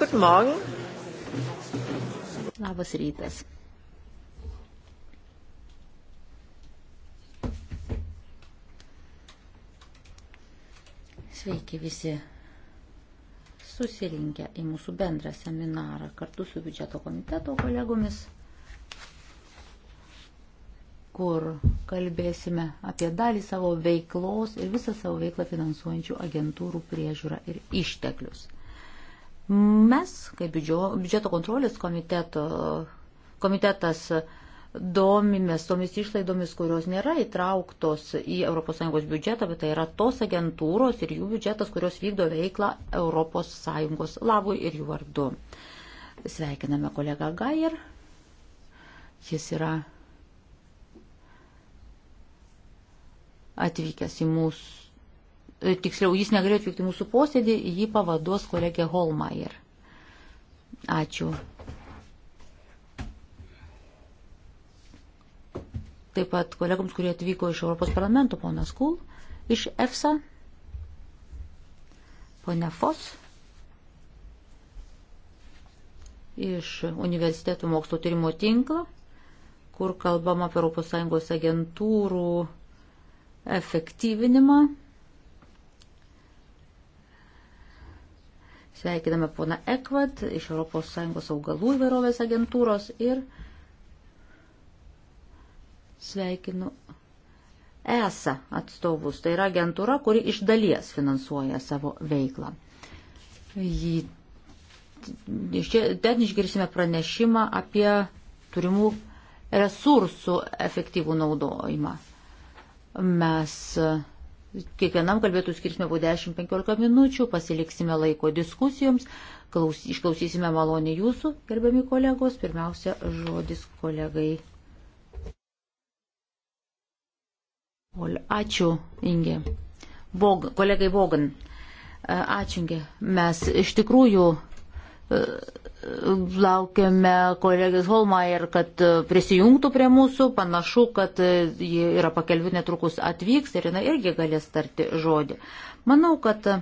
Guten Morgen. Labas rytas. Sveiki visi susirinkę į mūsų bendrą seminarą kartu su biudžeto komiteto kolegomis kur kalbėsime apie dalį savo veiklos ir visą savo veiklą finansuojančių agentūrų priežiūrą ir išteklius. Mes, kaip biudžeto kontrolės komiteto, komitetas, domimės tomis išlaidomis, kurios nėra įtrauktos į ES biudžetą, bet tai yra tos agentūros ir jų biudžetas, kurios vykdo veiklą ES labui ir jų vardu. Sveikiname kolegą Gair. Jis yra atvykęs į mūsų, e, tiksliau, jis negalėjo atvykti į mūsų posėdį, jį pavaduos kolegė Holmeier. Ačiū. Taip pat kolegams, kurie atvyko iš Europos parlamento, ponas Kul, iš EFSA, ponia Fos, iš universitetų mokslo tyrimo tinklo, kur kalbama apie ES agentūrų efektyvinimą. Sveikiname pona Ekvat iš ES augalų įvairovės agentūros ir sveikinu ESA atstovus. Tai yra agentūra, kuri iš dalies finansuoja savo veiklą. Jį, ten išgirsime pranešimą apie turimų resursų efektyvų naudojimą. Mes e, kiekvienam kalbėtų skirsime po 10-15 minučių, pasiliksime laiko diskusijoms, klaus, išklausysime malonį jūsų, gerbiami kolegos, pirmiausia žodis kolegai. Ačiū, Inge. Bog, kolegai Vogan. E, ačiū, Inge. Mes iš tikrųjų e, laukiame kolegės Holmaier, kad e, prisijungtų prie mūsų. Panašu, kad e, ji yra pakelvi netrukus atvyks ir jinai irgi galės tarti žodį. Manau, kad e,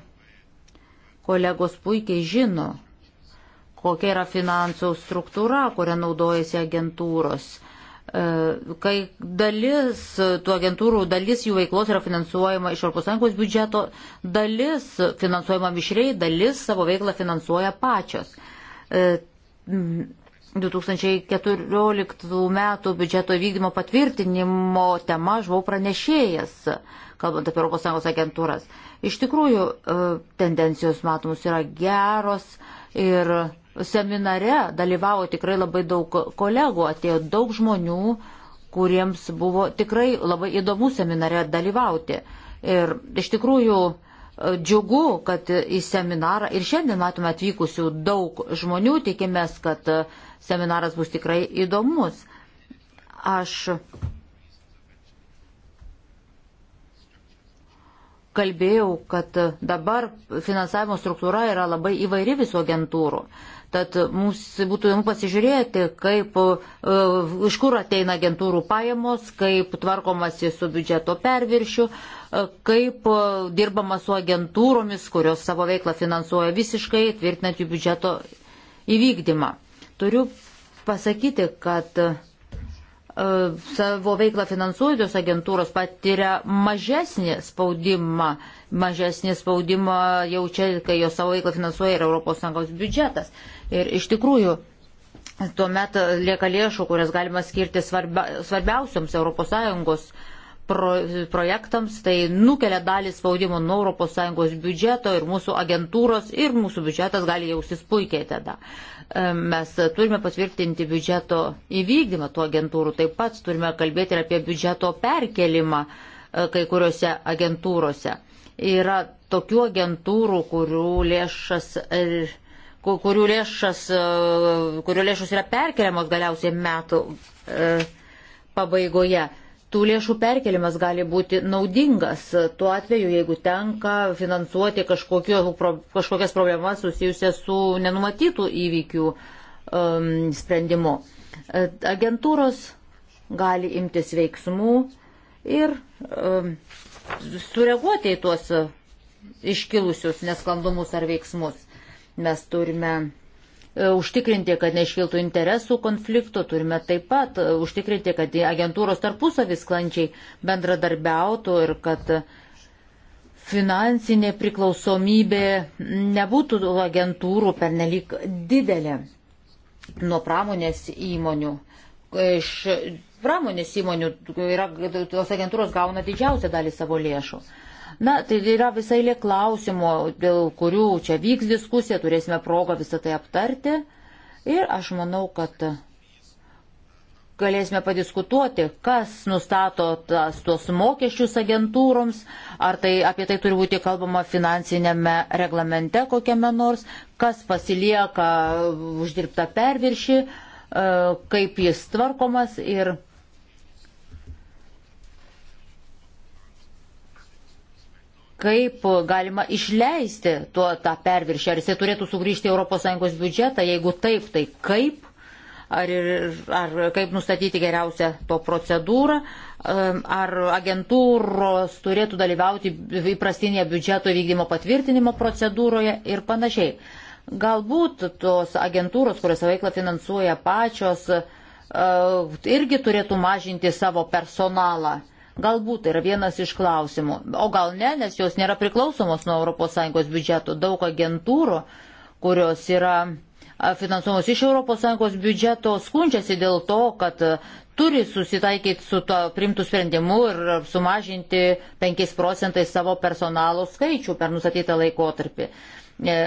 kolegos puikiai žino, kokia yra finansų struktūra, kurią naudojasi agentūros. Kai dalis, tų agentūrų dalis jų veiklos yra finansuojama iš ES biudžeto, dalis finansuojama mišriai, dalis savo veiklą finansuoja pačios. 2014 e, metų biudžeto vykdymo patvirtinimo tema aš buvau pranešėjas, kalbant apie ES agentūras. Iš tikrųjų, e, tendencijos matomus yra geros ir seminare dalyvavo tikrai labai daug kolegų, atėjo daug žmonių, kuriems buvo tikrai labai įdomu seminare dalyvauti. Ir iš tikrųjų Džiugu, kad į seminarą ir šiandien matome atvykusių daug žmonių, tikimės, kad seminaras bus tikrai įdomus. Aš kalbėjau, kad dabar finansavimo struktūra yra labai įvairi visų agentūrų. Uh, Tad mums būtų įdomu pasižiūrėti, kaip, e, iš kur ateina agentūrų pajamos, kaip tvarkomasi su biudžeto perviršiu, e, kaip e, dirbama su agentūromis, kurios savo veiklą finansuoja visiškai, tvirtinant jų biudžeto įvykdymą. Turiu pasakyti, kad savo veiklą finansuojančios agentūros patiria mažesnį spaudimą mažesnį spaudimą jaučia, kai jo savo veiklą finansuoja ir ES biudžetas. Ir iš tikrųjų, tuomet lieka lėšų, kurias galima skirti svarbia, svarbiausiams ES pro, projektams, tai nukelia dalį spaudimo nuo ES biudžeto ir mūsų agentūros ir mūsų biudžetas gali jaustis puikiai tada. Mes turime patvirtinti biudžeto įvykdymą tų agentūrų, taip pat turime kalbėti ir apie biudžeto perkelimą e, kai kuriuose agentūrose. Yra tokių agentūrų, kurių lėšas, kurių lėšas, e, kurių lėšus yra perkeliamos galiausiai metų e, pabaigoje. Tų lėšų perkelimas gali būti naudingas tuo atveju, jeigu tenka finansuoti kažkokias problemas susijusias su nenumatytų įvykių um, sprendimu. E, agentūros gali imtis veiksmų ir um, sureaguoti į tuos e, iškilusius nesklandumus ar veiksmus. Mes turime e, užtikrinti, kad neiškiltų interesų konflikto, turime taip pat e, užtikrinti, kad agentūros tarpusavį sklandžiai bendradarbiautų ir kad finansinė priklausomybė nebūtų agentūrų pernelyg didelė nuo pramonės įmonių. Iš pramonės įmonių yra, tos agentūros gauna didžiausią dalį savo lėšų. Na, tai yra visai lė klausimų, dėl kurių čia vyks diskusija, turėsime progą visą tai aptarti. Ir aš manau, kad galėsime padiskutuoti, kas nustato tas, tuos mokesčius agentūroms, ar tai apie tai turi būti kalbama finansinėme reglamente kokiame nors, kas pasilieka uždirbtą perviršį, e, kaip jis tvarkomas ir kaip galima išleisti tuo tą perviršį, ar jisai turėtų sugrįžti ES biudžetą, jeigu taip, tai kaip, ar, ar kaip nustatyti geriausią to procedūrą, ar agentūros turėtų dalyvauti įprastinėje biudžeto vykdymo patvirtinimo procedūroje ir panašiai. Galbūt tos agentūros, kurios veiklą finansuoja pačios, e, irgi turėtų mažinti savo personalą Galbūt tai yra vienas iš klausimų, o gal ne, nes jos nėra priklausomos nuo ES biudžeto. Daug agentūrų, kurios yra finansuomos iš ES biudžeto, skundžiasi dėl to, kad turi susitaikyti su to primtų sprendimu ir sumažinti 5 procentais savo personalo skaičių per nusatytą laikotarpį. E,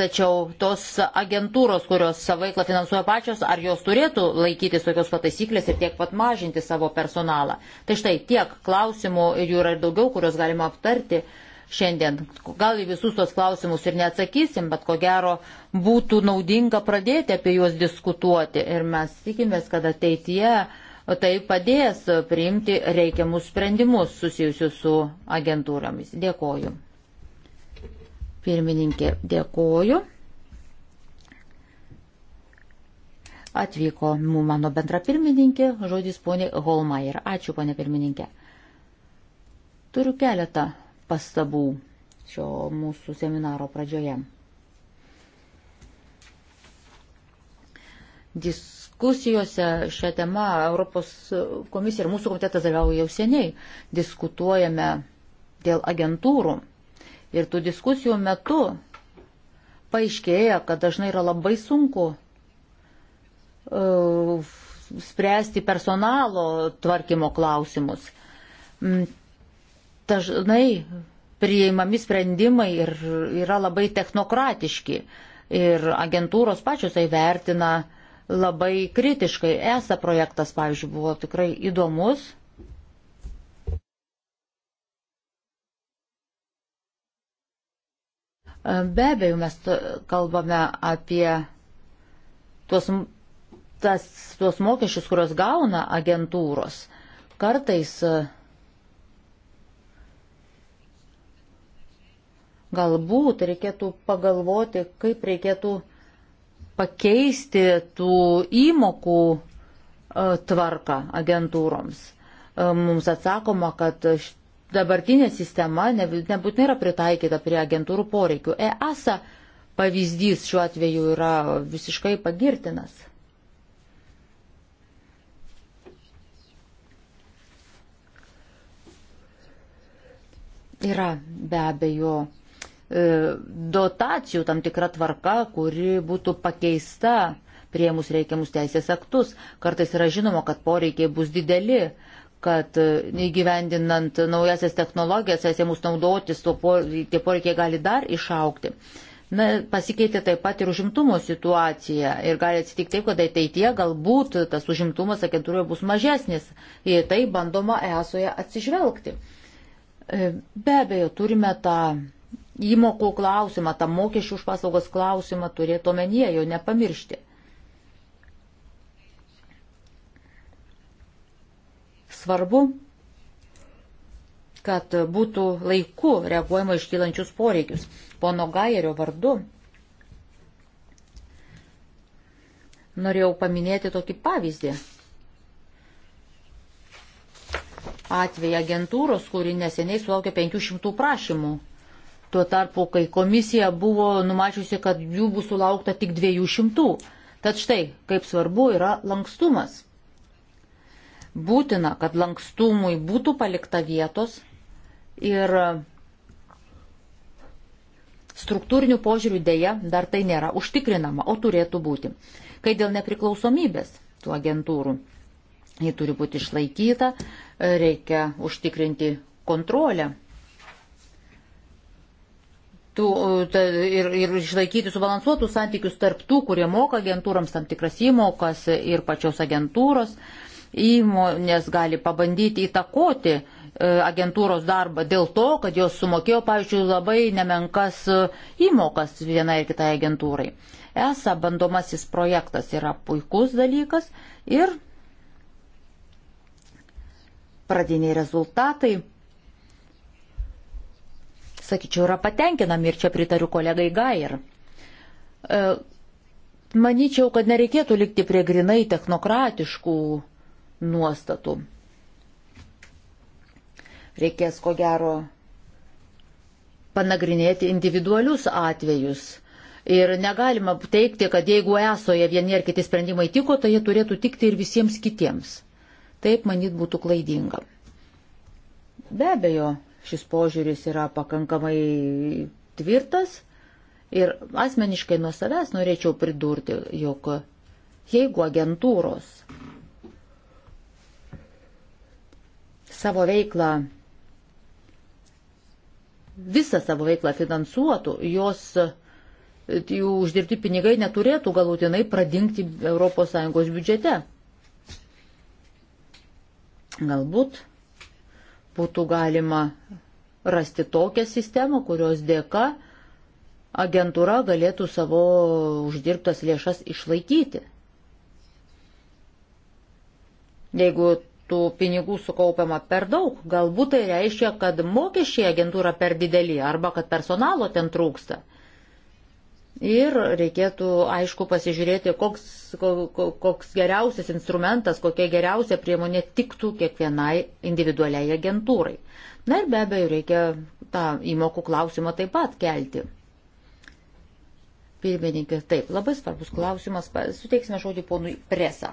Tačiau tos agentūros, kurios savo veiklą finansuoja pačios, ar jos turėtų laikytis tokios pat taisyklės ir tiek pat mažinti savo personalą. Tai štai tiek klausimų ir jų yra ir daugiau, kuriuos galima aptarti šiandien. Gal į visus tos klausimus ir neatsakysim, bet ko gero būtų naudinga pradėti apie juos diskutuoti. Ir mes tikimės, kad ateityje tai padės priimti reikiamus sprendimus susijusius su agentūromis. Dėkoju. Pirmininkė, dėkoju. Atvyko mano bendra pirmininkė, žodis ponė Holmaier. Ačiū, ponė pirmininkė. Turiu keletą pastabų šio mūsų seminaro pradžioje. Diskusijose šią temą Europos komisija ir mūsų komitetas dalyvauja jau seniai. Diskutuojame dėl agentūrų Ir tų diskusijų metu paaiškėja, kad dažnai yra labai sunku uh, spręsti personalo tvarkymo klausimus. Mm, dažnai priimami sprendimai ir yra labai technokratiški ir agentūros pačios tai vertina labai kritiškai. ESA projektas, pavyzdžiui, buvo tikrai įdomus Be abejo, mes kalbame apie tuos, tas, tuos mokesčius, kurios gauna agentūros. Kartais galbūt reikėtų pagalvoti, kaip reikėtų pakeisti tų įmokų tvarką agentūroms. Mums atsakoma, kad dabartinė sistema nebūtinai yra pritaikyta prie agentūrų poreikių. EASA pavyzdys šiuo atveju yra visiškai pagirtinas. Yra be abejo e, dotacijų tam tikra tvarka, kuri būtų pakeista prie mūsų reikiamus teisės aktus. Kartais yra žinoma, kad poreikiai bus dideli, kad e, įgyvendinant naujasias technologijas, esėmus naudotis, por, tie poreikiai gali dar išaukti. Na, pasikeitė taip pat ir užimtumo situacija ir gali atsitikti taip, kad ateitie galbūt tas užimtumas agentūroje bus mažesnis. Į tai bandoma esoje atsižvelgti. E, be abejo, turime tą įmokų klausimą, tą mokesčių už paslaugas klausimą turėti omenyje, jo nepamiršti. svarbu, kad būtų laiku reaguojama iškylančius poreikius. Pono Gajerio vardu norėjau paminėti tokį pavyzdį. Atvejai agentūros, kuri neseniai sulaukė 500 prašymų. Tuo tarpu, kai komisija buvo numačiusi, kad jų bus sulaukta tik 200. Tad štai, kaip svarbu yra lankstumas. Būtina, kad lankstumui būtų palikta vietos ir struktūrinių požiūrių dėja dar tai nėra užtikrinama, o turėtų būti. Kai dėl nepriklausomybės tų agentūrų, ji turi būti išlaikyta, reikia užtikrinti kontrolę. Tų, ta, ir, ir išlaikyti subalansuotus santykius tarp tų, kurie moka agentūrams tam tikras įmokas ir pačios agentūros. Uh, Įmonės gali pabandyti įtakoti e, agentūros darbą dėl to, kad jos sumokėjo, pavyzdžiui, labai nemenkas e, įmokas vienai ir kitai agentūrai. ESA bandomasis projektas yra puikus dalykas ir pradiniai rezultatai, sakyčiau, yra patenkinami ir čia pritariu kolegai Gair. E, manyčiau, kad nereikėtų likti prie grinai technokratiškų nuostatų. Reikės ko gero panagrinėti individualius atvejus. Ir negalima teikti, kad jeigu esoje vieni ar kiti sprendimai tiko, tai jie turėtų tikti ir visiems kitiems. Taip manyt būtų klaidinga. Be abejo, šis požiūris yra pakankamai tvirtas ir asmeniškai nuo savęs norėčiau pridurti, jog jeigu agentūros savo veiklą, visą savo veiklą finansuotų, jos e, jų uždirbti pinigai neturėtų galutinai pradingti ES biudžete. Galbūt būtų galima rasti tokią sistemą, kurios dėka agentūra galėtų savo uždirbtas lėšas išlaikyti. Jeigu tų pinigų sukaupiama per daug. Galbūt tai reiškia, kad mokesčiai agentūra per didelį arba kad personalo ten trūksta. Ir reikėtų, aišku, pasižiūrėti, koks, koks geriausias instrumentas, kokia geriausia priemonė tiktų kiekvienai individualiai agentūrai. Na ir be abejo, reikia tą įmokų klausimą taip pat kelti. Pirmininkė, taip, labai svarbus klausimas. Suteiksime žodį ponui Presa.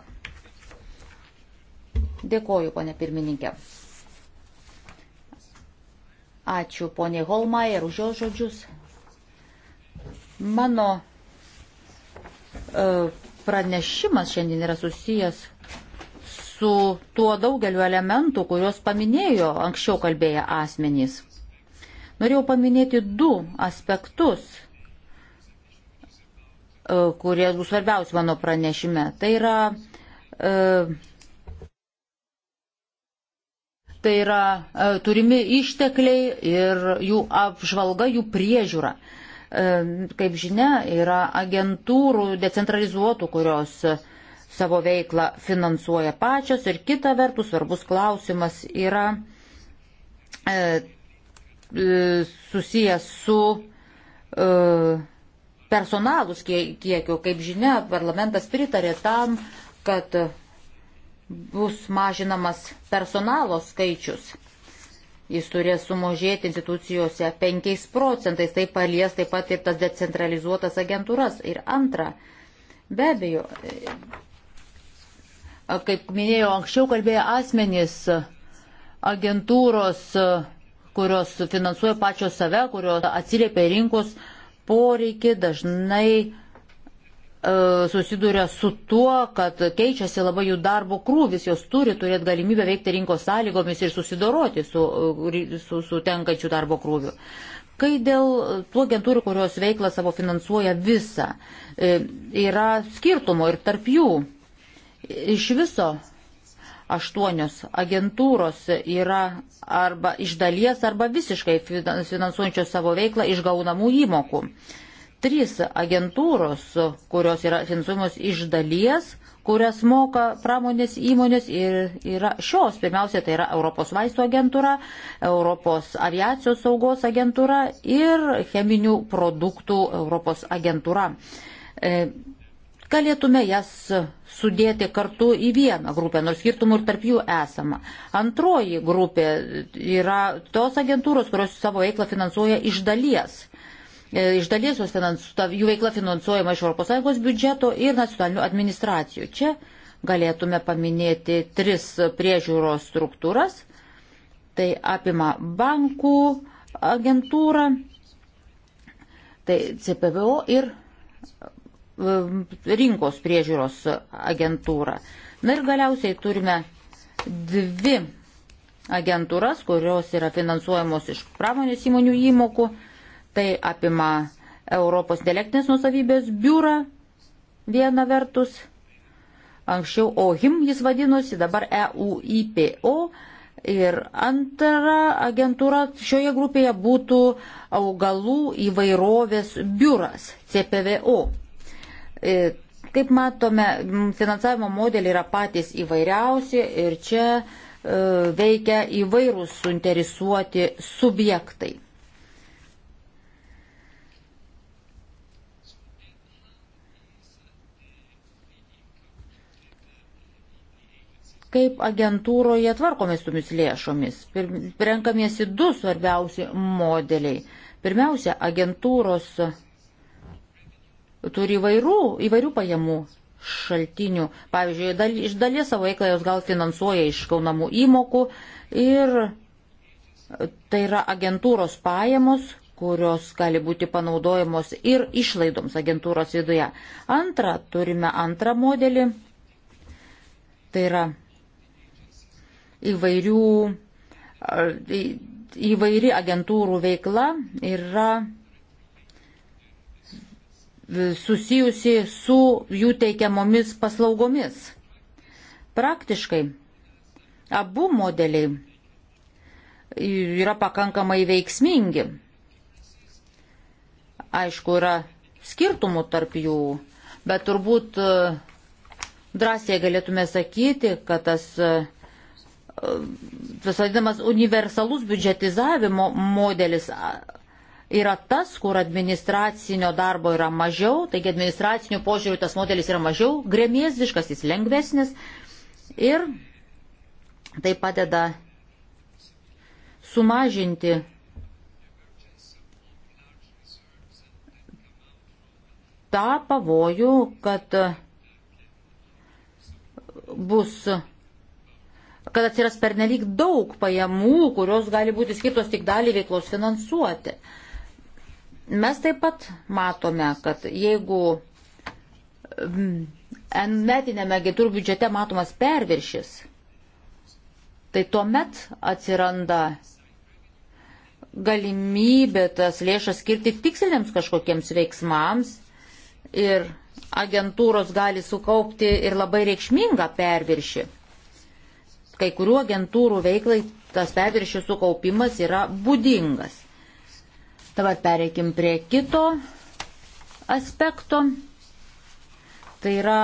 Dėkoju, ponė pirmininkė. Ačiū ponė Holmaier už jos žodžius. Mano e, pranešimas šiandien yra susijęs su tuo daugeliu elementų, kuriuos paminėjo anksčiau kalbėję asmenys. Norėjau paminėti du aspektus, e, kurie bus svarbiausi mano pranešime. Tai yra e, tai yra e, turimi ištekliai ir jų apžvalga, jų priežiūra. E, kaip žinia, yra agentūrų decentralizuotų, kurios e, savo veiklą finansuoja pačios ir kita vertus svarbus klausimas yra susijęs su personalus kiekiu. Kaip žinia, parlamentas pritarė tam, kad bus mažinamas personalo skaičius. Jis turės sumažėti institucijose 5 procentais, tai palies taip pat ir tas decentralizuotas agentūras. Ir antra, be abejo, kaip minėjau anksčiau, kalbėjo asmenys agentūros, kurios finansuoja pačios save, kurios atsiliepia rinkos poreikį, dažnai E, susiduria su tuo, kad keičiasi labai jų darbo krūvis, jos turi turėti galimybę veikti rinkos sąlygomis ir susidoroti su, e, su, su tenkančiu darbo krūviu. Kai dėl tų agentūrų, kurios veiklą savo finansuoja visą, e, yra skirtumo ir tarp jų. Iš viso aštuonios agentūros yra arba iš dalies, arba visiškai finansuojančios savo veiklą iš gaunamų įmokų trys agentūros, kurios yra finansuojamos iš dalies, kurias moka pramonės įmonės ir yra šios. Pirmiausia, tai yra Europos vaistų agentūra, Europos aviacijos saugos agentūra ir cheminių produktų Europos agentūra. E, galėtume jas sudėti kartu į vieną grupę, nors skirtumų ir tarp jų esama. Antroji grupė yra tos agentūros, kurios savo veiklą finansuoja iš dalies E, iš dalies finansu, ta, jų veikla finansuojama iš ES biudžeto ir nacionalinių administracijų. Čia galėtume paminėti tris priežiūros struktūras. Tai apima bankų agentūrą, tai CPVO ir e, rinkos priežiūros agentūrą. Na ir galiausiai turime dvi agentūras, kurios yra finansuojamos iš pramonės įmonių įmokų. Tai apima Europos intelektinės nusavybės biurą viena vertus, anksčiau OHIM jis vadinosi, dabar EUIPO. Ir antra agentūra šioje grupėje būtų augalų įvairovės biuras CPVO. E, kaip matome, finansavimo modeliai yra patys įvairiausi ir čia e, veikia įvairūs suinteresuoti subjektai. kaip agentūroje tvarkomės tomis lėšomis. Renkamiesi du svarbiausi modeliai. Pirmiausia, agentūros turi įvairių, įvairių pajamų šaltinių. Pavyzdžiui, dal, iš dalies savo veiklą jos gal finansuoja iš kaunamų įmokų ir tai yra agentūros pajamos, kurios gali būti panaudojamos ir išlaidoms agentūros viduje. Antra, turime antrą modelį. Tai yra įvairių, įvairi agentūrų veikla yra susijusi su jų teikiamomis paslaugomis. Praktiškai abu modeliai yra pakankamai veiksmingi. Aišku, yra skirtumų tarp jų, bet turbūt drąsiai galėtume sakyti, kad tas tas vadinamas universalus biudžetizavimo modelis yra tas, kur administracinio darbo yra mažiau, taigi administracinių požiūrių tas modelis yra mažiau grėmėziškas, jis lengvesnis ir tai padeda sumažinti tą pavojų, kad bus kad atsiras pernelyg daug pajamų, kurios gali būti skirtos tik dalį veiklos finansuoti. Mes taip pat matome, kad jeigu mm, metinėme agentūrų biudžete matomas perviršis, tai tuomet atsiranda galimybė tas lėšas skirti tiksliniams kažkokiems veiksmams ir agentūros gali sukaupti ir labai reikšmingą perviršį kai kurių agentūrų veiklai tas perviršių sukaupimas yra būdingas. Dabar pereikim prie kito aspekto. Tai yra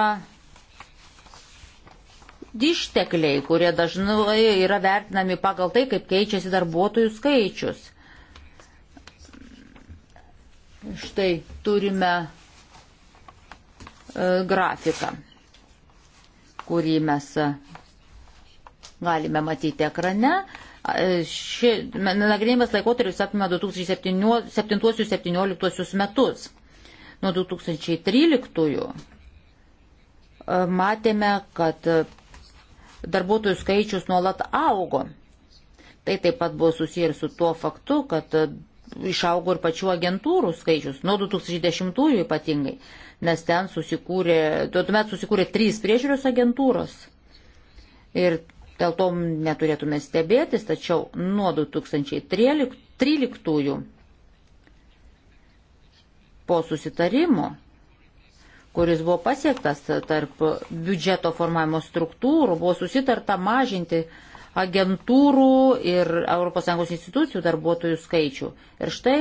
ištekliai, kurie dažnai yra vertinami pagal tai, kaip keičiasi darbuotojų skaičius. Štai turime e, grafiką, kurį mes e, galime matyti ekrane. Ši, nagrinėjimas laikotarpis apima 2007-2017 metus. Nuo 2013 matėme, kad darbuotojų skaičius nuolat augo. Tai taip pat buvo susiję ir su tuo faktu, kad išaugo ir pačių agentūrų skaičius, nuo 2010 ypatingai, nes ten susikūrė, tuomet susikūrė trys priežiūros agentūros. Ir Dėl to neturėtume stebėtis, tačiau nuo 2013 po susitarimo, kuris buvo pasiektas tarp biudžeto formavimo struktūrų, buvo susitarta mažinti agentūrų ir ES institucijų darbuotojų skaičių. Ir štai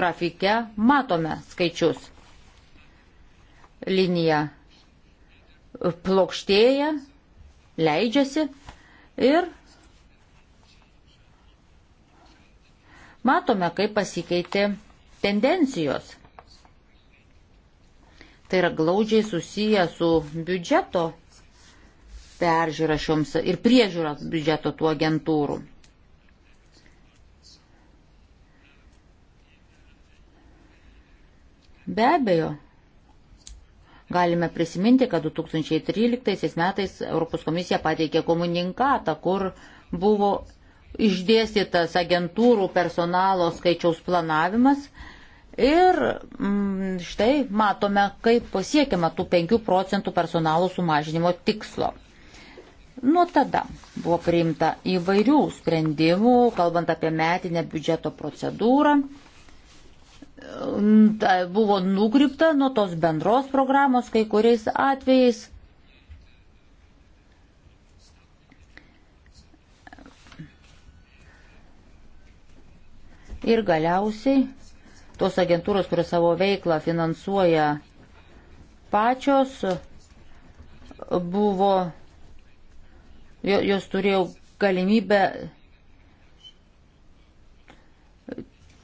grafike matome skaičius. Linija plokštėja, leidžiasi Ir matome, kaip pasikeitė tendencijos. Tai yra glaudžiai susiję su biudžeto peržiūra šioms ir priežiūra biudžeto tų agentūrų. Be abejo, Galime prisiminti, kad 2013 metais Europos komisija pateikė komunikatą, kur buvo išdėstytas agentūrų personalo skaičiaus planavimas. Ir mm, štai matome, kaip pasiekiama tų 5 procentų personalo sumažinimo tikslo. Nuo tada buvo priimta įvairių sprendimų, kalbant apie metinę biudžeto procedūrą. Um, buvo nukrypta nuo tos bendros programos kai kuriais atvejais. Ir galiausiai tos agentūros, kurios savo veiklą finansuoja pačios, buvo, jos turėjo galimybę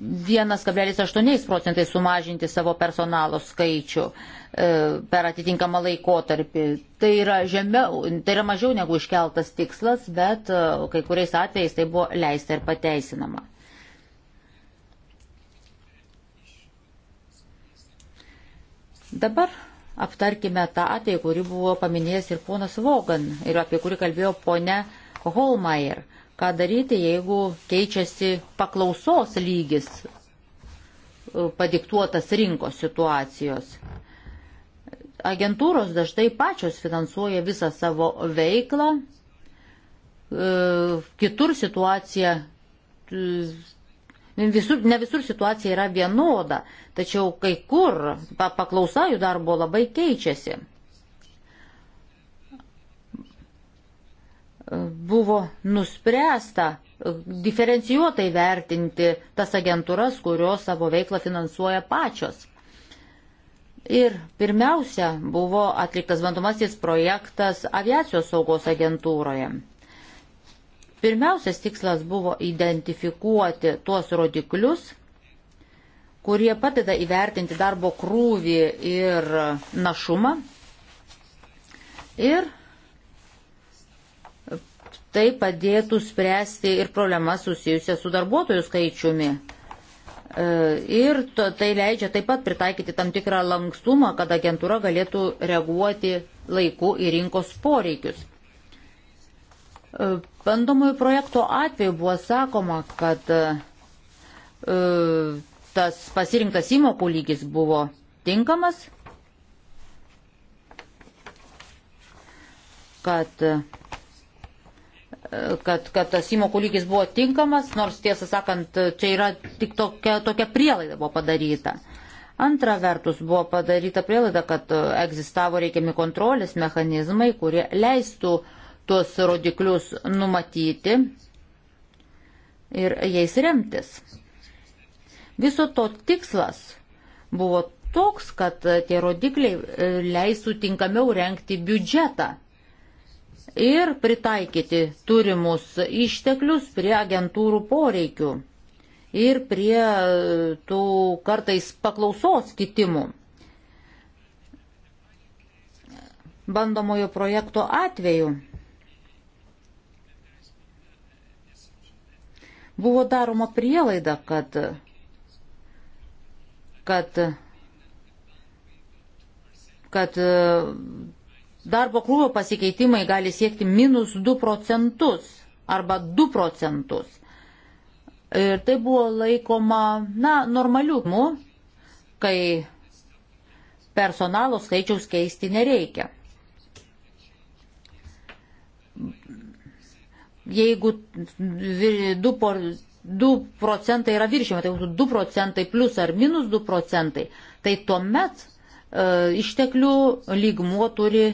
1,8 procentai sumažinti savo personalo skaičių e, per atitinkamą laikotarpį. Tai yra, žemiau, tai yra mažiau negu iškeltas tikslas, bet e, kai kuriais atvejais tai buvo leista ir pateisinama. Dabar aptarkime tą atvejį, kurį buvo paminėjęs ir ponas Vogan ir apie kurį kalbėjo ponia Holmeier. Uh, ką daryti, jeigu keičiasi paklausos lygis e, padiktuotas rinkos situacijos. Agentūros dažnai pačios finansuoja visą savo veiklą, e, kitur situacija, e, visur, ne visur situacija yra vienoda, tačiau kai kur paklausa jų darbo labai keičiasi. buvo nuspręsta e, diferencijuotai vertinti tas agentūras, kurios savo veiklą finansuoja pačios. Ir pirmiausia buvo atliktas bandomasis projektas aviacijos saugos agentūroje. Pirmiausias tikslas buvo identifikuoti tuos rodiklius, kurie padeda įvertinti darbo krūvį ir našumą ir Tai padėtų spręsti ir problemas susijusią su darbuotojų skaičiumi. E, ir to, tai leidžia taip pat pritaikyti tam tikrą lankstumą, kad agentūra galėtų reaguoti laiku į rinkos poreikius. E, bandomųjų projektų atveju buvo sakoma, kad e, tas pasirinktas įmokų lygis buvo tinkamas, kad kad, kad tas įmokų lygis buvo tinkamas, nors tiesą sakant, čia yra tik tokia, tokia prielaida buvo padaryta. Antra vertus buvo padaryta prielaida, kad egzistavo reikiami kontrolės mechanizmai, kurie leistų tuos rodiklius numatyti ir jais remtis. Viso to tikslas buvo toks, kad tie rodikliai leistų tinkamiau renkti biudžetą ir pritaikyti turimus išteklius prie agentūrų poreikių ir prie e, tų kartais paklausos kitimų. Bandomojo projekto atveju buvo daroma prielaida, kad, kad, kad e, darbo krūvio pasikeitimai gali siekti minus 2 procentus arba 2 procentus. Ir tai buvo laikoma, na, normaliumu, kai personalo skaičiaus keisti nereikia. Jeigu 2 procentus 2 procentai yra viršima, tai būtų 2 procentai plus ar minus 2 procentai, tai tuomet e, išteklių lygmuo turi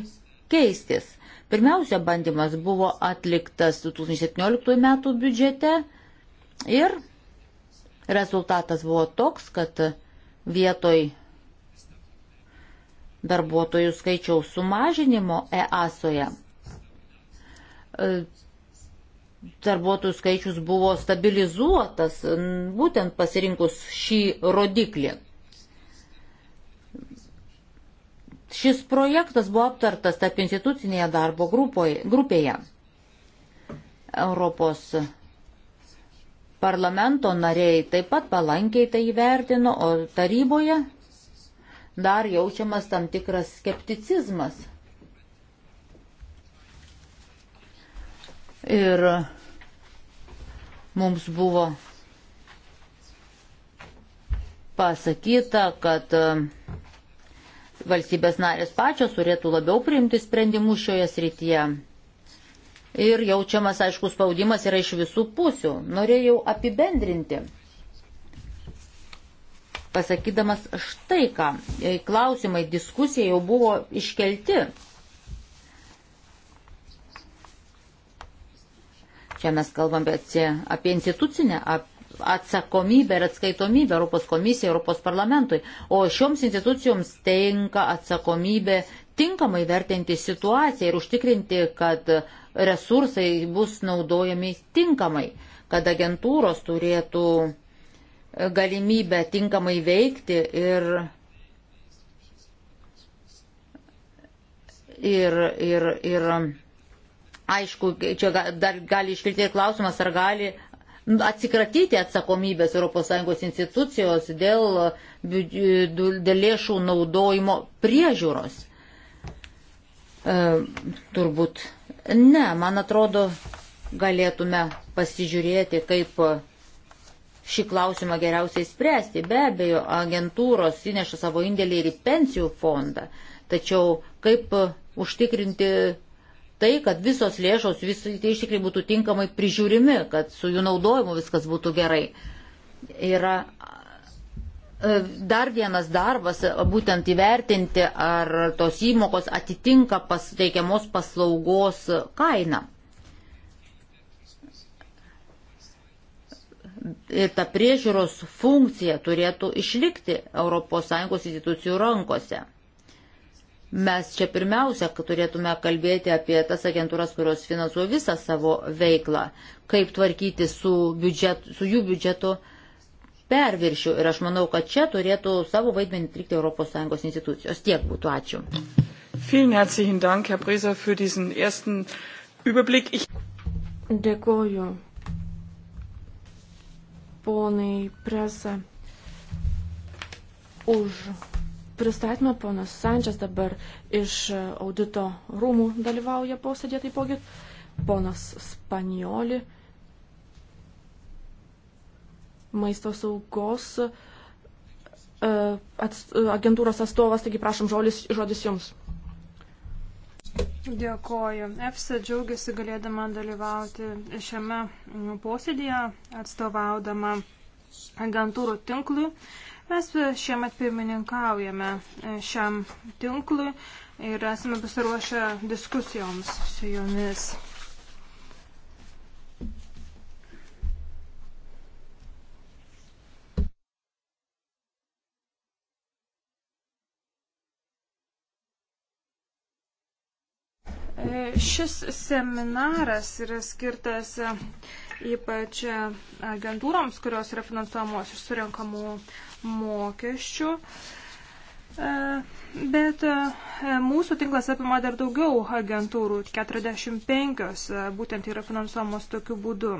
keistis. Pirmiausia bandymas buvo atliktas 2017 metų biudžete ir rezultatas buvo toks, kad vietoj darbuotojų skaičiaus sumažinimo EASOje e, e, darbuotojų skaičius buvo stabilizuotas būtent pasirinkus šį rodiklį. Šis projektas buvo aptartas tarp institucinėje darbo grupoje, grupėje. Europos parlamento nariai taip pat palankiai tai įvertino, o taryboje dar jaučiamas tam tikras skepticizmas. Ir mums buvo pasakyta, kad uh, valstybės narės pačios turėtų labiau priimti sprendimus šioje srityje. Ir jaučiamas, aišku, spaudimas yra iš visų pusių. Norėjau apibendrinti, pasakydamas štai ką. E, klausimai, diskusija jau buvo iškelti. Čia mes kalbame apie institucinę, apie atsakomybę ir atskaitomybę Europos komisijai, Europos parlamentui, o šioms institucijoms tenka atsakomybė tinkamai vertinti situaciją ir užtikrinti, kad resursai bus naudojami tinkamai, kad agentūros turėtų galimybę tinkamai veikti ir, ir, ir, ir aišku, čia dar gali iškilti klausimas, ar gali atsikratyti atsakomybės ES institucijos dėl, dėl lėšų naudojimo priežiūros? E, turbūt ne, man atrodo, galėtume pasižiūrėti, kaip šį klausimą geriausiai spręsti. Be abejo, agentūros įneša savo indėlį ir į pensijų fondą. Tačiau kaip užtikrinti tai, kad visos lėšos, visi tie ištekliai būtų tinkamai prižiūrimi, kad su jų naudojimu viskas būtų gerai. Yra e, dar vienas darbas, e, būtent įvertinti, ar tos įmokos atitinka pasteikiamos paslaugos kainą. Ir ta priežiūros funkcija turėtų išlikti ES institucijų rankose. Mes čia pirmiausia, kad turėtume kalbėti apie tas agentūras, kurios finansuoja visą savo veiklą, kaip tvarkyti su, biudžet, su jų biudžetu perviršių. Ir aš manau, kad čia turėtų savo vaidmenį atlikti ES institucijos. Tiek būtų. Ačiū. Vielen herzlichen Dank, Herr Breser, für diesen ersten Überblick. Ich Dėkoju ponai Presa už pristatymą. Ponas Sančias dabar iš audito rūmų dalyvauja posėdė taipogi. Ponas Spanioli maisto saugos e, agentūros atstovas, taigi prašom žodis, žodis jums. Dėkoju. EFSA džiaugiasi galėdama dalyvauti šiame posėdėje, atstovaudama agentūrų tinklui. Mes šiemet pirmininkaujame e, šiam tinklui ir esame pasiruošę diskusijoms su jomis. E, šis seminaras yra skirtas ypač agentūroms, kurios yra finansuojamos iš surinkamų mokesčių. E, bet e, mūsų tinklas apima dar daugiau agentūrų, 45 e, būtent yra finansuojamos tokiu būdu.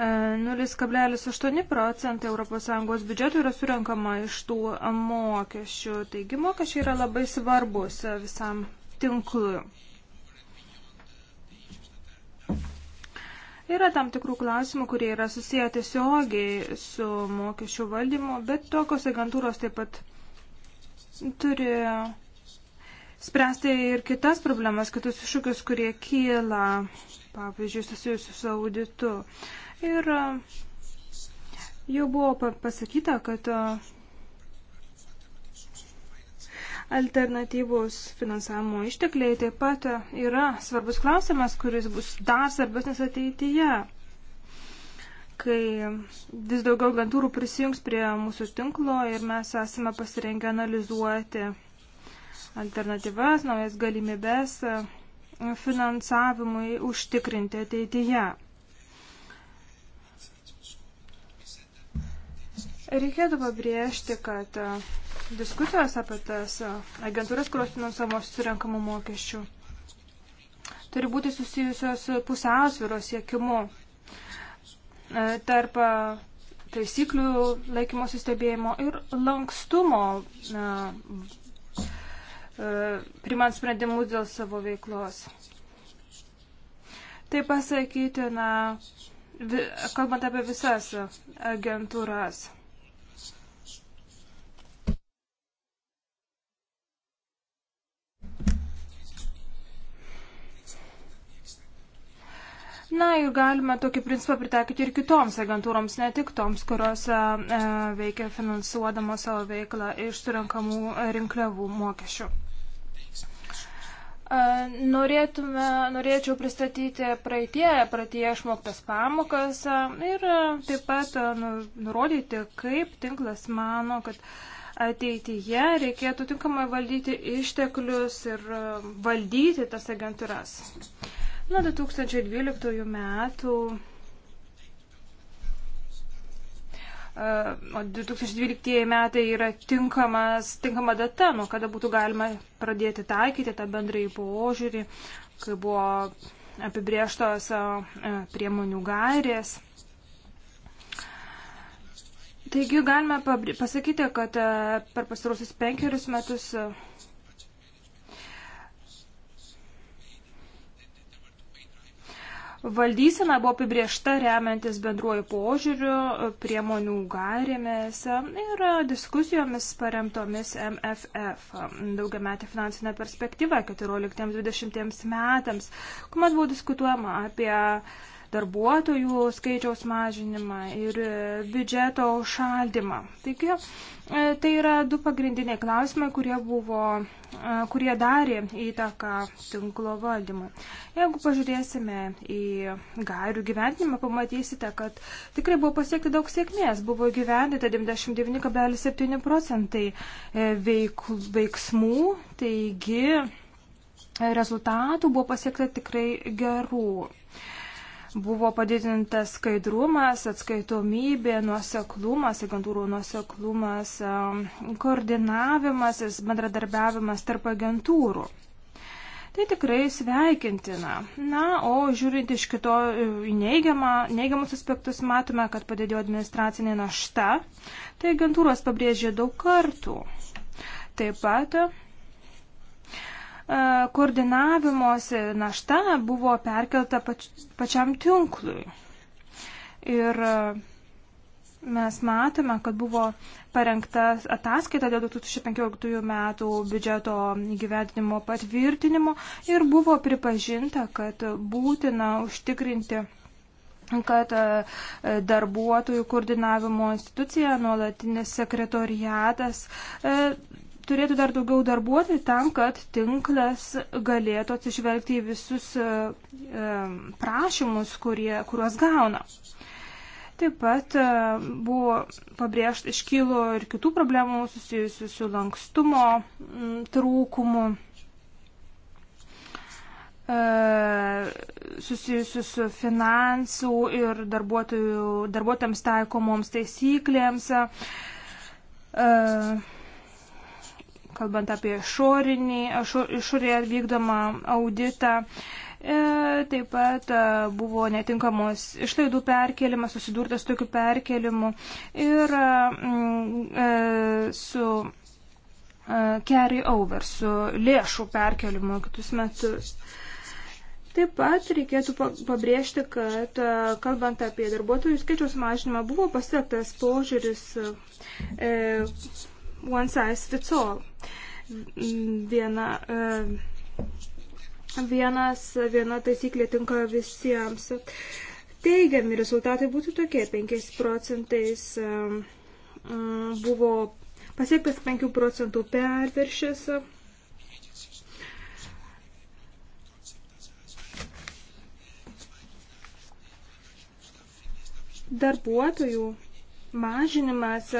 0,8 procentai ES biudžeto yra surinkama iš tų mokesčių. Taigi mokesčiai yra labai svarbus visam tinklui. Yra tam tikrų klausimų, kurie yra susiję tiesiogiai su mokesčių valdymu, bet tokios agentūros taip pat turi spręsti ir kitas problemas, kitus iššūkius, kurie kyla, pavyzdžiui, susijusius su auditu. Ir e, jau buvo pasakyta, kad e, alternatyvus finansavimo ištekliai taip pat yra svarbus klausimas, kuris bus dar svarbesnis ateityje, kai vis daugiau agentūrų prisijungs prie mūsų tinklo ir mes esame pasirengę analizuoti alternatyvas, naujas galimybės finansavimui užtikrinti ateityje. Reikėtų pabrėžti, kad diskusijos apie tas e, agentūras, kurios finansuojamos surinkamų mokesčių, turi būti susijusios pusiausvyros siekimu e, tarp e, taisyklių laikymo sustebėjimo ir lankstumo, primant sprendimus dėl savo veiklos. Tai pasakyti, na, kalbant apie visas agentūras. Na ir galime tokį principą pritaikyti ir kitoms agentūroms, ne tik toms, kurios e, e veikia finansuodama savo veiklą iš surinkamų rinkliavų mokesčių. E, norėtume, norėčiau pristatyti praeitie, praeitie išmoktas pamokas e, ir e, taip pat e, nu, nurodyti, kaip tinklas mano, kad ateityje reikėtų tinkamai valdyti išteklius ir valdyti tas agentūras. Nuo 2012 metų 2012 e, metai yra tinkamas, tinkama data, nuo kada būtų galima pradėti taikyti tą bendrąjį požiūrį, kai buvo apibrieštos e, priemonių gairės. Taigi galime pasakyti, kad e, per pastarusius penkerius metus Valdysena buvo apibriešta remiantis bendruoju požiūriu, priemonių gairėmėse ir diskusijomis paremtomis MFF, daugiametė finansinė perspektyva 14-20 metams, kuomet buvo diskutuojama apie darbuotojų skaičiaus mažinimą ir biudžeto užšaldimą. Taigi, e, tai yra du pagrindiniai klausimai, kurie, buvo, e, kurie darė įtaką tinklo valdymui. Jeigu pažiūrėsime į gairių gyvenimą, pamatysite, kad tikrai buvo pasiekti daug sėkmės. Buvo gyvendita 99,7 procentai e, veik, veiksmų, taigi rezultatų buvo pasiekta tikrai gerų. Buvo padidintas skaidrumas, atskaitomybė, nuoseklumas, agentūrų nuoseklumas, koordinavimas ir bendradarbiavimas tarp agentūrų. Tai tikrai sveikintina. Na, o žiūrint iš kito e, neigiamą, neigiamus aspektus, matome, kad padidėjo administracinė našta. Tai agentūros pabrėžė daug kartų. Taip pat E, koordinavimuose našta buvo perkelta pač, pačiam tinklui. Ir e, mes matome, kad buvo parengta ataskaita dėl 2015 metų biudžeto gyventinimo patvirtinimo ir buvo pripažinta, kad būtina užtikrinti kad e, darbuotojų koordinavimo institucija, nuolatinis sekretoriatas turėtų dar daugiau darbuotojų tam, kad tinklas galėtų atsižvelgti į visus e, e, prašymus, kurie, kuriuos gauna. Taip pat e, buvo pabrėžta iškylo ir kitų problemų susijusių su lankstumo trūkumu, susijusių su finansų ir darbuotojams taikomoms taisyklėms. Uh, kalbant apie išorinį, išorėje vykdomą auditą. E, taip pat e, buvo netinkamos išlaidų perkelimas, susidurtas tokiu perkelimu ir e, su carry over, su lėšų perkelimu kitus metus. Taip pat reikėtų pabrėžti, kad kalbant apie darbuotojų skaičiaus mažinimą, buvo pasiektas požiūris, one size fits all. Viena, e, vienas, viena taisyklė tinka visiems. Teigiami rezultatai būtų tokie, 5 procentais e, e, buvo pasiektas 5 procentų perviršis. Darbuotojų mažinimas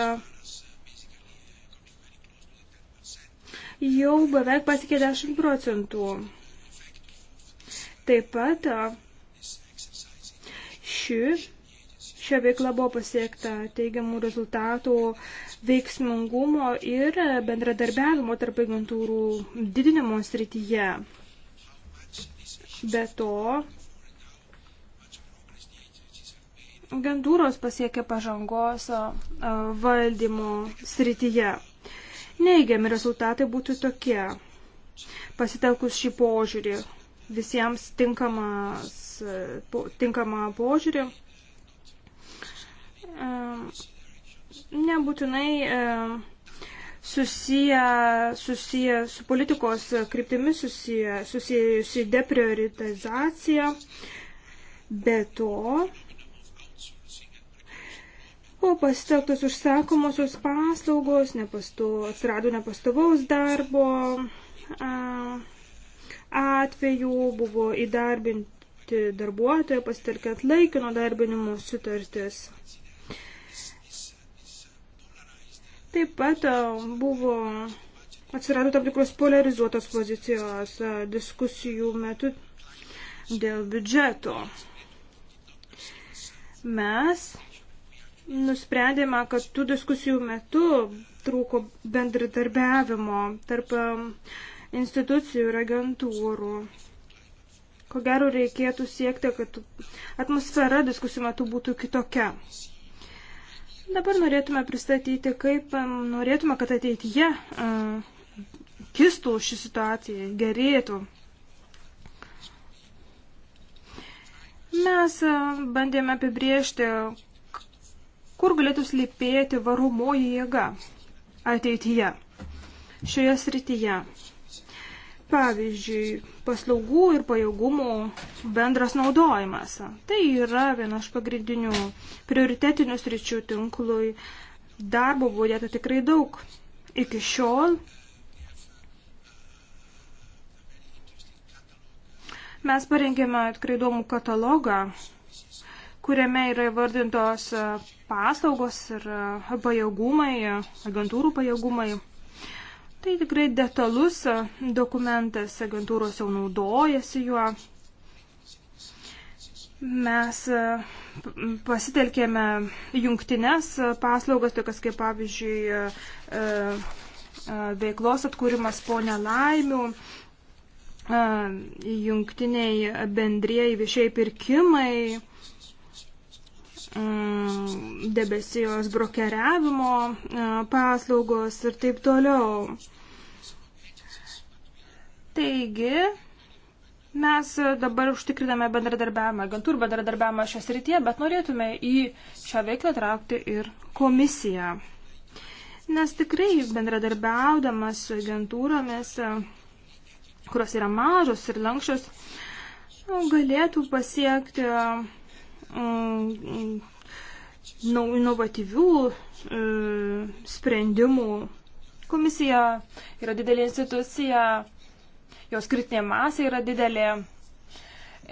jau beveik pasiekė 10 procentų. Taip pat ši, šia veikla buvo pasiekta teigiamų rezultatų veiksmingumo ir bendradarbiavimo tarp agentūrų didinimo srityje. Be to, agentūros pasiekė pažangos valdymo srityje. Neigiami rezultatai būtų tokie. Pasitelkus šį požiūrį, visiems tinkamas, po, tinkamą požiūrį, nebūtinai susiję, susiję su politikos kryptimis susiję, susijusi deprioritizacija. Be to, buvo pasitelktos užsakomosios paslaugos, nepastu, atsirado nepastovaus darbo atveju, buvo įdarbinti darbuotojai, pasitelkiant laikino darbinimo sutartis. Taip pat buvo atsirado tam tikros polarizuotos pozicijos diskusijų metu dėl biudžeto. Mes nusprendėme, kad tų diskusijų metu trūko bendradarbiavimo tarp um, institucijų ir agentūrų. Ko gero reikėtų siekti, kad atmosfera diskusijų metu būtų kitokia. Dabar norėtume pristatyti, kaip um, norėtume, kad ateityje uh, kistų ši situacija, gerėtų. Mes uh, bandėme apibriežti, Kur galėtų slypėti varomoji jėga ateityje šioje srityje? Pavyzdžiui, paslaugų ir pajėgumų bendras naudojimas. Tai yra viena iš pagrindinių prioritetinių sričių tinklui. Darbo buvo dėta tikrai daug iki šiol. Mes parengėme tikrai įdomų katalogą kuriame yra įvardintos e, paslaugos ir e, pajėgumai, agentūrų pajėgumai. Tai tikrai detalus e, dokumentas, agentūros jau naudojasi juo. Mes pasitelkėme jungtines paslaugas, tokias kaip pavyzdžiui veiklos atkūrimas po nelaimių, jungtiniai bendrieji viešiai pirkimai, Mm, debesijos brokeriavimo e, paslaugos ir taip toliau. Taigi, mes dabar užtikriname bendradarbiavimą, agentūrų bendradarbiavimą šią srityje, bet norėtume į šią veiklą traukti ir komisiją. Nes tikrai bendradarbiaudamas su agentūromis, e, kurios yra mažos ir lankščios, galėtų pasiekti e, Mm, mm, inovatyvių e, sprendimų. Komisija yra didelė institucija, jos kritinė masė yra didelė.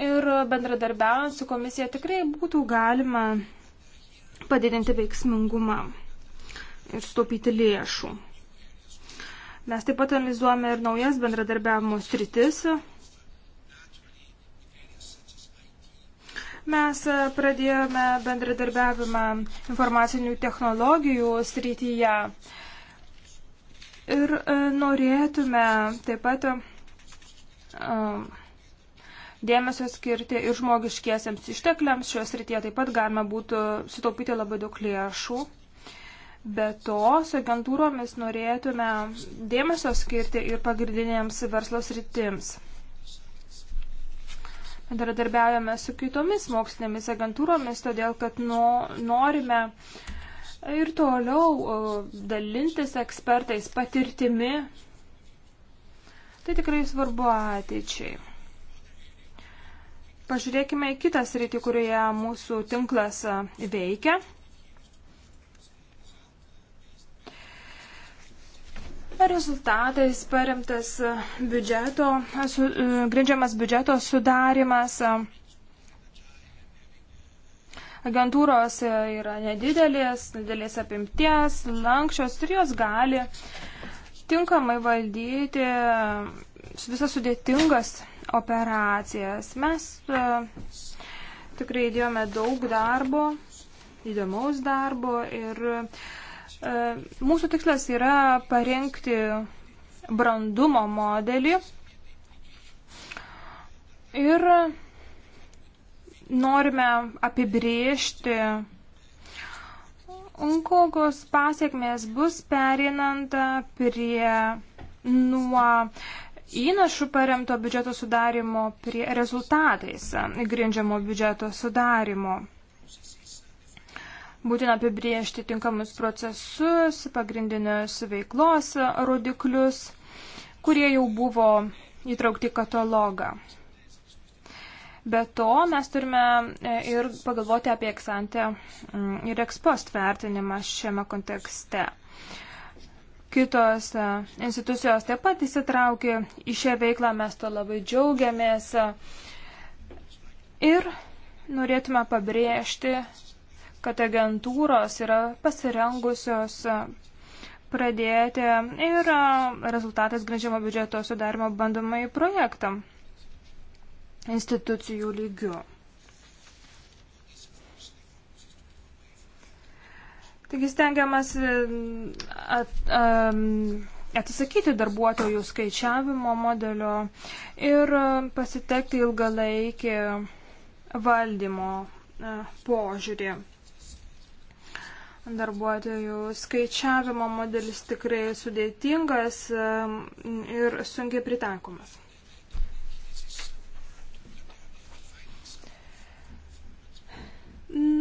Ir bendradarbiaujant su komisija tikrai būtų galima padidinti veiksmingumą ir sutaupyti lėšų. Mes taip pat analizuojame ir naujas bendradarbiavimo sritis, Mes e, pradėjome bendradarbiavimą informacinių technologijų srityje ir e, norėtume taip pat e, dėmesio skirti ir žmogiškiesiams ištekliams. Šios srityje taip pat galima būtų sutaupyti labai daug lėšų. Be to, su agentūromis norėtume dėmesio skirti ir pagrindinėms verslo sritims bendradarbiaujame su kitomis mokslinėmis agentūromis, todėl kad no, norime ir toliau dalintis ekspertais patirtimi. Tai tikrai svarbu ateičiai. Pažiūrėkime į kitą sritį, kurioje mūsų tinklas veikia. rezultatais paremtas e, biudžeto, su, e, grindžiamas biudžeto sudarimas. Agentūros e, yra nedidelės, didelės apimties, lankščios ir jos gali tinkamai valdyti visas sudėtingas operacijas. Mes tikrai įdėjome daug darbo, įdomaus darbo ir uh, E, mūsų tikslas yra parengti brandumo modelį ir norime apibriežti, kokios pasiekmės bus perinant prie nuo įnašų paremto biudžeto sudarimo prie rezultatais grindžiamo biudžeto sudarimo. Būtina apibriežti tinkamus procesus, pagrindinius veiklos rodiklius, kurie jau buvo įtraukti katalogą. Be to, mes turime e, ir pagalvoti apie eksantę mm, ir ekspost vertinimą šiame kontekste. Kitos e, institucijos taip pat įsitraukė į šią veiklą, mes to labai džiaugiamės. Ir norėtume pabrėžti, kad agentūros yra pasirengusios pradėti ir rezultatas grindžiamo biudžeto sudarimo bandomai projektą institucijų lygiu. Taigi stengiamas e, at, um, atsisakyti darbuotojų skaičiavimo modelio ir pasitekti ilgalaikį valdymo požiūrį darbuotojų skaičiavimo modelis tikrai sudėtingas ir sunkiai pritaikomas.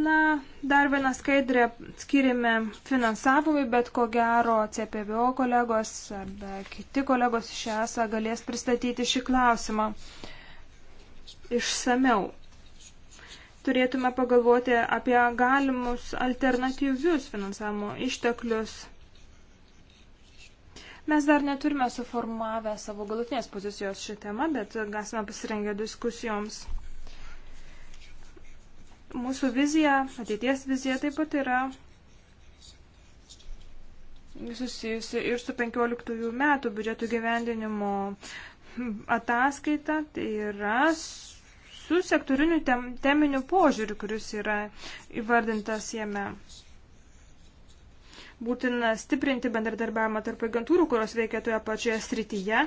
Na, dar vieną skaidrę skirime finansavimui, bet ko gero CPVO kolegos arba kiti kolegos iš ESA galės pristatyti šį klausimą išsameu turėtume pagalvoti apie galimus alternatyvius finansavimo išteklius. Mes dar neturime suformavę savo galutinės pozicijos šią temą, bet esame pasirengę diskusijoms. Mūsų vizija, ateities vizija taip pat yra susijusi ir su 15 metų biudžeto gyvendinimo ataskaita, tai yra su sektoriniu tem, teminiu požiūriu, kuris yra įvardintas jame. Būtina stiprinti bendradarbiavimą tarp agentūrų, kurios veikia toje pačioje srityje.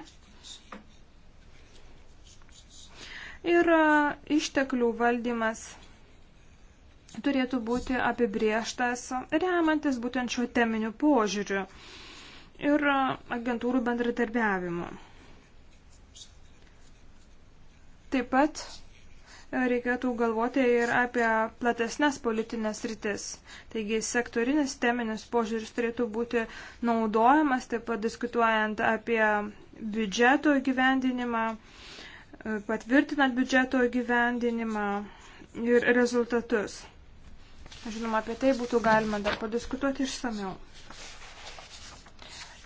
Ir e, išteklių valdymas turėtų būti apibrieštas remiantis būtent šiuo teminiu požiūriu ir e, agentūrų bendradarbiavimu. Taip pat reikėtų galvoti ir apie platesnės politinės rytis. Taigi sektorinis teminis požiūris turėtų būti naudojamas, taip pat diskutuojant apie biudžeto gyvendinimą, patvirtinant biudžeto gyvendinimą ir rezultatus. Žinoma, apie tai būtų galima dar padiskutuoti išsameu.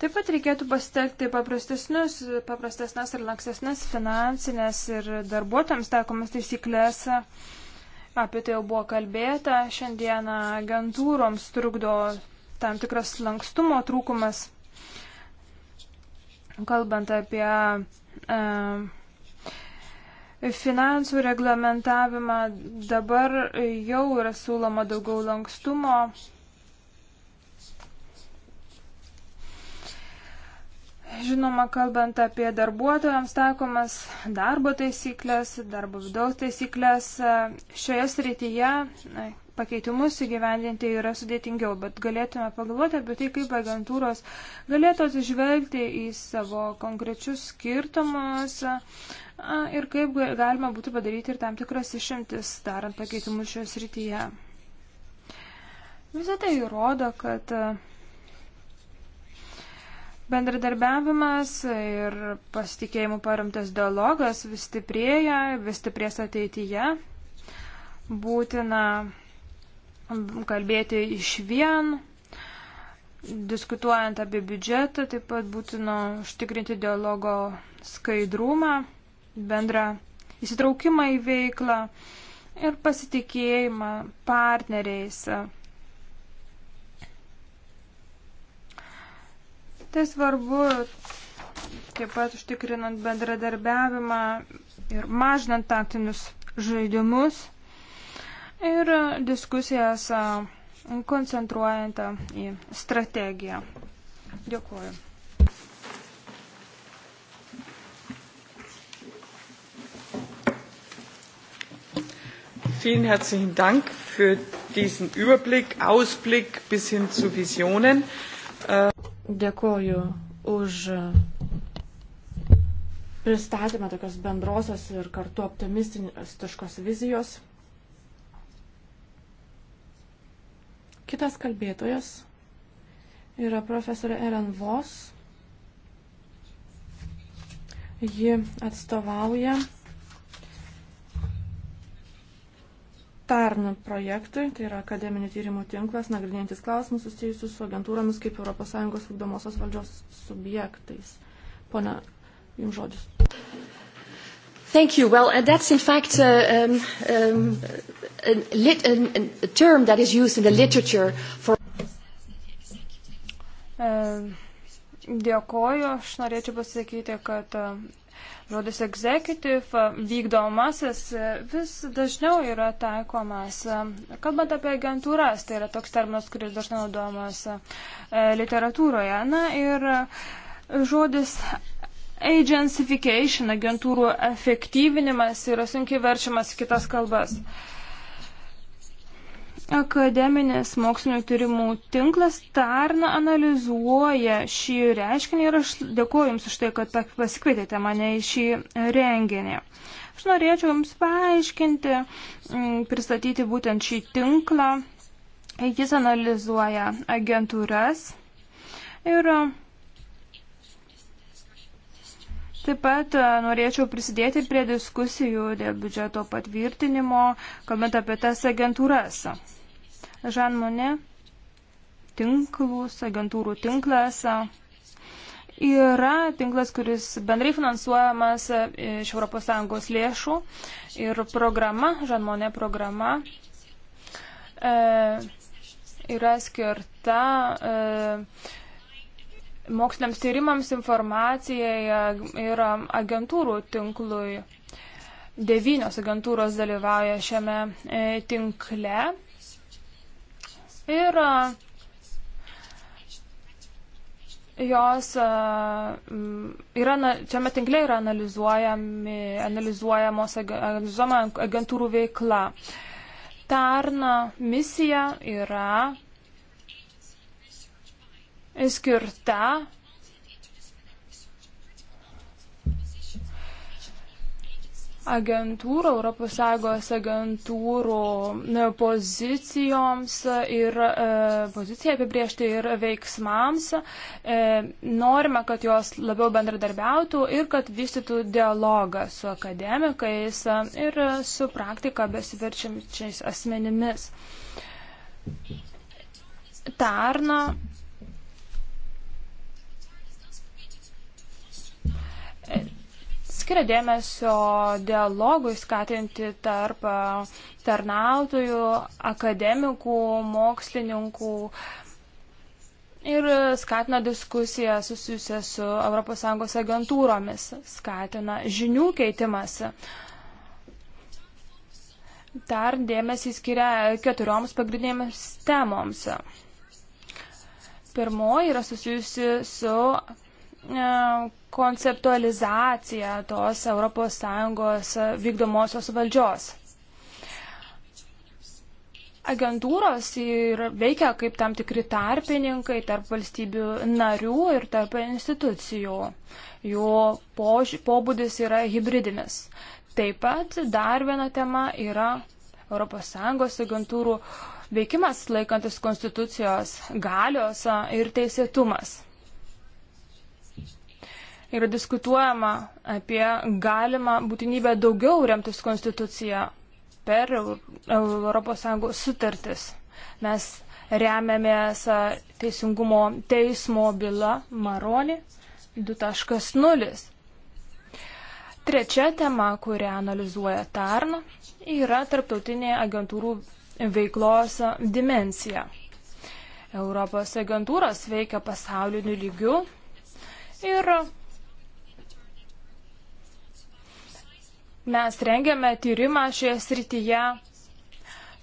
Taip pat reikėtų pasitelkti paprastesnės ir lankstesnės finansinės ir darbuotojams taikomas taisyklės. Apie tai jau buvo kalbėta. Šiandieną agentūroms trukdo tam tikras lankstumo trūkumas. Kalbant apie e, finansų reglamentavimą, dabar jau yra siūloma daugiau lankstumo Žinoma, kalbant apie darbuotojams taikomas darbo taisyklės, darbo vidaus taisyklės, e, šioje srityje e, pakeitimus įgyvendinti yra sudėtingiau, bet galėtume pagalvoti apie tai, kaip agentūros galėtų atsižvelgti į savo konkrečius skirtumus e, ir kaip galima būtų padaryti ir tam tikras išimtis, darant pakeitimus šioje srityje. Visą tai rodo, kad Bendradarbiavimas ir pasitikėjimų paremtas dialogas vis stiprėja, vis stiprės ateityje. Būtina kalbėti iš vien, diskutuojant apie biudžetą, taip pat būtina užtikrinti dialogo skaidrumą, bendrą įsitraukimą į veiklą ir pasitikėjimą partneriais Tai svarbu taip pat užtikrinant bendradarbiavimą ir mažinant taktinius žaidimus ir diskusijas koncentruojant į strategiją. Dėkuoju. Vielen herzlichen Dank für diesen Überblick, Ausblick bis hin zu Visionen. Äh, Dėkoju už pristatymą tokios bendrosios ir kartu optimistiškos vizijos. Kitas kalbėtojas yra profesorė Eren Vos. Ji atstovauja TARN projektui, tai yra akademinių tyrimų tinklas, nagrinėjantis klausimus susijusius su agentūromis kaip ES vykdomosios valdžios subjektais. Pone, jums žodis. Thank you. Well, and uh, that's in fact uh, um, um, a, lit, a, a term that is used in the literature for. Uh, dėkoju, aš norėčiau pasakyti, kad uh, Žodis executive, vykdomasis, vis dažniau yra taikomas. Kalbant apie agentūras, tai yra toks terminas, kuris dažnai naudojamas literatūroje. Na ir žodis agentsification, agentūrų efektyvinimas yra sunkiai verčiamas į kitas kalbas. Mm. Akademinės mokslinio tyrimų tinklas Tarna analizuoja šį reiškinį ir aš dėkuoju Jums už tai, kad pasikvietėte mane į šį renginį. Aš norėčiau Jums paaiškinti, mm, pristatyti būtent šį tinklą. Jis analizuoja agentūras ir Taip pat e, norėčiau prisidėti prie diskusijų dėl biudžeto patvirtinimo, kalbant apie tas agentūras. Žan Monė, tinklus, agentūrų tinklas. E, yra tinklas, kuris bendrai finansuojamas e, iš ES lėšų ir programa, Žan Monė programa, e, yra skirta. E, moksliniams tyrimams, informacijai ir agentūrų tinklui. Devynios agentūros dalyvauja šiame e, tinkle. Ir e, jos e, yra, šiame tinkle yra analizuojamos analizuojama agentūrų veikla. Tarna misija yra skirta agentūrų, ES agentūrų pozicijoms ir e, poziciją apibriežti ir veiksmams. E, norime, kad jos labiau bendradarbiautų ir kad vystytų dialogą su akademikais ir su praktika besiverčiančiais asmenimis. Tarna skiria dėmesio dialogui skatinti tarp e, tarnautojų, akademikų, mokslininkų ir skatina diskusiją susijusią su ES agentūromis, skatina žinių keitimąsi. Dar dėmesį skiria keturioms pagrindinėms temoms. Pirmoji yra susijusi su konceptualizacija tos ES vykdomosios valdžios. Agentūros ir veikia kaip tam tikri tarpininkai tarp valstybių narių ir tarp institucijų. Jų pož... pobūdis yra hybridinis. Taip pat dar viena tema yra ES agentūrų veikimas laikantis konstitucijos galios ir teisėtumas yra diskutuojama apie galimą būtinybę daugiau remtis konstituciją per ES sutartis. Mes remiamės teisingumo teismo byla Maroni 2.0. Trečia tema, kurią analizuoja Tarn, yra tarptautinė agentūrų veiklos dimensija. Europos agentūros veikia pasauliniu lygiu ir Mes rengiame tyrimą šioje srityje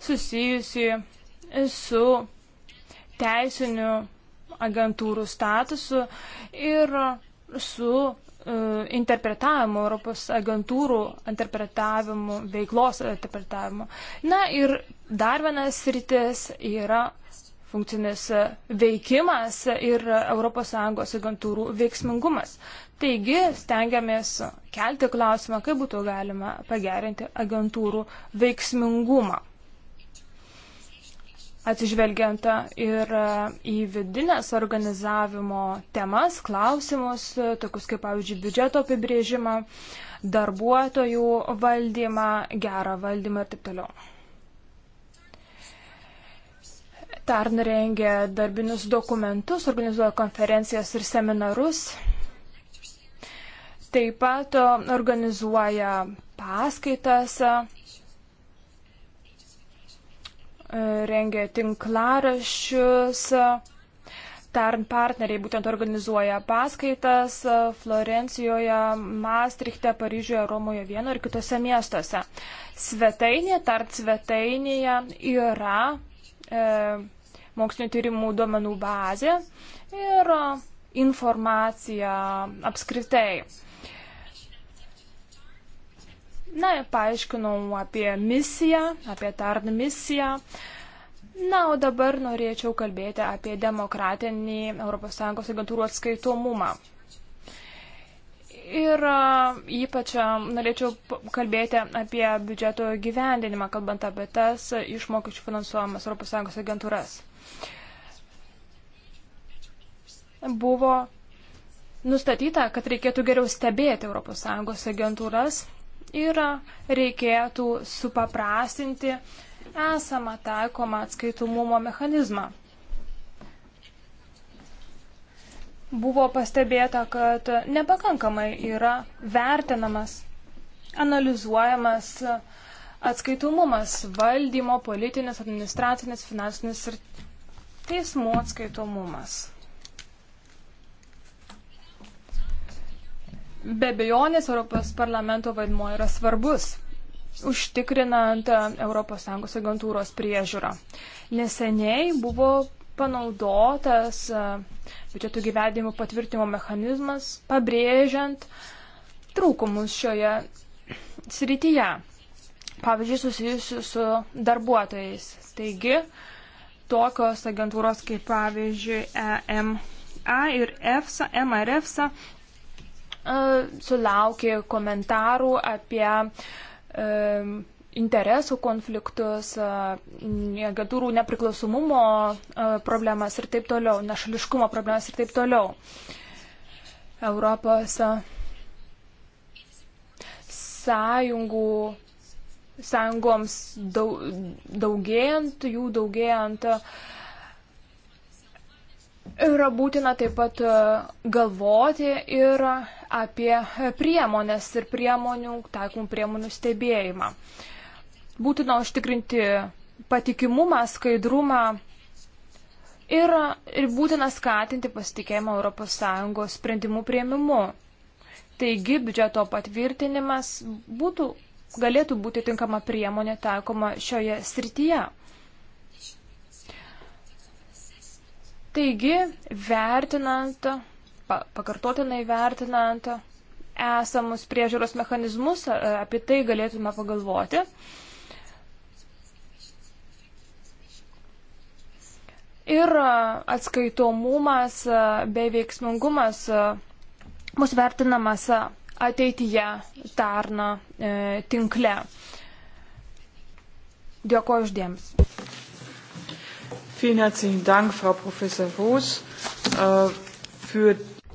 susijusi su teisiniu agentūrų statusu ir su uh, interpretavimu, Europos agentūrų interpretavimu, veiklos interpretavimu. Na ir dar vienas rytis yra funkcinis veikimas ir ES agentūrų veiksmingumas. Taigi stengiamės kelti klausimą, kaip būtų galima pagerinti agentūrų veiksmingumą. Atsižvelgiant ir į vidinės organizavimo temas, klausimus, tokius kaip, pavyzdžiui, biudžeto apibrėžimą, darbuotojų valdymą, gerą valdymą ir taip toliau. Tarn rengia darbinius dokumentus, organizuoja konferencijas ir seminarus. Taip pat organizuoja paskaitas, rengia tinklaraščius. Tarn partneriai būtent organizuoja paskaitas Florencijoje, Maastrichte, Paryžiuje, Romoje, vieno ir kitose miestuose. Svetainė, Tarn svetainėje yra E, mokslinio tyrimų duomenų bazė ir informacija apskritai. Na ir paaiškinau apie misiją, apie TARN misiją. Na, o dabar norėčiau kalbėti apie demokratinį ES agentūrų atskaitomumą. Ir ypač norėčiau kalbėti apie biudžeto gyvendinimą, kalbant apie tas iš mokesčių finansuojamas ES agentūras. Buvo nustatyta, kad reikėtų geriau stebėti ES agentūras ir reikėtų supaprastinti esamą taikomą atskaitomumo mechanizmą. buvo pastebėta, kad nepakankamai yra vertinamas, analizuojamas atskaitomumas, valdymo, politinis, administracinis, finansinis ir teismų atskaitomumas. Be bejonės Europos parlamento vaidmuo yra svarbus, užtikrinant ES agentūros priežiūrą. Neseniai buvo panaudotas e, biudžeto gyvedimo patvirtimo mechanizmas, pabrėžiant trūkumus šioje srityje, pavyzdžiui, susijusiu su darbuotojais. Taigi, tokios agentūros kaip pavyzdžiui EMA ir EFSA, EMA ir EFSA sulaukė komentarų apie um, interesų konfliktus, agentūrų nepriklausomumo problemas ir taip toliau, nešališkumo problemas ir taip toliau. Europos sąjungų, sąjungoms daugėjant, jų daugėjant, yra būtina taip pat galvoti ir apie priemonės ir priemonių, taikomų priemonių stebėjimą. Uh, Būtina užtikrinti patikimumą, skaidrumą ir, ir būtina skatinti pasitikėjimą ES sprendimų prieimimu. Taigi biudžeto patvirtinimas būtų, galėtų būti tinkama priemonė taikoma šioje srityje. Taigi, vertinant, pakartotinai vertinant esamus priežiūros mechanizmus, apie tai galėtume pagalvoti. ir e, atskaitomumas e, bei veiksmingumas e, bus vertinamas ateityje tarna e, tinkle. Dėkuoju uždėms.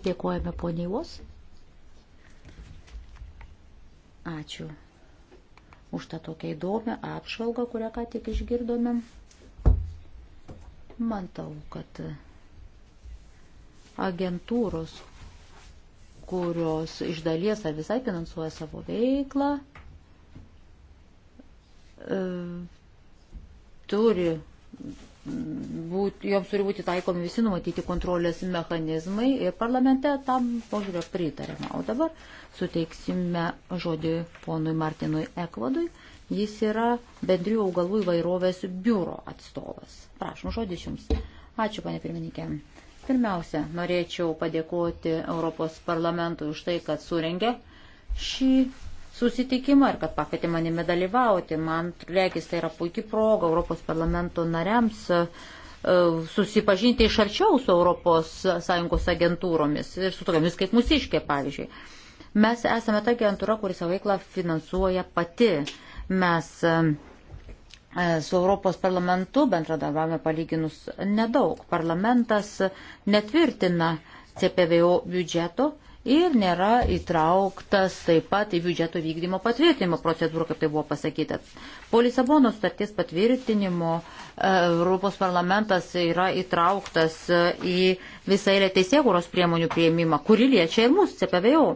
Dėkuojame poniai Vos. Ačiū už tą tokią įdomią apšalgą, kurią ką tik išgirdome. Matau, kad agentūros, kurios iš dalies ar visai finansuoja savo veiklą, e, turi būt, joms turi būti taikomi visi numatyti kontrolės mechanizmai ir parlamente tam požiūrio pritarima. O dabar suteiksime žodį ponui Martinui Ekvadui, Jis yra bendrių augalų įvairovės biuro atstovas. Prašom, žodis jums. Ačiū, panė pirmininkė. Pirmiausia, norėčiau padėkoti Europos parlamentui už tai, kad surengė šį susitikimą ir kad pakvietė manimi dalyvauti. Man reikės tai yra puikia proga Europos parlamento nariams e, susipažinti iš arčiau su ES agentūromis ir su tokiamis kaip mūsiškė, pavyzdžiui. Mes esame ta agentūra, kuri savo veiklą finansuoja pati. Mes e, su Europos parlamentu bendradarbiavome palyginus nedaug. Parlamentas netvirtina CPVO biudžeto ir nėra įtrauktas taip pat į biudžeto vykdymo patvirtinimo procedūrą, kaip tai buvo pasakyta. Po Lisabono sutarties patvirtinimo e, Europos parlamentas yra įtrauktas e, į visą eilę teisėkūros priemonių prieimimą, kuri liečia ir mūsų CPVO.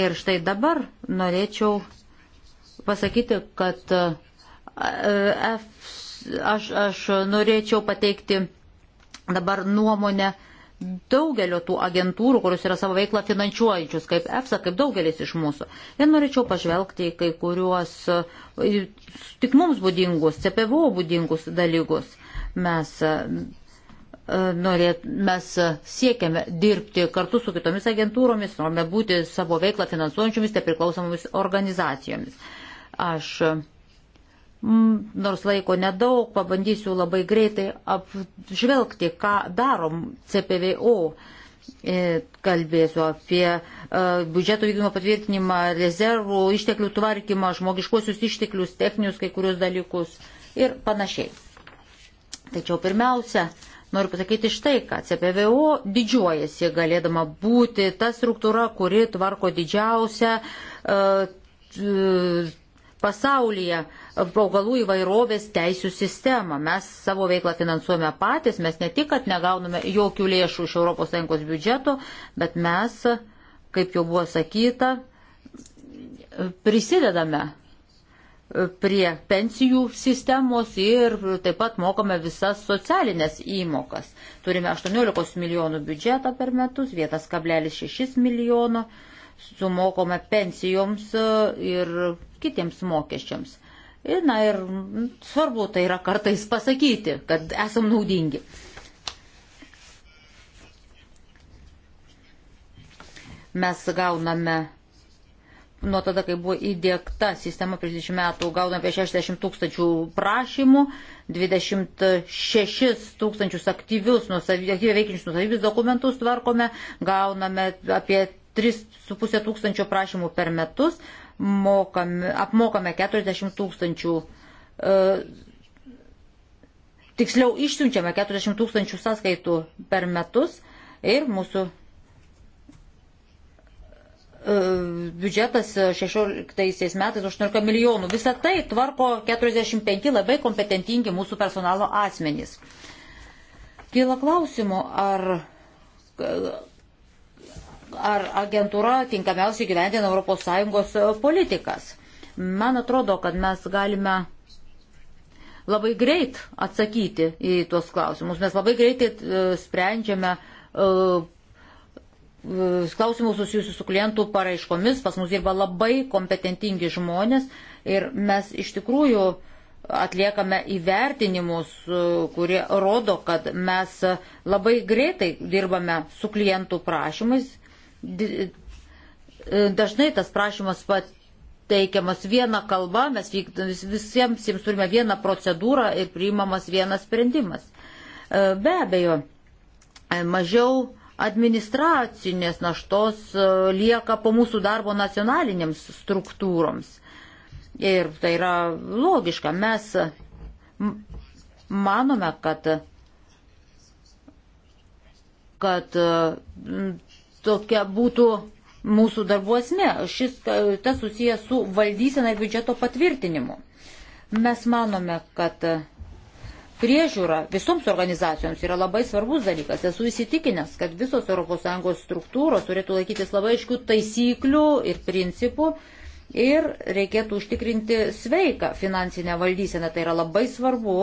Ir štai dabar norėčiau pasakyti, kad e, F, aš, aš norėčiau pateikti dabar nuomonę daugelio tų agentūrų, kurios yra savo veiklą finansuojančius, kaip EFSA, kaip daugelis iš mūsų. Ir norėčiau pažvelgti į kai kuriuos tik mums būdingus, CPVO būdingus dalykus. Mes e, norėt, mes siekiame dirbti kartu su kitomis agentūromis, norime būti savo veiklą finansuojančiomis, tai priklausomomis organizacijomis. Aš, mm, nors laiko nedaug, pabandysiu labai greitai apžvelgti, ką darom CPVO. E, kalbėsiu apie e, biudžeto vykdymo patvirtinimą, rezervų, išteklių tvarkymą, žmogiškuosius išteklius, techninius kai kurios dalykus ir panašiai. Tačiau pirmiausia, noriu pasakyti štai, kad CPVO didžiuojasi galėdama būti ta struktūra, kuri tvarko didžiausią e, pasaulyje augalų įvairovės teisų sistemą. Mes savo veiklą finansuojame patys, mes ne tik, kad negauname jokių lėšų iš ES biudžeto, bet mes, kaip jau buvo sakyta, prisidedame prie pensijų sistemos ir taip pat mokame visas socialinės įmokas. Turime 18 milijonų biudžetą per metus, vietas kablelis 6 milijono. 000 sumokome pensijoms e, ir kitiems mokesčiams. Ir, na ir svarbu tai yra kartais pasakyti, kad esam naudingi. Mes gauname nuo tada, kai buvo įdėkta sistema prieš 20 metų, gauname apie 60 tūkstančių prašymų, 26 tūkstančius aktyvius, nusavy, aktyviai veikiančius nusavybius dokumentus tvarkome, gauname apie 3,5 tūkstančio prašymų per metus, mokame, apmokame 40 tūkstančių, e, tiksliau išsiunčiame 40 tūkstančių sąskaitų per metus ir mūsų e, biudžetas 16 metais 18 milijonų. Visą tai tvarko 45 labai kompetentingi mūsų personalo asmenys. Kyla klausimų, ar ar agentūra tinkamiausiai gyvendina ES e, politikas. Man atrodo, kad mes galime labai greit atsakyti į tuos klausimus. Mes labai greitai e, sprendžiame e, klausimus susijusius su klientų paraiškomis. Pas mus dirba labai kompetentingi žmonės ir mes iš tikrųjų atliekame įvertinimus, kurie rodo, kad mes labai greitai dirbame su klientų prašymais E, dažnai tas prašymas pateikiamas viena kalba, mes visiems jiems turime vieną procedūrą ir priimamas vienas sprendimas. E, be abejo, e, mažiau administracinės naštos lieka po mūsų darbo nacionalinėms struktūroms. Ir tai yra logiška. Mes manome, kad, kad tokia būtų mūsų darbo esmė. Šis tas susijęs su valdysena ir biudžeto patvirtinimu. Mes manome, kad priežiūra visoms organizacijoms yra labai svarbus dalykas. Esu įsitikinęs, kad visos ES struktūros turėtų laikytis labai aiškių taisyklių ir principų ir reikėtų užtikrinti sveiką finansinę valdyseną. Tai yra labai svarbu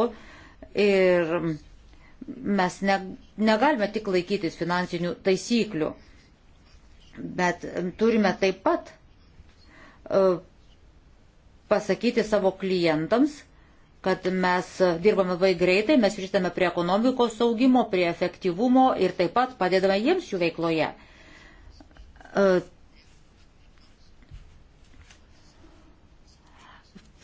ir mes ne, negalime tik laikytis finansinių taisyklių. Bet turime taip pat e, pasakyti savo klientams, kad mes dirbame labai greitai, mes grįžtame prie ekonomikos saugimo, prie efektyvumo ir taip pat padedame jiems jų veikloje. E,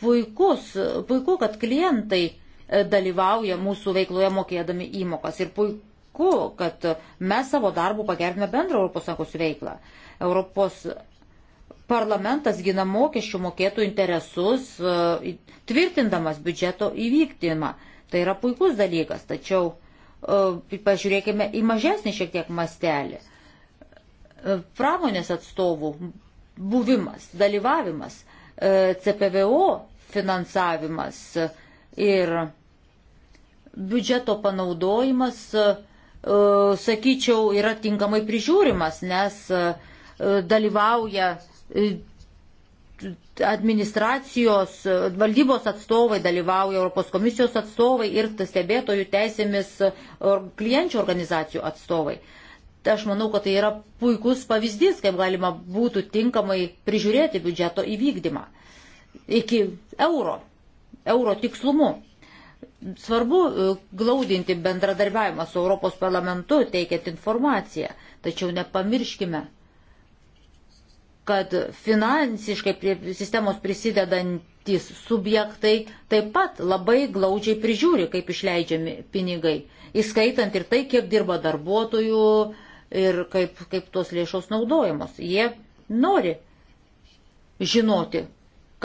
puikus, puiku, kad klientai e, dalyvauja mūsų veikloje mokėdami įmokas ir puiku puiku, kad mes savo darbų pagerime bendrą ES veiklą. Europos parlamentas gina mokesčių mokėtų interesus, e, tvirtindamas biudžeto įvykdymą. Tai yra puikus dalykas, tačiau e, pažiūrėkime į mažesnį šiek tiek mastelį. E, pramonės atstovų buvimas, dalyvavimas, CPVO finansavimas ir biudžeto panaudojimas uh, E, sakyčiau, yra tinkamai prižiūrimas, nes e, e, dalyvauja administracijos, valdybos atstovai, dalyvauja Europos komisijos atstovai ir stebėtojų teisėmis klienčių organizacijų atstovai. Tai aš manau, kad tai yra puikus pavyzdys, kaip galima būtų tinkamai prižiūrėti biudžeto įvykdymą iki euro, euro tikslumu. Svarbu e, glaudinti bendradarbiavimą su Europos parlamentu, teikiant informaciją, tačiau nepamirškime, kad finansiškai prie sistemos prisidedantis subjektai taip pat labai glaudžiai prižiūri, kaip išleidžiami pinigai, įskaitant ir tai, kiek dirba darbuotojų ir kaip, kaip tos lėšos naudojamos. Jie nori žinoti,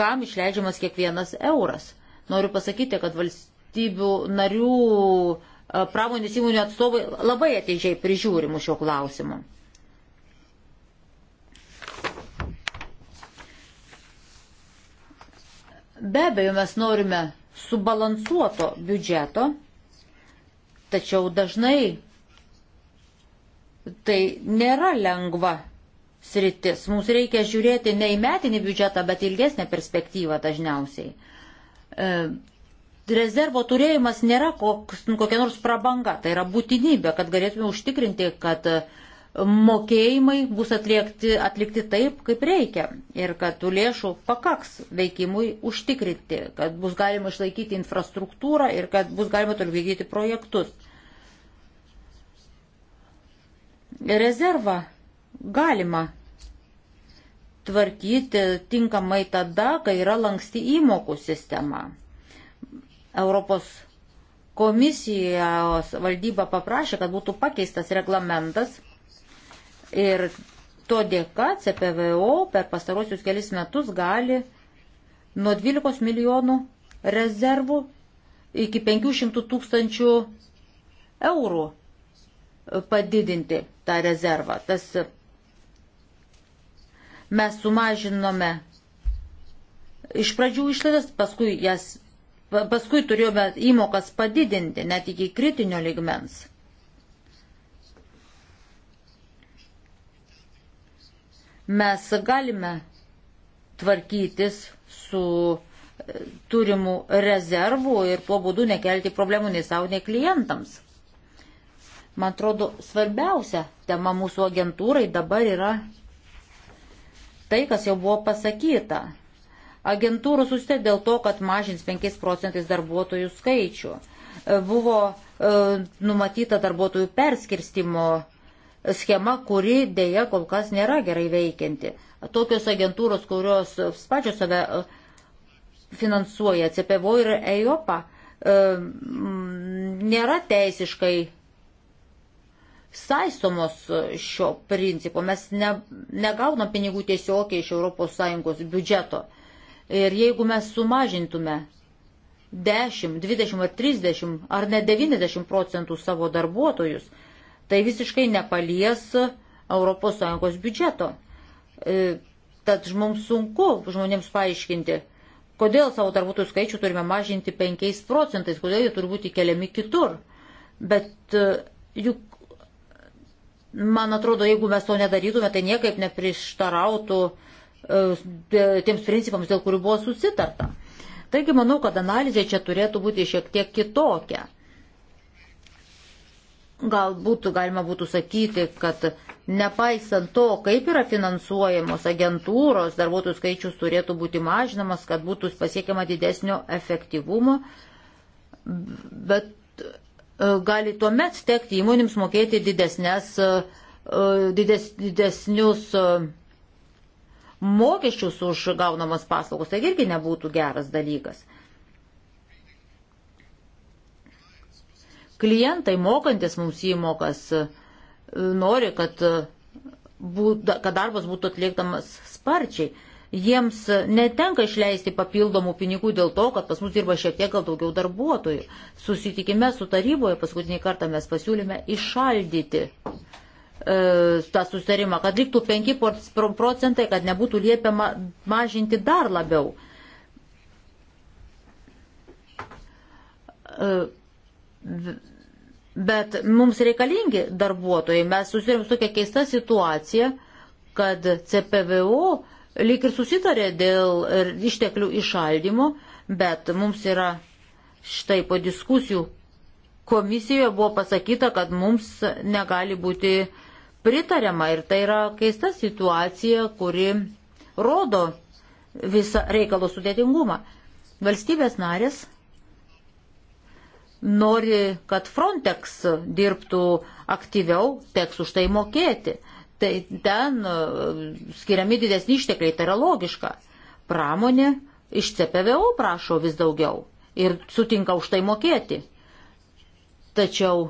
kam išleidžiamas kiekvienas euras. Noriu pasakyti, kad valstybė valstybių narių e, pramonės įmonių atstovai labai ateidžiai prižiūrimų šio klausimu. Be abejo, mes norime subalansuoto biudžeto, tačiau dažnai tai nėra lengva sritis. Mums reikia žiūrėti ne į metinį biudžetą, bet ilgesnę perspektyvą dažniausiai. E, rezervo turėjimas nėra koks, kokia nors prabanga, tai yra būtinybė, kad galėtume užtikrinti, kad e, mokėjimai bus atliekti, atlikti taip, kaip reikia ir kad tų lėšų pakaks veikimui užtikrinti, kad bus galima išlaikyti infrastruktūrą ir kad bus galima toliau vykdyti projektus. Rezervą galima tvarkyti tinkamai tada, kai yra lanksti įmokų sistema Europos komisijos valdyba paprašė, kad būtų pakeistas reglamentas ir to dėka CPVO per pastarosius kelis metus gali nuo 12 milijonų rezervų iki 500 tūkstančių eurų padidinti tą rezervą. Tas mes sumažinome iš pradžių išlaidas, paskui jas Paskui turėjome įmokas padidinti net iki kritinio ligmens. Mes galime tvarkytis su e, turimų rezervų ir tuo būdu nekelti problemų nei savo, nei klientams. Man atrodo, svarbiausia tema mūsų agentūrai dabar yra tai, kas jau buvo pasakyta agentūrų susitė dėl to, kad mažins 5 procentais darbuotojų skaičių. E, buvo e, numatyta darbuotojų perskirstimo schema, kuri dėja kol kas nėra gerai veikianti. Tokios agentūros, kurios pačios save e, finansuoja, CPVO ir EIOPA, nėra teisiškai saistomos šio principo. Mes ne, negaunam pinigų tiesiogiai iš ES biudžeto. Ir jeigu mes sumažintume 10, 20 ar 30 ar net 90 procentų savo darbuotojus, tai visiškai nepalies ES biudžeto. E, tad mums sunku žmonėms paaiškinti, kodėl savo darbuotojų skaičių turime mažinti 5 procentais, kodėl jie turi būti keliami kitur. Bet e, juk, man atrodo, jeigu mes to nedarytume, tai niekaip neprieštarautų uh, E, tiems principams, dėl kurių buvo susitarta. Taigi manau, kad analizė čia turėtų būti šiek tiek kitokia. Galbūt galima būtų sakyti, kad nepaisant to, kaip yra finansuojamos agentūros, darbuotojų skaičius turėtų būti mažinamas, kad būtų pasiekiama didesnio efektyvumo, bet e, gali tuomet tekti įmonėms mokėti didesnės, e, dides, didesnius mokesčius už gaunamas paslaugas, tai irgi nebūtų geras dalykas. Klientai mokantis mums įmokas e, nori, kad, e, būt, kad darbas būtų atliekamas sparčiai. Jiems netenka išleisti papildomų pinigų dėl to, kad pas mus dirba šiek tiek gal daugiau darbuotojų. Susitikime su taryboje paskutinį kartą mes pasiūlėme išaldyti uh, E, tą sustarimą, kad liktų 5 procentai, kad nebūtų liepiama mažinti dar labiau. E, bet mums reikalingi darbuotojai. Mes susidurėm su tokia keista situacija, kad CPVO lyg ir susitarė dėl er, išteklių išaldymo, bet mums yra štai po diskusijų komisijoje buvo pasakyta, kad mums negali būti uh, pritariama ir tai yra keista situacija, kuri rodo visą reikalo sudėtingumą. Valstybės narės nori, kad Frontex dirbtų aktyviau, teks už tai mokėti. Tai ten e, skiriami didesni ištekliai, tai yra logiška. Pramonė iš CPVO prašo vis daugiau ir sutinka už tai mokėti. Tačiau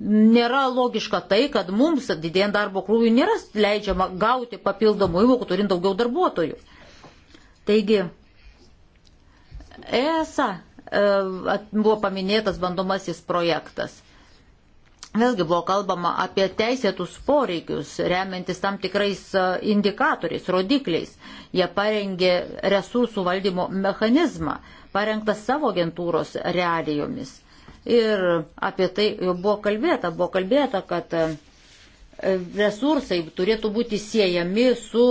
nėra logiška tai, kad mums didėjant darbo krūvių nėra leidžiama gauti papildomų įmokų, turint daugiau darbuotojų. Taigi, ESA e, buvo paminėtas bandomasis projektas. Vėlgi buvo kalbama apie teisėtus poreikius, remiantis tam tikrais e, indikatoriais, rodikliais. Jie parengė resursų valdymo mechanizmą, parengtas savo agentūros realijomis. Ir apie tai jau buvo kalbėta, buvo kalbėta, kad e, resursai turėtų būti siejami su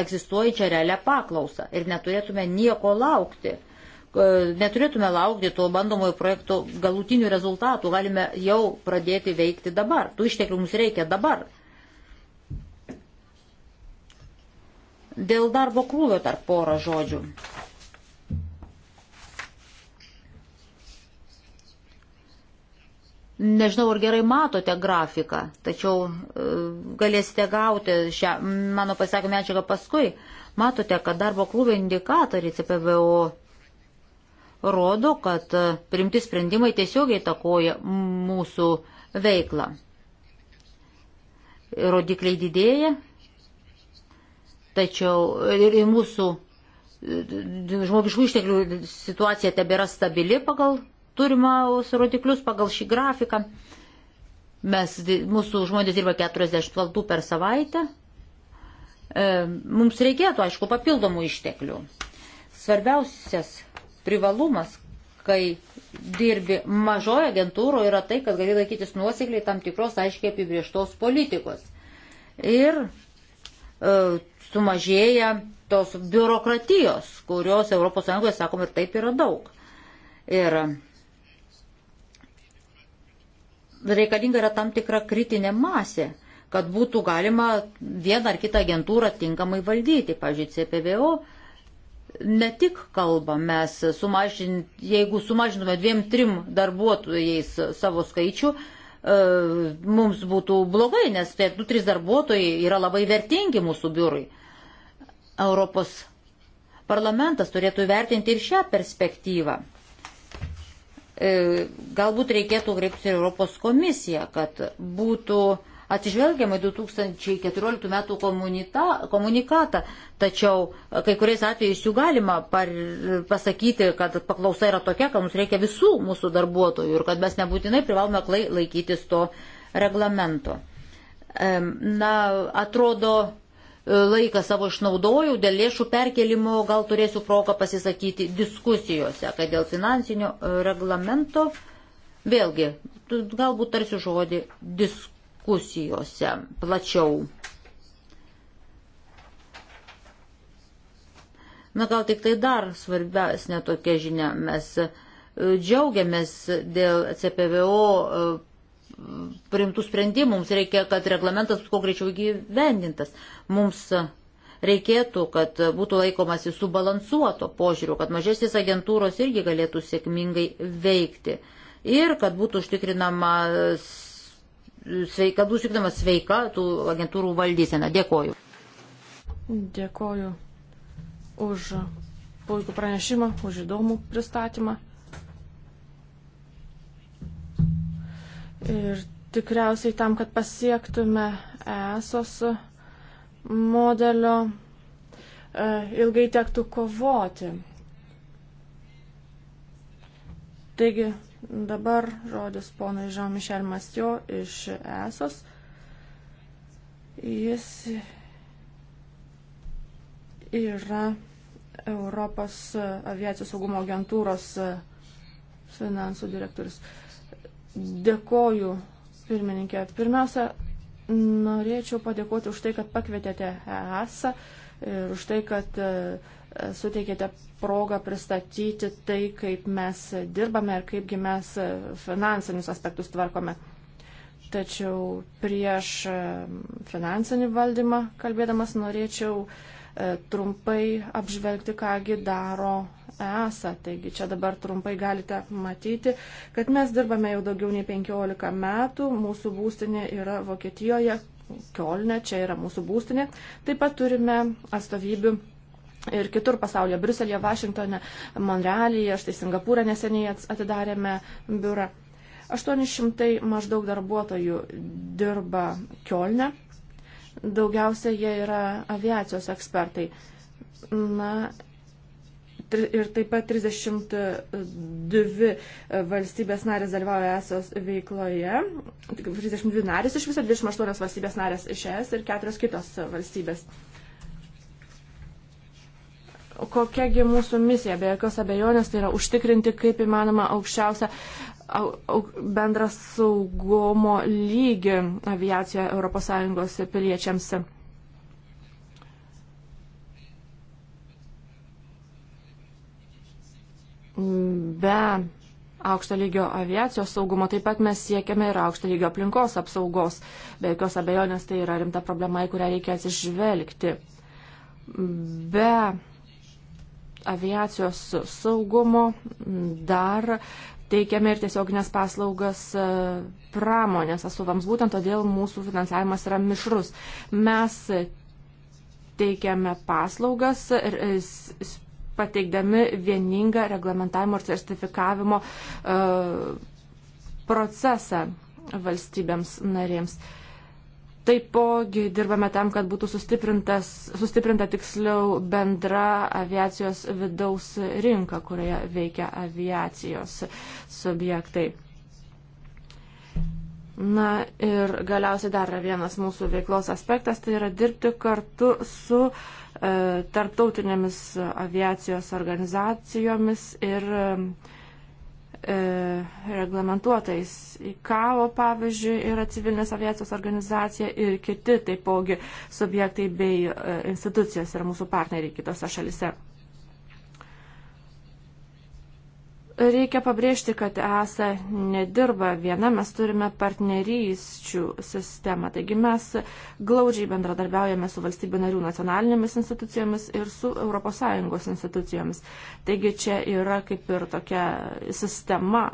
egzistuojančia realia paklausa ir neturėtume nieko laukti. E, neturėtume laukti to bandomojo projekto galutinių rezultatų, galime jau pradėti veikti dabar. Tų išteklių mums reikia dabar. Dėl darbo krūvio tarp porą žodžių. Nežinau, ar gerai matote grafiką, tačiau e, galėsite gauti šią mano pasakymą medžiagą paskui. Matote, kad darbo klubo indikatoriai CPVO rodo, kad e, primti sprendimai tiesiogiai takoja mūsų veiklą. Rodikliai didėja, tačiau ir mūsų e, žmogiškų išteklių situacija tebėra stabili pagal turimus rodiklius pagal šį grafiką. Mes, mūsų žmonės dirba 40 valandų per savaitę. E, mums reikėtų, aišku, papildomų išteklių. Svarbiausias privalumas, kai dirbi mažoje agentūroje, yra tai, kad gali laikytis nuosekliai tam tikros aiškiai apibrieštos politikos. Ir e, sumažėja tos biurokratijos, kurios ES, sakom, ir taip yra daug. Ir reikalinga yra tam tikra kritinė masė, kad būtų galima vieną ar kitą agentūrą tinkamai valdyti. Pavyzdžiui, CPVO ne tik kalbą mes sumažin, jeigu sumažinume dviem, trim darbuotojais savo skaičių, e, mums būtų blogai, nes tie du, trys darbuotojai yra labai vertingi mūsų biurui. Europos parlamentas turėtų vertinti ir šią perspektyvą. E, galbūt reikėtų kreiptis ir Europos komisiją, kad būtų atsižvelgiama į 2014 metų komunita, komunikatą, tačiau e, kai kuriais atvejais jų galima par, pasakyti, kad paklausa yra tokia, kad mums reikia visų mūsų darbuotojų ir kad mes nebūtinai privalome laikytis to reglamento. Na, atrodo, laiką savo išnaudojau, dėl lėšų perkelimo gal turėsiu progą pasisakyti diskusijose, kad dėl finansinio e, reglamento vėlgi galbūt tarsiu žodį diskusijose plačiau. Na gal tik tai dar svarbesnė tokia žinia. Mes e, džiaugiamės dėl CPVO e, priimtų sprendimų, mums reikia, kad reglamentas kuo greičiau gyvendintas. Mums reikėtų, kad būtų laikomasi subalansuoto požiūriu, kad mažesnės agentūros irgi galėtų sėkmingai veikti ir kad būtų užtikrinama sveika, užtikrinama sveika tų agentūrų valdysena. Dėkoju. Dėkoju už puikų pranešimą, už įdomų pristatymą. Ir tikriausiai tam, kad pasiektume esos modelio, e, ilgai tektų kovoti. Taigi dabar žodis ponui Žomišel Mastio iš esos. Jis yra Europos aviacijos saugumo agentūros finansų direktorius. Uh, Dėkoju, pirmininkė. Pirmiausia, norėčiau padėkoti už tai, kad pakvietėte EASA ir už tai, kad e, suteikėte progą pristatyti tai, kaip mes dirbame ir kaipgi mes e, finansinius aspektus tvarkome. Tačiau prieš e, finansinį valdymą kalbėdamas norėčiau uh, E, trumpai apžvelgti, kągi daro ESA. Taigi čia dabar trumpai galite matyti, kad mes dirbame jau daugiau nei 15 metų, mūsų būstinė yra Vokietijoje, Kielne, čia yra mūsų būstinė. Taip pat turime atstovybių. Ir kitur pasaulyje - Briuselėje, Vašingtone, Monrealyje, štai Singapūrą neseniai atidarėme biurą. 800 maždaug darbuotojų dirba Kielne daugiausia jie yra aviacijos ekspertai. Na, ir taip pat 32 e, valstybės narės dalyvauja esos veikloje. 32 narės iš viso, 28 valstybės narės iš es ir 4 kitos valstybės. Kokiagi mūsų misija, be jokios abejonės, tai yra užtikrinti kaip įmanoma aukščiausią bendrą saugumo lygį aviacijoje ES piliečiams. Be aukšto lygio aviacijos saugumo, taip pat mes siekiame ir aukšto lygio aplinkos apsaugos. Be jokios abejonės tai yra rimta problema, į kurią reikia atsižvelgti. Be aviacijos saugumo dar teikiame ir tiesioginės paslaugas e, pramonės atstovams. Būtent todėl mūsų finansavimas yra mišrus. Mes teikiame paslaugas e, pateikdami vieningą reglamentavimo ir sertifikavimo e, procesą valstybėms narėms. Uh, Taipogi dirbame tam, kad būtų sustiprinta tiksliau bendra aviacijos vidaus rinka, kurioje veikia aviacijos subjektai. Na ir galiausiai dar yra vienas mūsų veiklos aspektas, tai yra dirbti kartu su e, tarptautinėmis aviacijos organizacijomis ir e, E, reglamentuotais. ICAO pavyzdžiui yra civilinės aviacijos organizacija ir kiti taipogi subjektai bei e, institucijos yra mūsų partneriai kitose šalise. Reikia pabrėžti, kad ESA nedirba viena, mes turime partnerysčių sistemą. Taigi mes glaudžiai bendradarbiaujame su valstybių narių nacionalinėmis institucijomis ir su ES institucijomis. Taigi čia yra kaip ir tokia sistema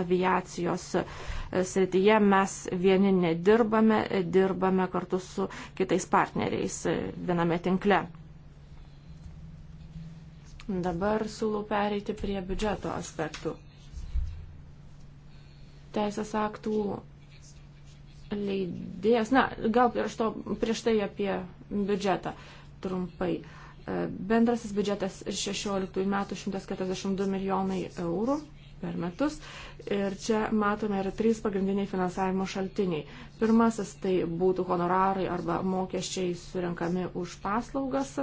aviacijos srityje. Mes vieni nedirbame, dirbame kartu su kitais partneriais viename tinkle. Dabar siūlau pereiti prie biudžeto aspektų. Teisės aktų leidėjas, na, gal prieš, to, prieš tai apie biudžetą trumpai. E, bendrasis biudžetas 16 metų 142 milijonai eurų per metus. Ir čia matome yra trys pagrindiniai finansavimo šaltiniai. Pirmasis tai būtų honorarai arba mokesčiai surinkami už paslaugas.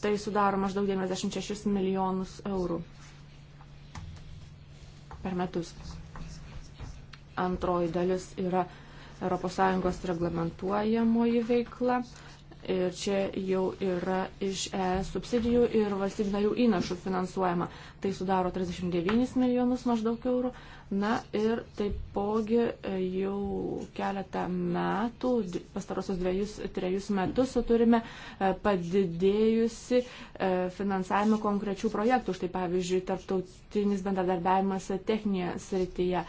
Tai sudaro maždaug 96 milijonus eurų per metus. Antroji dalis yra ES reglamentuojamoji veikla. Ir čia jau yra iš ES subsidijų ir valstybių narių įnašų finansuojama. Tai sudaro 39 milijonus maždaug eurų. Na ir taipogi e, jau keletą metų, pastarosios dviejus, trejus metus turime e, padidėjusi e, finansavimą konkrečių projektų. Štai pavyzdžiui, tarptautinis bendradarbiavimas techninėje srityje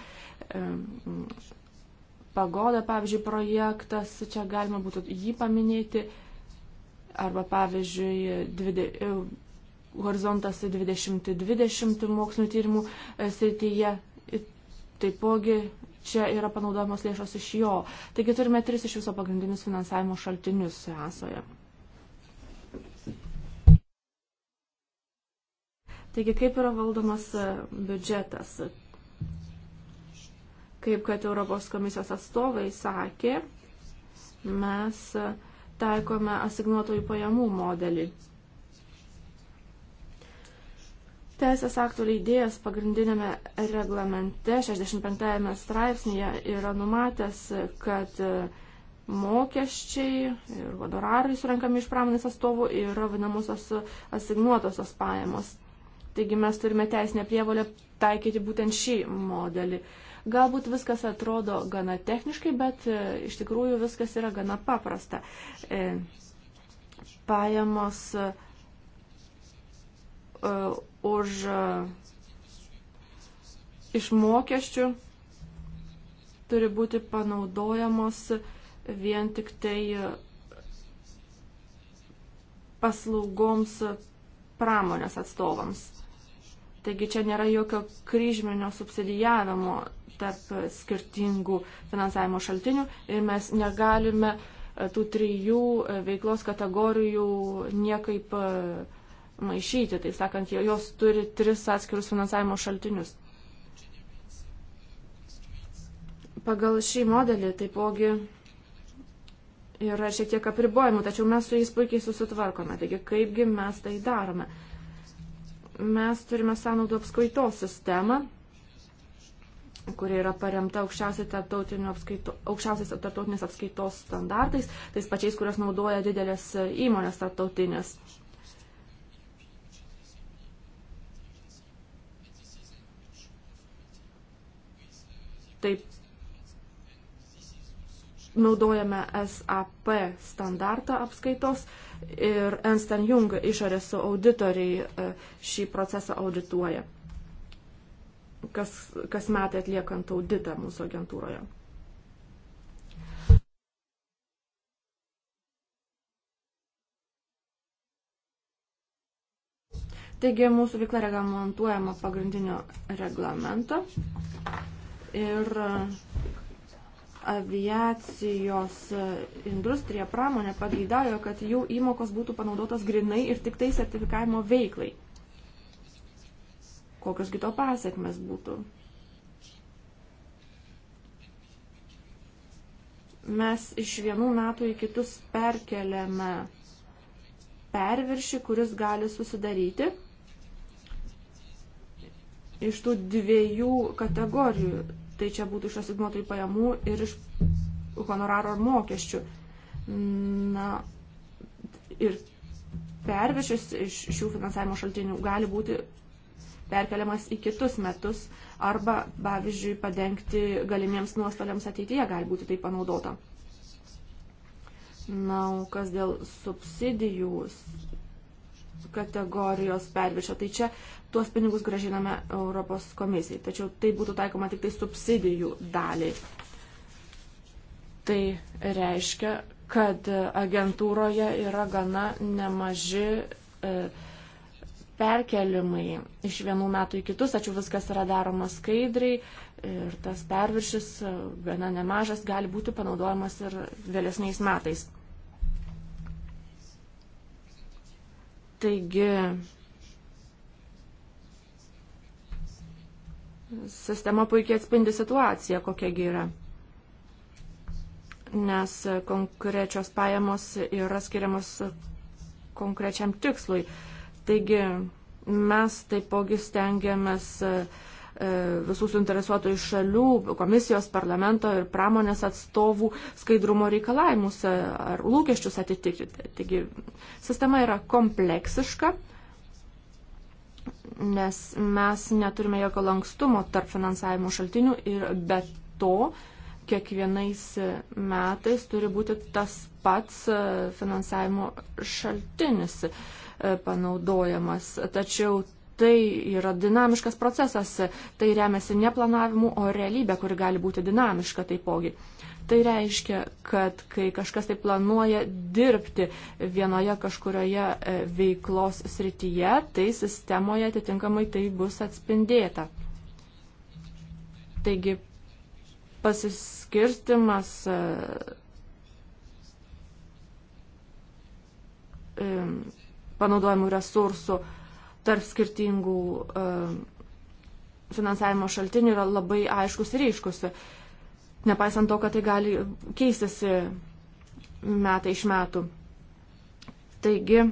pagoda, pavyzdžiui, projektas, čia galima būtų jį paminėti, arba pavyzdžiui, 20, e, horizontas 2020 mokslinio tyrimų e, srityje, taipogi čia yra panaudojamos lėšos iš jo. Taigi turime tris iš viso pagrindinius finansavimo šaltinius esoje. Taigi kaip yra valdomas e, biudžetas? Kaip kad Europos komisijos atstovai sakė, mes taikome asignuotojų pajamų modelį. Teisės aktų leidėjas pagrindinėme reglamente 65 straipsnėje yra numatęs, kad mokesčiai ir honorarai surinkami iš pramonės atstovų yra vadinamosios asignuotosios pajamos. Taigi mes turime teisinę prievolę taikyti būtent šį modelį. Galbūt viskas atrodo gana techniškai, bet e, iš tikrųjų viskas yra gana paprasta. E, pajamos e, už iš mokesčių turi būti panaudojamos vien tik tai paslaugoms pramonės atstovams. Taigi čia nėra jokio kryžminio subsidijavimo tarp skirtingų finansavimo šaltinių ir mes negalime e, tų trijų e, veiklos kategorijų niekaip e, maišyti, tai sakant, jos turi tris atskirus finansavimo šaltinius. Pagal šį modelį taipogi yra šiek tiek apribojimų, tačiau mes su jais puikiai susitvarkome. Taigi, kaipgi mes tai darome? Mes turime sąnaudų apskaitos sistemą, kuri yra paremta aukščiausiais tarptautinės apskaitos standartais, tais pačiais, kurios naudoja didelės e, įmonės tarptautinės. Taip naudojame SAP standartą apskaitos ir Ernst Jung išorės auditoriai e, šį procesą audituoja kas, kas metai atliekant auditą mūsų agentūroje. Taigi mūsų veikla reglamentuojama pagrindinio reglamento ir aviacijos industrija, pramonė pageidavo, kad jų įmokos būtų panaudotos grinai ir tik tai sertifikavimo veiklai kokios kito pasiekmes būtų. Mes iš vienų metų į kitus perkeliame perviršį, kuris gali susidaryti iš tų dviejų kategorijų. Tai čia būtų iš asignuotojų pajamų ir iš honoraro ar mokesčių. Na, ir pervišis iš šių finansavimo šaltinių gali būti perkeliamas į kitus metus arba, pavyzdžiui, padengti galimiems nuostoliams ateityje gali būti tai panaudota. Na, o kas dėl subsidijų kategorijos pervišio, tai čia tuos pinigus gražiname Europos komisijai. Tačiau tai būtų taikoma tik tai subsidijų daliai. Tai reiškia, kad agentūroje yra gana nemaži e, perkelimai iš vienų metų į kitus, tačiau viskas yra daroma skaidriai ir tas perviršis, e, gana nemažas, gali būti panaudojamas ir vėlesniais metais. Taigi, sistema puikiai atspindi situaciją, kokiagi yra nes konkrečios pajamos yra skiriamos konkrečiam tikslui. Taigi mes taipogi stengiamės e, e, visų suinteresuotojų šalių, komisijos, parlamento ir pramonės atstovų skaidrumo reikalavimus e, ar lūkesčius atitikti. Taigi sistema yra kompleksiška, nes mes neturime jokio lankstumo tarp finansavimo šaltinių ir be to kiekvienais metais turi būti tas pats finansavimo šaltinis. Uh, panaudojamas. Tačiau tai yra dinamiškas procesas, tai remiasi ne planavimu, o realybė, kuri gali būti dinamiška taipogi. Tai reiškia, kad kai kažkas tai planuoja dirbti vienoje kažkurioje e, veiklos srityje, tai sistemoje atitinkamai tai bus atspindėta. Taigi pasiskirstimas um, panaudojimų resursų tarp skirtingų e, finansavimo šaltinių yra labai aiškus ir ryškus. Nepaisant to, kad tai gali keistis metai iš metų. Taigi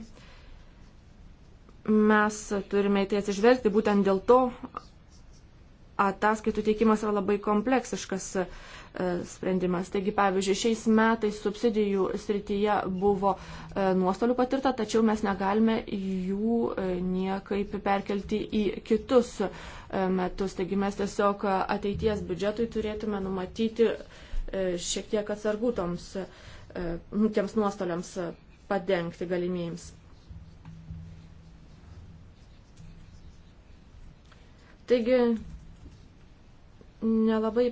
mes turime į tai atsižvelgti, būtent dėl to ataskaitų teikimas yra labai kompleksiškas. E, sprendimas. Taigi, pavyzdžiui, šiais metais subsidijų srityje buvo e, nuostolių patirta, tačiau mes negalime jų e, niekaip perkelti į kitus metus. Taigi mes tiesiog ateities biudžetui turėtume numatyti šiek tiek atsargų toms, nu, tiems nuostoliams padengti galimiems. Taigi nelabai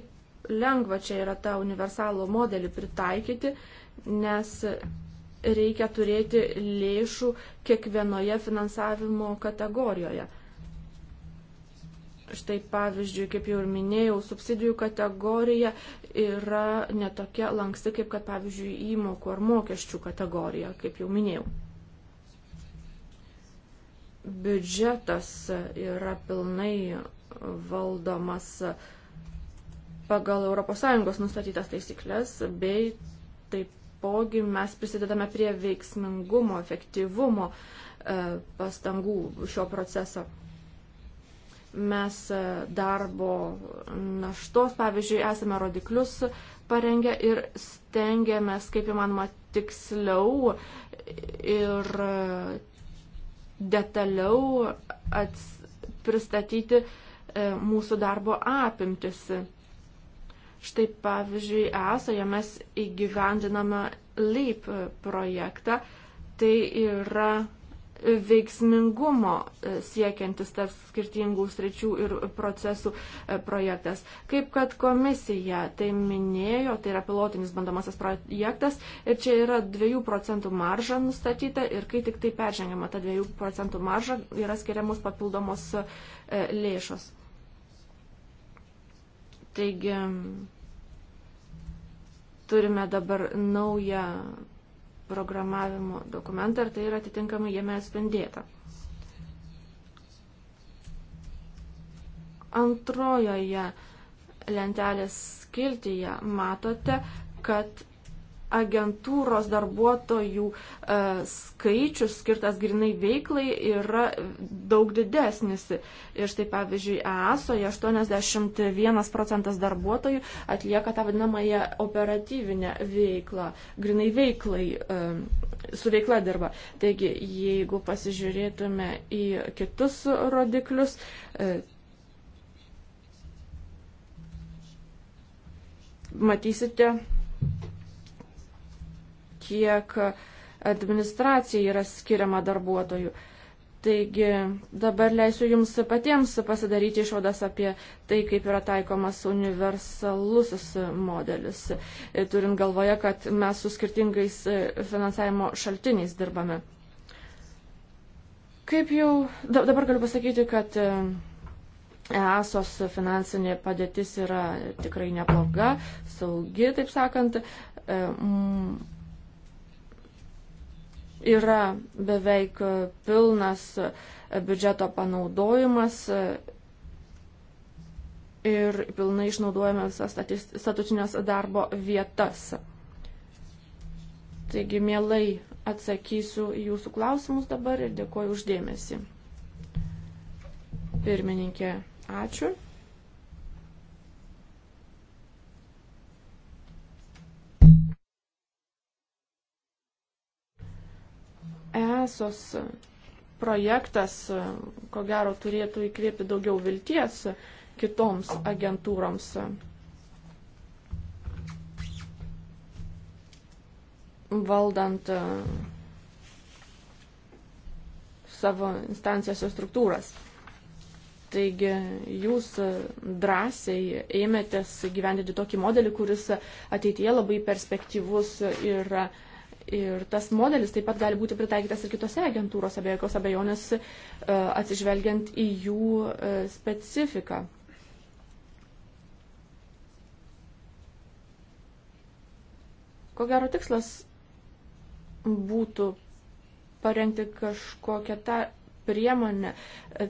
lengva čia yra tą universalų modelį pritaikyti, nes reikia turėti lėšų kiekvienoje finansavimo kategorijoje. Štai pavyzdžiui, kaip jau ir minėjau, subsidijų kategorija yra netokia lanksti, kaip kad pavyzdžiui įmokų ar mokesčių kategorija, kaip jau minėjau. Biudžetas yra pilnai valdomas uh, pagal ES nustatytas taisyklės, bei taipogi mes prisidedame prie veiksmingumo, efektyvumo e, pastangų šio proceso. Mes e, darbo naštos, pavyzdžiui, esame rodiklius parengę ir stengiamės, kaip įmanoma, tiksliau ir e, detaliau ats pristatyti mūsų darbo apimtis. Štai pavyzdžiui, ESOje mes įgyvendiname LEAP projektą. Tai yra veiksmingumo e, siekiantis tarp skirtingų sričių ir procesų e, projektas. Kaip kad komisija tai minėjo, tai yra pilotinis bandomasis projektas ir čia yra 2 procentų marža nustatyta ir kai tik tai peržengiama ta 2 procentų marža yra skiriamos papildomos e, lėšos. Taigi turime dabar naują programavimo dokumentą ir tai yra atitinkamai jame atspindėta. Antrojoje lentelės skiltyje matote, kad agentūros darbuotojų e, skaičius skirtas grinai veiklai yra daug didesnis. Ir štai pavyzdžiui, EASOje 81 procentas darbuotojų atlieka tą vadinamąją operatyvinę veiklą, grinai veiklai e, su veikla dirba. Taigi, jeigu pasižiūrėtume į kitus rodiklius, e, matysite kiek administracijai yra skiriama darbuotojų. Taigi dabar leisiu jums patiems pasidaryti išvadas apie tai, kaip yra taikomas universalusis modelis, turint galvoje, kad mes su skirtingais finansavimo šaltiniais dirbame. Kaip jau dabar galiu pasakyti, kad EASOS finansinė padėtis yra tikrai nebloga, saugi, taip sakant. E, yra beveik pilnas biudžeto panaudojimas ir pilnai išnaudojame visas statutinės darbo vietas. Taigi, mielai atsakysiu jūsų klausimus dabar ir dėkoju uždėmesi. Pirmininkė, ačiū. ESOS projektas, ko gero, turėtų įkvėpti daugiau vilties kitoms agentūroms. valdant e, savo instancijas ir struktūras. Taigi jūs drąsiai ėmėtės gyventi tokį modelį, kuris ateityje labai perspektyvus yra. Ir Ir tas modelis taip pat gali būti pritaikytas ir kitose agentūrose, be jokios abejonės e, atsižvelgiant į jų e, specifiką. Ko gero tikslas būtų parengti kažkokią tą priemonę, e,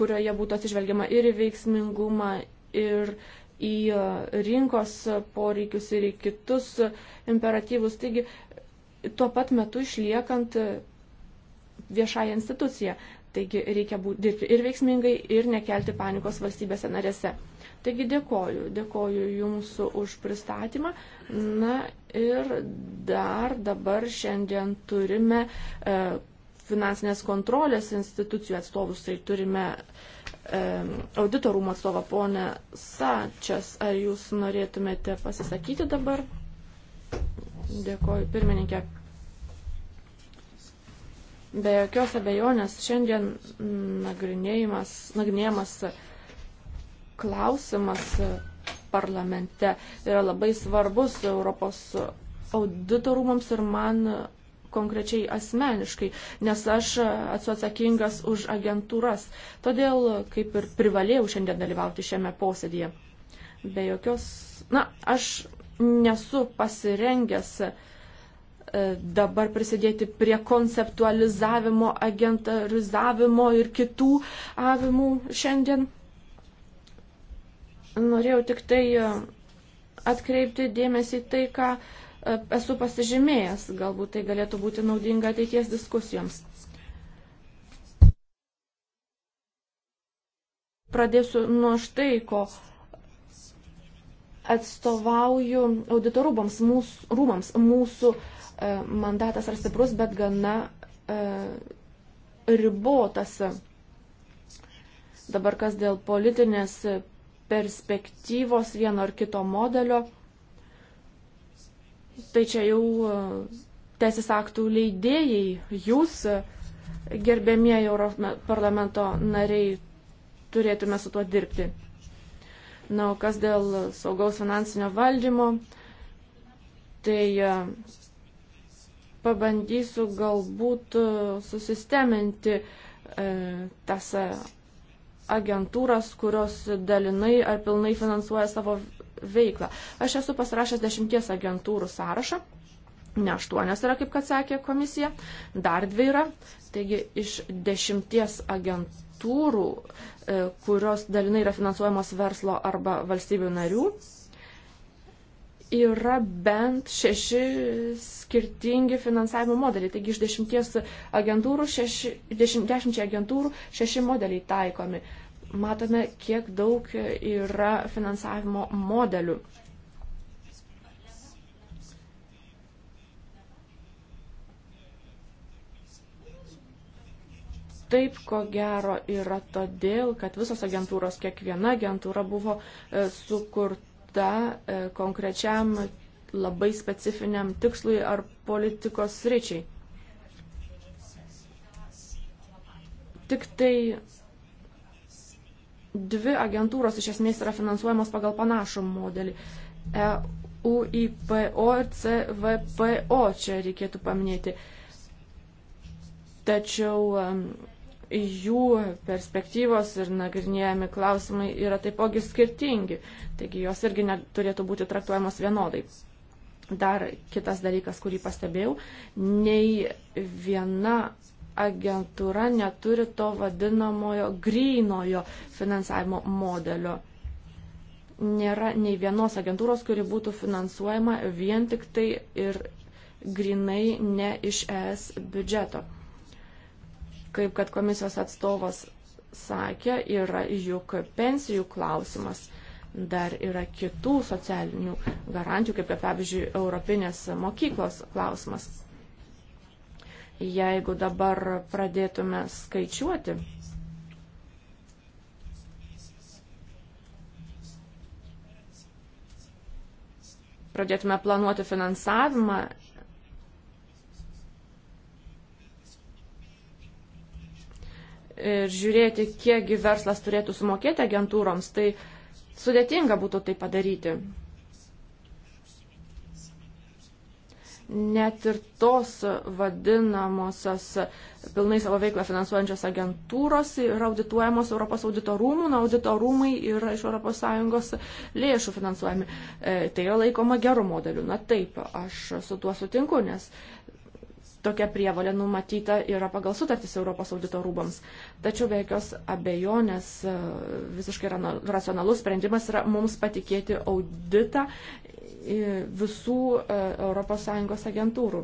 kurioje būtų atsižvelgiama ir į veiksmingumą, ir į e, rinkos poreikius ir į kitus imperatyvus. Taigi, tuo pat metu išliekant viešąją instituciją. Taigi reikia būti dirbti ir veiksmingai, ir nekelti panikos valstybėse narėse. Taigi dėkoju, dėkoju Jums už pristatymą. Na ir dar dabar šiandien turime e, finansinės kontrolės institucijų atstovus, tai turime e, auditorumo atstovą ponę Sačias. Ar jūs norėtumėte pasisakyti dabar? Dėkoju, pirmininkė. Be jokios abejonės, šiandien mm, nagrinėjamas klausimas parlamente yra labai svarbus Europos auditorumams ir man konkrečiai asmeniškai, nes aš esu atsakingas už agentūras. Todėl kaip ir privalėjau šiandien dalyvauti šiame posėdėje. Be jokios. Na, aš nesu pasirengęs e, dabar prisidėti prie konceptualizavimo, agentarizavimo ir kitų avimų šiandien. Norėjau tik tai e, atkreipti dėmesį tai, ką uh, esu pasižymėjęs, galbūt tai galėtų būti naudinga ateities diskusijoms. Pradėsiu nuo štai, ko atstovauju auditorubams, mūsų, rūmams. Mūsų e, mandatas ar stiprus, bet gana e, ribotas. Dabar kas dėl politinės perspektyvos vieno ar kito modelio tai čia jau e, teisės aktų leidėjai, jūs, e, gerbėmieji Europarlamento nariai, turėtume su tuo dirbti. Na, o kas dėl saugaus finansinio valdymo, tai e, pabandysiu galbūt susisteminti tas agentūras, kurios dalinai ar pilnai finansuoja savo veiklą. Aš esu pasirašęs dešimties agentūrų sąrašą. Ne aštuonios yra, kaip kad sakė komisija, dar dvi yra. Taigi iš dešimties agentūrų, e, kurios dalinai yra finansuojamos verslo arba valstybių narių, yra bent šeši skirtingi finansavimo modeliai. Taigi iš dešimties agentūrų, šeši, dešimt, dešimčiai agentūrų šeši modeliai taikomi matome, kiek daug yra finansavimo modelių. Taip, ko gero, yra todėl, kad visos agentūros, kiekviena agentūra buvo e, sukurta e, konkrečiam labai specifiniam tikslui ar politikos ryčiai. Tik tai dvi agentūros iš esmės yra finansuojamos pagal panašų modelį. E UIPO ir CVPO čia reikėtų paminėti. Tačiau jų perspektyvos ir nagrinėjami klausimai yra taipogi skirtingi, taigi jos irgi neturėtų būti traktuojamos vienodai. Dar kitas dalykas, kurį pastebėjau, nei viena agentūra neturi to vadinamojo grynojo finansavimo modelio. Nėra nei vienos agentūros, kuri būtų finansuojama vien tik tai ir grinai ne iš ES biudžeto. Kaip kad komisijos atstovas sakė, yra juk pensijų klausimas dar yra kitų socialinių garantijų, kaip kad, pavyzdžiui, Europinės mokyklos klausimas. Jeigu dabar pradėtume skaičiuoti, pradėtume planuoti finansavimą, ir žiūrėti, kiekgi verslas turėtų sumokėti agentūroms, tai sudėtinga būtų tai padaryti. net ir tos vadinamosios pilnai savo veiklą finansuojančios agentūros yra audituojamos Europos audito rūmų, na audito rūmai yra iš ES lėšų finansuojami. E, tai yra laikoma gerų modelių. Na taip, aš su tuo sutinku, nes tokia prievalė numatyta yra pagal sutartis Europos audito rūmams. Tačiau be jokios abejonės e, visiškai racionalus sprendimas yra mums patikėti auditą visų ES agentūrų.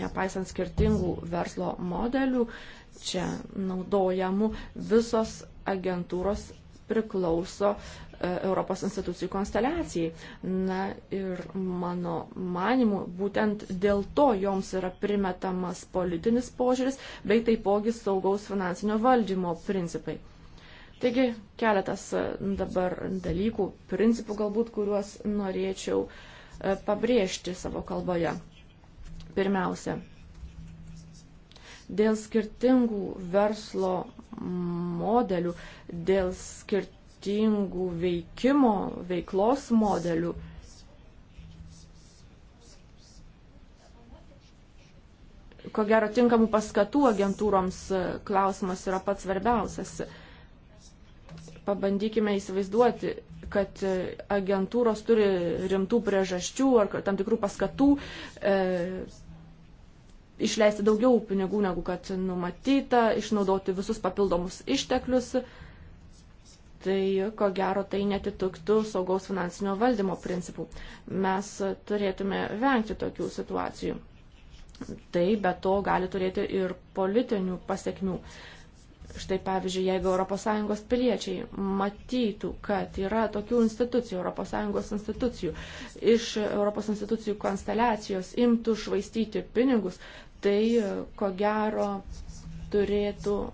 Nepaisant skirtingų verslo modelių, čia naudojamų visos agentūros priklauso e, Europos institucijų konsteliacijai. Na ir mano manimu, būtent dėl to joms yra primetamas politinis požiūris, bei taipogi saugaus finansinio valdymo principai. Taigi keletas e, dabar dalykų, principų galbūt, kuriuos norėčiau e, pabrėžti savo kalboje. Pirmiausia, dėl skirtingų verslo modelių, dėl skirtingų veikimo, veiklos modelių. Ko gero, tinkamų paskatų agentūroms e, klausimas yra pats svarbiausias pabandykime įsivaizduoti, kad e, agentūros turi rimtų priežasčių ar tam tikrų paskatų e, išleisti daugiau pinigų negu kad numatyta, išnaudoti visus papildomus išteklius, tai ko gero tai netituktų saugaus finansinio valdymo principų. Mes turėtume vengti tokių situacijų. Tai be to gali turėti ir politinių pasiekmių. Štai pavyzdžiui, jeigu ES piliečiai matytų, kad yra tokių institucijų, ES institucijų, iš ES institucijų konsteliacijos imtų švaistyti pinigus, tai ko gero turėtų e,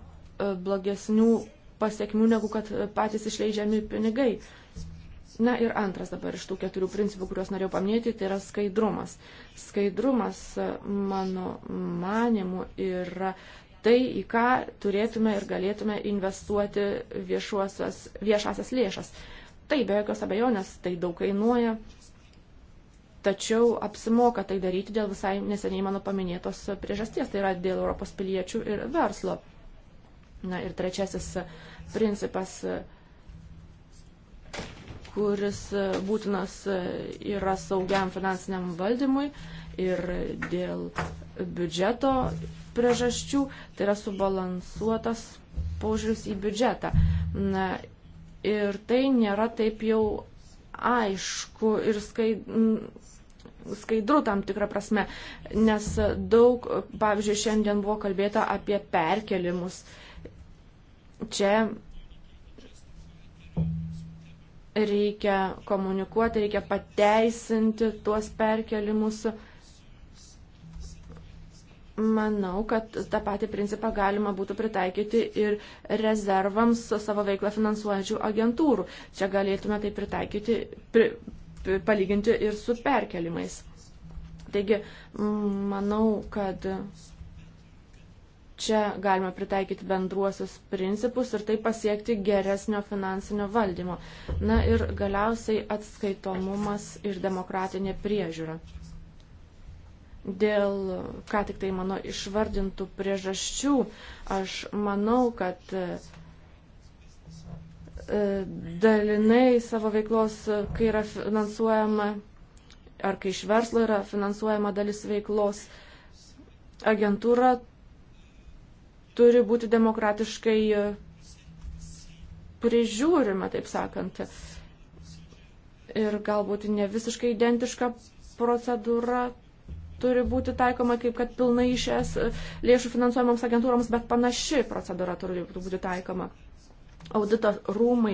blogesnių pasiekmių, negu kad patys išleidžiami pinigai. Na ir antras dabar iš tų keturių principų, kuriuos norėjau paminėti, tai yra skaidrumas. Skaidrumas, mano manimu, yra tai, į ką turėtume ir galėtume investuoti viešasias lėšas. Tai be jokios abejonės, tai daug kainuoja, tačiau apsimoka tai daryti dėl visai neseniai mano paminėtos priežasties, tai yra dėl Europos piliečių ir verslo. Na ir trečiasis principas, kuris būtinas yra saugiam finansiniam valdymui ir dėl biudžeto priežasčių, tai yra subalansuotas požiūris į biudžetą. Na, ir tai nėra taip jau aišku ir skaid, skaidru tam tikrą prasme, nes daug, pavyzdžiui, šiandien buvo kalbėta apie perkelimus. Čia reikia komunikuoti, reikia pateisinti tuos perkelimus. Uh, manau, kad tą patį principą galima būtų pritaikyti ir rezervams savo veiklą finansuojančių agentūrų. Čia galėtume tai pritaikyti, pri, pri, palyginti ir su perkelimais. Taigi, manau, kad čia galima pritaikyti bendruosius principus ir tai pasiekti geresnio finansinio valdymo. Na ir galiausiai atskaitomumas ir demokratinė priežiūra. Dėl ką tik tai mano išvardintų priežasčių, aš manau, kad e, e, dalinai savo veiklos, kai yra finansuojama ar kai iš verslo yra finansuojama dalis veiklos, agentūra turi būti demokratiškai e, prižiūrima, taip sakant. Ir galbūt ne visiškai identiška procedūra turi būti taikoma, kaip kad pilnai iš es lėšų finansuojamoms agentūroms, bet panaši procedūra turi būti taikoma. Audito rūmai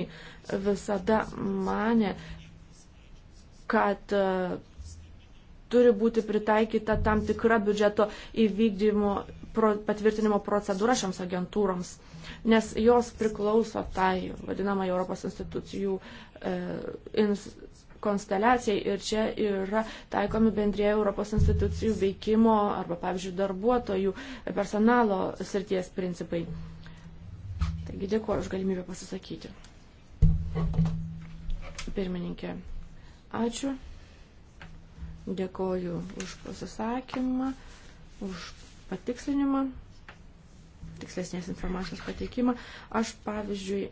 visada mane, kad e, turi būti pritaikyta tam tikra biudžeto įvykdymo pro, patvirtinimo procedūra šiams agentūroms, nes jos priklauso tai vadinamai Europos institucijų e, ins, konsteliacijai ir čia yra taikomi bendrėje Europos institucijų veikimo arba, pavyzdžiui, darbuotojų personalo srities principai. Taigi dėkuoju už galimybę pasisakyti. Pirmininkė, ačiū. Dėkuoju už pasisakymą, už patikslinimą tikslesnės informacijos pateikimą. Aš, pavyzdžiui,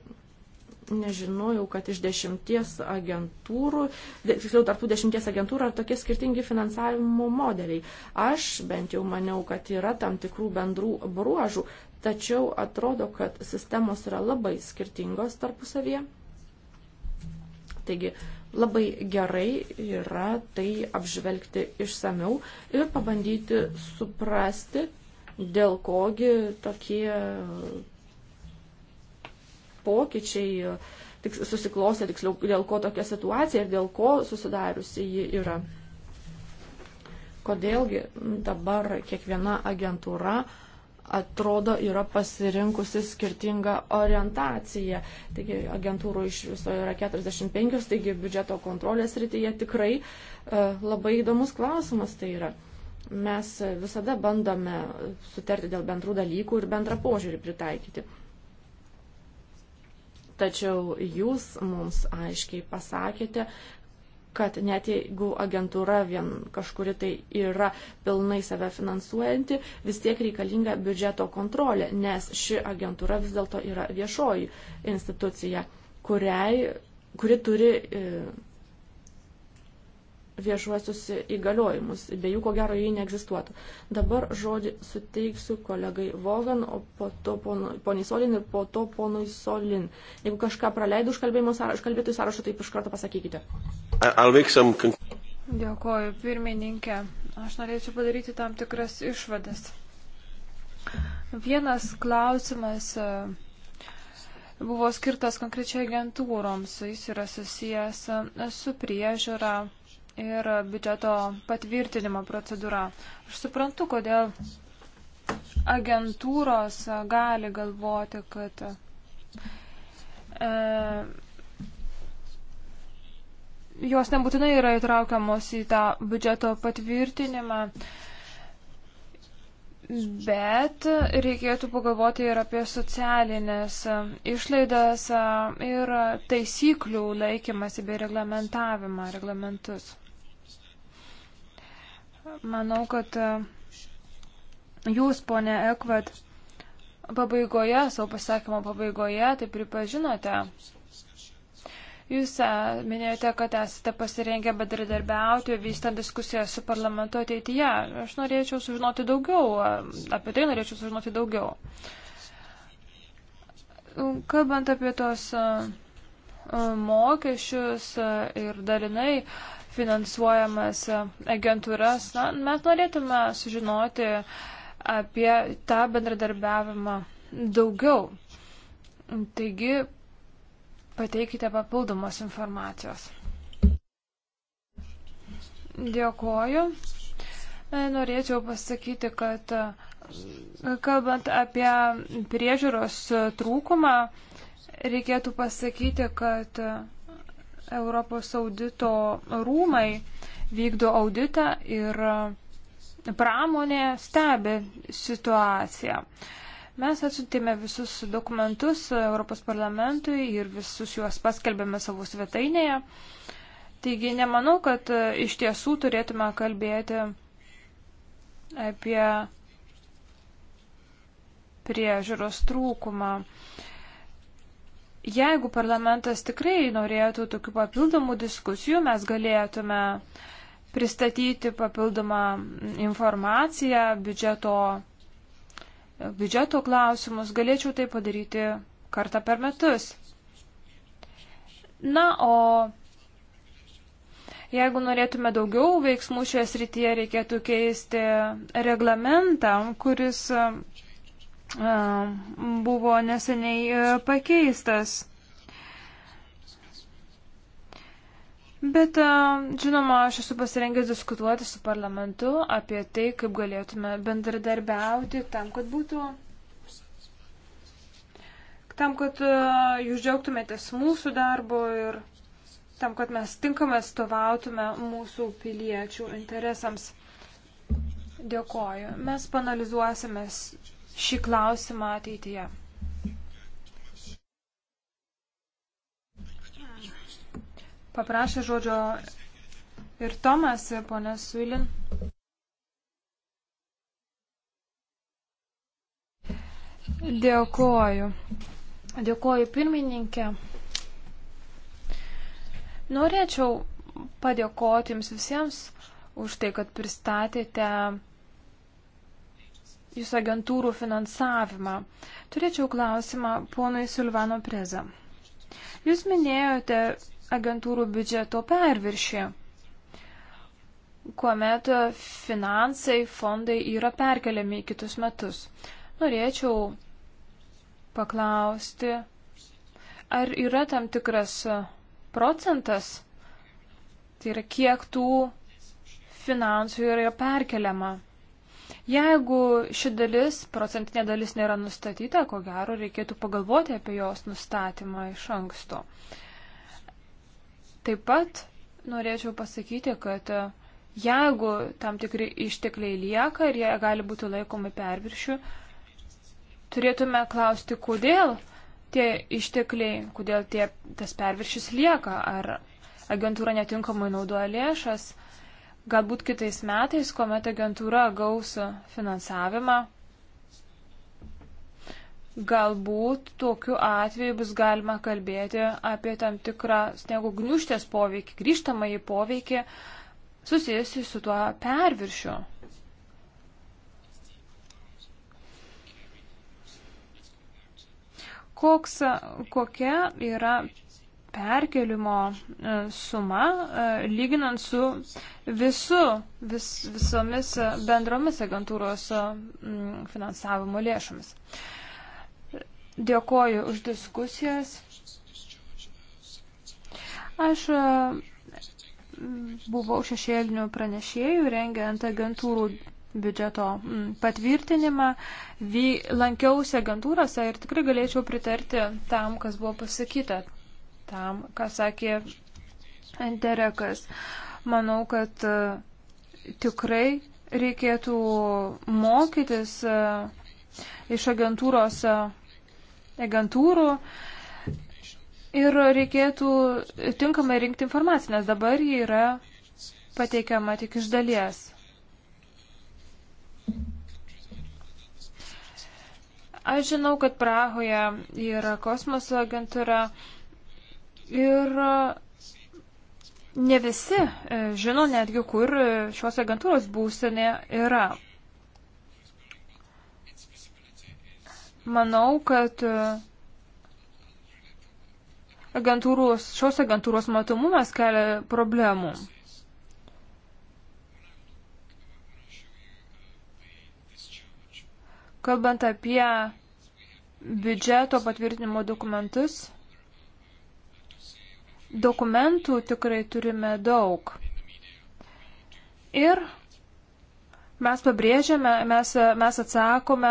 nežinojau, kad iš dešimties agentūrų, tiksliau, tarp tų dešimties agentūrų yra tokie skirtingi finansavimo modeliai. Aš bent jau maniau, kad yra tam tikrų bendrų bruožų, tačiau atrodo, kad sistemos yra labai skirtingos tarpusavėje. Taigi labai gerai yra tai apžvelgti išsameu ir pabandyti suprasti, dėl kogi tokie pokyčiai tik, susiklostė, tiksliau, dėl ko tokia situacija ir dėl ko susidariusi ji yra. Kodėlgi dabar kiekviena agentūra atrodo yra pasirinkusi skirtingą orientaciją. Taigi agentūrų iš viso yra 45, taigi biudžeto kontrolės rytyje tikrai e, labai įdomus klausimas tai yra. Mes visada bandome sutarti dėl bendrų dalykų ir bendrą požiūrį pritaikyti. Tačiau jūs mums aiškiai pasakėte, kad net jeigu agentūra vien kažkuri tai yra pilnai save finansuojanti, vis tiek reikalinga biudžeto kontrolė, nes ši agentūra vis dėlto yra viešoji institucija, kuriai, kuri turi. E, viešuosius įgaliojimus, be jų ko gero jie neegzistuotų. Dabar žodį suteiksiu kolegai Vogan, o po to poniai Solin ir po to ponui Solin. Jeigu kažką praleidau iš kalbėtojų sąrašo, taip iš karto pasakykite. Some... Dėkoju, pirmininkė. Aš norėčiau padaryti tam tikras išvadas. Vienas klausimas e, buvo skirtas konkrečiai agentūroms. Jis yra susijęs e, su priežiūra ir biudžeto patvirtinimo procedūra. Aš suprantu, kodėl agentūros gali galvoti, kad e, jos nebūtinai yra įtraukiamos į tą biudžeto patvirtinimą. Bet reikėtų pagalvoti ir apie socialinės išlaidas e, ir taisyklių laikymasi bei reglamentavimą, reglamentus. Manau, kad e, jūs, ponė Ekvat, pabaigoje, savo pasakymo pabaigoje, tai pripažinote. Jūs e, minėjote, kad esate pasirengę bendradarbiauti, vystant diskusiją su parlamentu ateityje. Aš norėčiau sužinoti daugiau, e, apie tai norėčiau sužinoti daugiau. Kalbant apie tos mokesčius ir dalinai finansuojamas agentūras. Na, mes norėtume sužinoti apie tą bendradarbiavimą daugiau. Taigi, pateikite papildomos informacijos. Dėkoju. E, norėčiau pasakyti, kad e, kalbant apie priežiūros trūkumą, reikėtų pasakyti, kad Europos audito rūmai vykdo auditą ir e, pramonė stebi situaciją. Mes atsintėme visus dokumentus Europos parlamentui ir visus juos paskelbėme savo svetainėje. Taigi nemanau, kad e, iš tiesų turėtume kalbėti apie priežiūros trūkumą. Jeigu parlamentas tikrai norėtų tokių papildomų diskusijų, mes galėtume pristatyti papildomą informaciją, biudžeto, biudžeto klausimus. Galėčiau tai padaryti kartą per metus. Na, o jeigu norėtume daugiau veiksmų šioje srityje, reikėtų keisti reglamentą, kuris buvo neseniai pakeistas. Bet, žinoma, aš esu pasirengęs diskutuoti su parlamentu apie tai, kaip galėtume bendradarbiauti tam, kad būtų. Tam, kad jūs džiaugtumėtės mūsų darbu ir tam, kad mes tinkamai stovautume mūsų piliečių interesams. Dėkoju. Mes panalizuosime šį klausimą ateityje. Paprašė žodžio ir Tomas, ponė Suilin. Dėkoju. Dėkoju pirmininkė. Norėčiau padėkoti jums visiems už tai, kad pristatėte jūsų agentūrų finansavimą. Turėčiau klausimą ponui Silvano Preza. Jūs minėjote agentūrų biudžeto perviršį, kuomet finansai, fondai yra perkeliami į kitus metus. Norėčiau paklausti, ar yra tam tikras procentas, tai yra kiek tų finansų yra perkeliama Jeigu ši dalis, procentinė dalis nėra nustatyta, ko gero reikėtų pagalvoti apie jos nustatymą iš anksto. Taip pat norėčiau pasakyti, kad e, jeigu tam tikri ištekliai lieka ir jie gali būti laikomi perviršių, turėtume klausti, kodėl tie ištekliai, kodėl tie, tas perviršis lieka, ar agentūra netinkamai naudoja lėšas, Galbūt kitais metais, kuomet agentūra gaus finansavimą, galbūt tokiu atveju bus galima kalbėti apie tam tikrą sniego gniuštės poveikį, grįžtamąjį poveikį susijusi su tuo perviršiu. Koks, kokia yra perkelimo e, suma, e, lyginant su visu, vis, visomis e, bendromis agentūros finansavimo lėšomis. Dėkoju už diskusijas. Aš buvau šešėlinių pranešėjų, rengiant agentūrų biudžeto patvirtinimą, vy, lankiausi agentūrose ir tikrai galėčiau pritarti tam, kas buvo pasakyta tam, ką sakė Enterekas. Manau, kad e, tikrai reikėtų mokytis e, iš agentūros e, agentūrų ir reikėtų tinkamai rinkti informaciją, nes dabar ji yra pateikiama tik iš dalies. Aš žinau, kad Prahoje yra kosmoso agentūra, Ir e, ne visi e, žino netgi, kur e, šios agentūros būsinė yra. Manau, kad agentūros, šios agentūros matomumas kelia problemų. Kalbant apie biudžeto patvirtinimo dokumentus, Dokumentų tikrai turime daug. Ir mes pabrėžiame, mes, mes atsakome,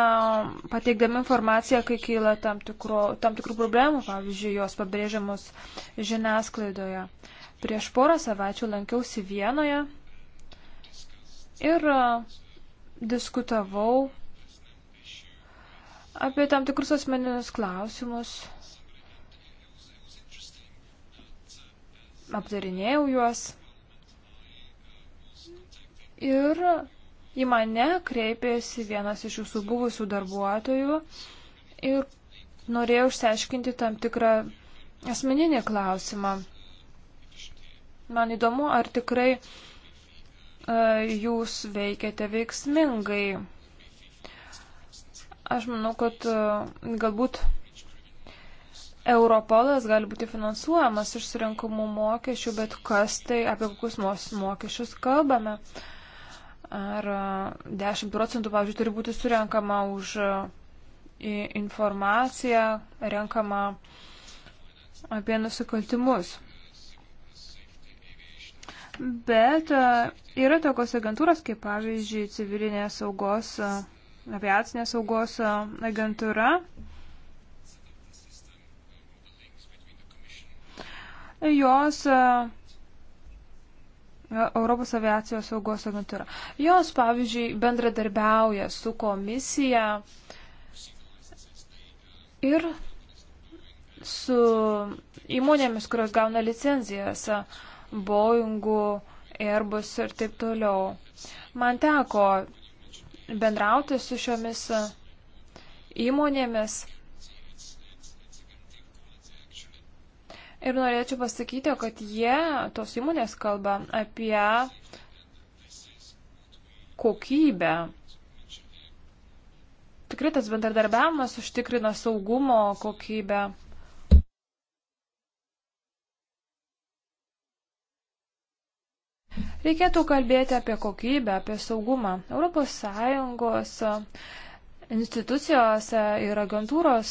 pateikdami informaciją, kai kyla tam, tikro, tam tikrų problemų, pavyzdžiui, jos pabrėžiamos žiniasklaidoje. Prieš porą savaičių lankiausi Vienoje ir e, diskutavau apie tam tikrus asmeninius klausimus aptarinėjau juos. Ir į mane kreipėsi vienas iš jūsų buvusių darbuotojų ir norėjau išsiaiškinti tam tikrą asmeninį klausimą. Man įdomu, ar tikrai e, jūs veikiate veiksmingai. Aš manau, kad e, galbūt Europolas gali būti finansuojamas iš surinkamų mokesčių, bet kas tai, apie kokius mokesčius kalbame. Ar 10 procentų, pavyzdžiui, turi būti surinkama už informaciją, renkama apie nusikaltimus. Bet yra tokios agentūros, kaip pavyzdžiui, civilinės saugos, aviacinės saugos agentūra, jos e, Europos aviacijos saugos agentūra. Jos, pavyzdžiui, bendradarbiauja su komisija ir su įmonėmis, kurios gauna licenzijas, Boeingų, Airbus ir taip toliau. Man teko bendrauti su šiomis įmonėmis Ir norėčiau pasakyti, kad jie, tos įmonės kalba apie kokybę. Tikrai tas bendradarbiavimas užtikrina saugumo kokybę. Reikėtų kalbėti apie kokybę, apie saugumą. Europos Sąjungos institucijos ir agentūros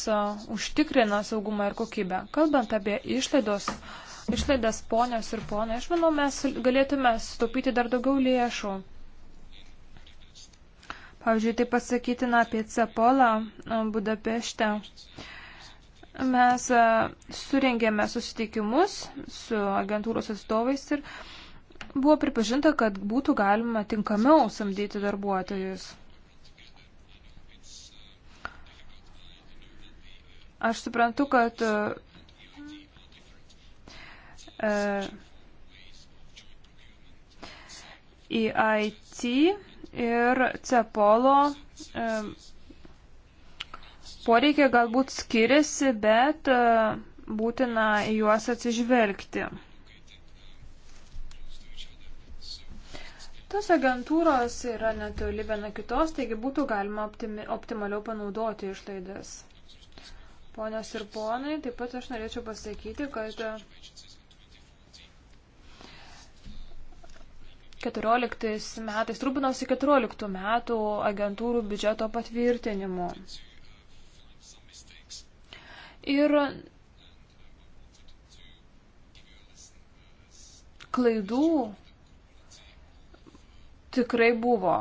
užtikrina saugumą ir kokybę. Kalbant apie išlaidos, išlaidas ponios ir ponai, aš manau, mes galėtume sutaupyti dar daugiau lėšų. Pavyzdžiui, tai pasakytina apie Cepolą Budapešte. Mes surengėme susitikimus su agentūros atstovais ir buvo pripažinta, kad būtų galima tinkamiau samdyti darbuotojus. Aš suprantu, kad e, į IT ir CEPOLO e, poreikiai galbūt skiriasi, bet e, būtina į juos atsižvelgti. Tos agentūros yra netoli viena kitos, taigi būtų galima optimi, optimaliau panaudoti išlaidas. Ponios ir ponai, taip pat aš norėčiau pasakyti, kad 14 metais, rūpinausi 14 metų agentūrų biudžeto patvirtinimu. Ir klaidų tikrai buvo.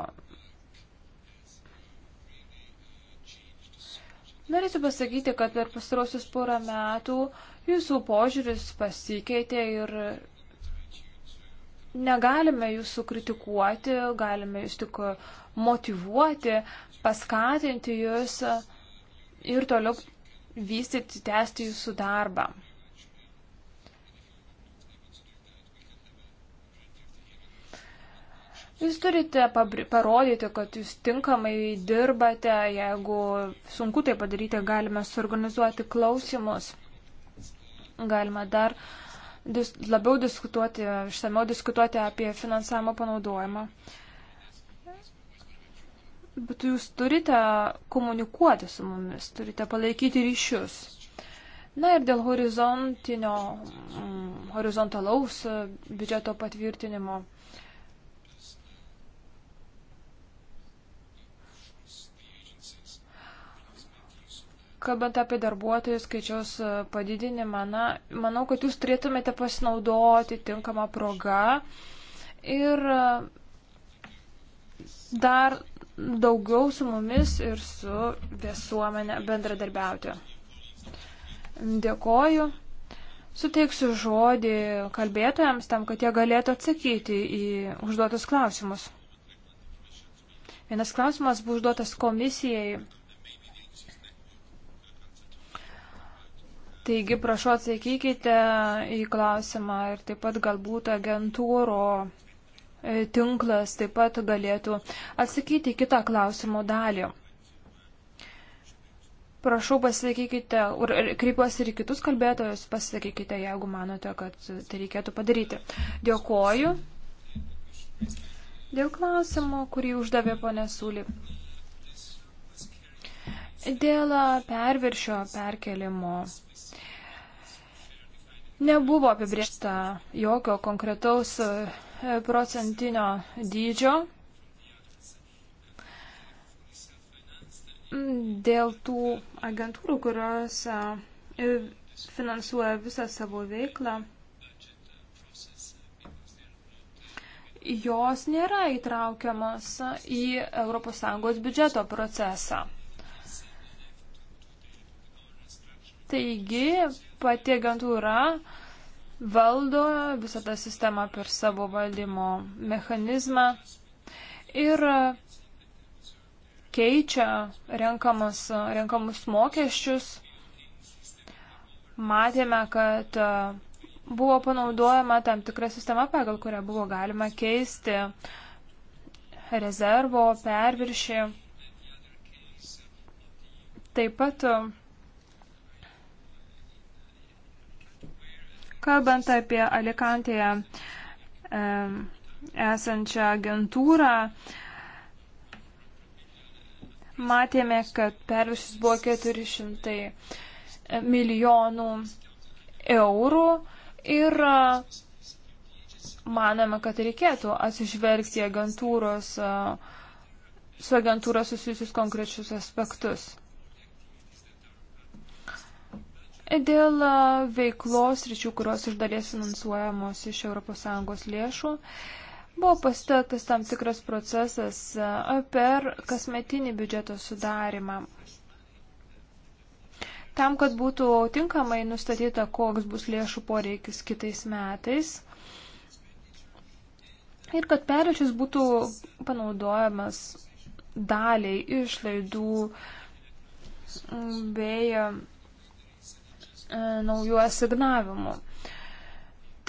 Norėčiau pasakyti, kad per pastarosius porą metų jūsų požiūris pasikeitė ir negalime jūsų kritikuoti, galime jūs tik motivuoti, paskatinti jūs ir toliau vystyti, tęsti jūsų darbą. Jūs turite parodyti, kad jūs tinkamai dirbate, jeigu sunku tai padaryti, galime suorganizuoti klausimus. Galima dar dis labiau diskutuoti, išsameu diskutuoti apie finansavimo panaudojimą. Bet jūs turite komunikuoti su mumis, turite palaikyti ryšius. Na ir dėl horizontinio, mm, horizontalaus biudžeto patvirtinimo. kalbant apie darbuotojų skaičiaus e, padidinimą, na, manau, kad jūs turėtumėte pasinaudoti tinkamą progą ir e, dar daugiau su mumis ir su visuomenė bendradarbiauti. Dėkoju. Suteiksiu žodį kalbėtojams tam, kad jie galėtų atsakyti į užduotus klausimus. Vienas klausimas buvo užduotas komisijai Taigi, prašau atsakykite į klausimą ir taip pat galbūt agentūro e, tinklas taip pat galėtų atsakyti kitą klausimo dalį. Prašau pasakykite, ir kreipiuosi ir kitus kalbėtojus, pasakykite, jeigu manote, kad tai reikėtų padaryti. Dėkoju dėl klausimo, kurį uždavė ponė Sūly. Dėl perviršio perkelimo Nebuvo apibriešta jokio konkretaus e, procentinio dydžio. Mm, dėl tų agentūrų, kurios e, e, finansuoja visą savo veiklą, jos nėra įtraukiamas į ES biudžeto procesą. Taigi pati agentūra valdo visą tą sistemą per savo valdymo mechanizmą ir keičia renkamas, renkamus mokesčius. Matėme, kad buvo panaudojama tam tikra sistema, pagal kurią buvo galima keisti rezervo perviršį. Taip pat Kalbant apie Alikantėje esančią agentūrą, matėme, kad pervišis buvo 400 milijonų eurų ir manome, kad reikėtų atsižvelgti agentūros, su agentūra susijusius konkrečius aspektus. Dėl veiklos ryčių, kurios iš dalies finansuojamos iš ES lėšų, buvo pasitelktas tam tikras procesas per kasmetinį biudžeto sudarimą. Tam, kad būtų tinkamai nustatyta, koks bus lėšų poreikis kitais metais ir kad perėčius būtų panaudojamas daliai išlaidų bei E, naujų asignavimų.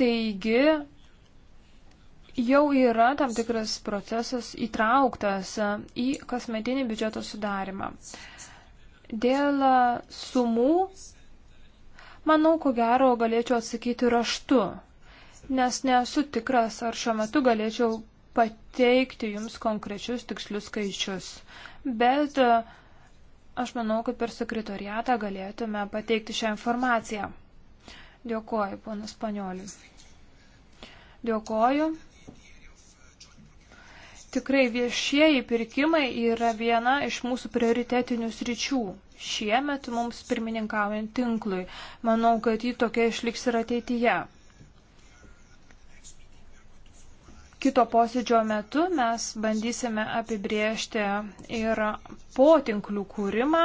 Taigi, jau yra tam tikras procesas įtrauktas į kasmetinį biudžeto sudarimą. Dėl sumų, manau, ko gero galėčiau atsakyti raštu, nes nesu tikras, ar šiuo metu galėčiau pateikti jums konkrečius tikslius skaičius. Bet uh, Aš manau, kad per sekretoriatą galėtume pateikti šią informaciją. Dėkoju, ponas Panioliu. Dėkoju. Tikrai viešieji pirkimai yra viena iš mūsų prioritetinių sričių. Šiemet mums pirmininkaujant tinklui. Manau, kad jį tokia išliks ir ateityje. Kito posėdžio metu mes bandysime apibriežti ir potinklių kūrimą,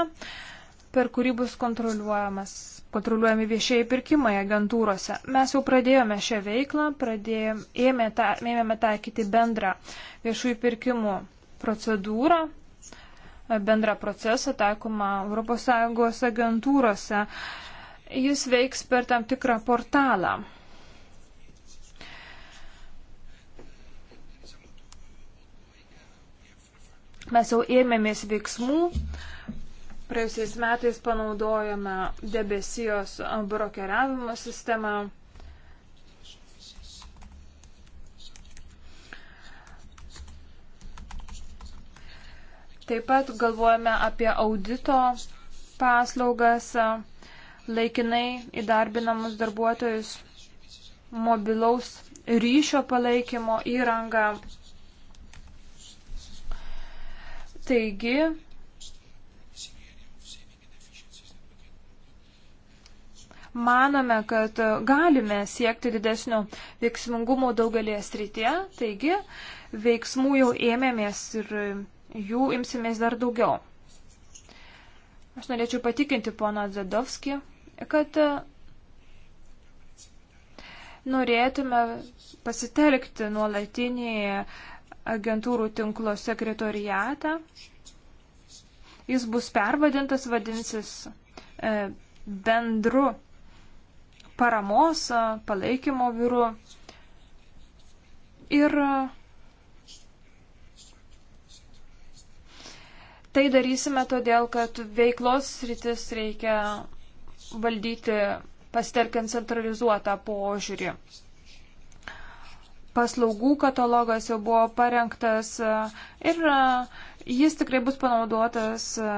per kurį bus kontroliuojami viešieji pirkimai agentūrose. Mes jau pradėjome šią veiklą, pradėjom, ėmė ta, ėmėme taikyti bendrą viešųjų pirkimų procedūrą, bendrą procesą taikomą ES agentūrose. Jis veiks per tam tikrą portalą. Mes jau ėmėmės veiksmų. Praėjusiais metais panaudojame debesijos brokeriavimo sistemą. Taip pat galvojame apie audito paslaugas, laikinai įdarbinamus darbuotojus, mobilaus ryšio palaikymo įrangą. Taigi, manome, kad galime siekti didesnio veiksmingumo daugelėje srityje, taigi veiksmų jau ėmėmės ir jų imsimės dar daugiau. Aš norėčiau patikinti poną Zedovskį, kad norėtume pasitelkti nuolatinį agentūrų tinklo sekretoriatą. Jis bus pervadintas, vadinsis e, bendru paramos, e, palaikymo vyru. Ir e, tai darysime todėl, kad veiklos rytis reikia valdyti pasitelkiant centralizuotą požiūrį paslaugų katalogas jau buvo parengtas e, ir e, jis tikrai bus panaudotas e,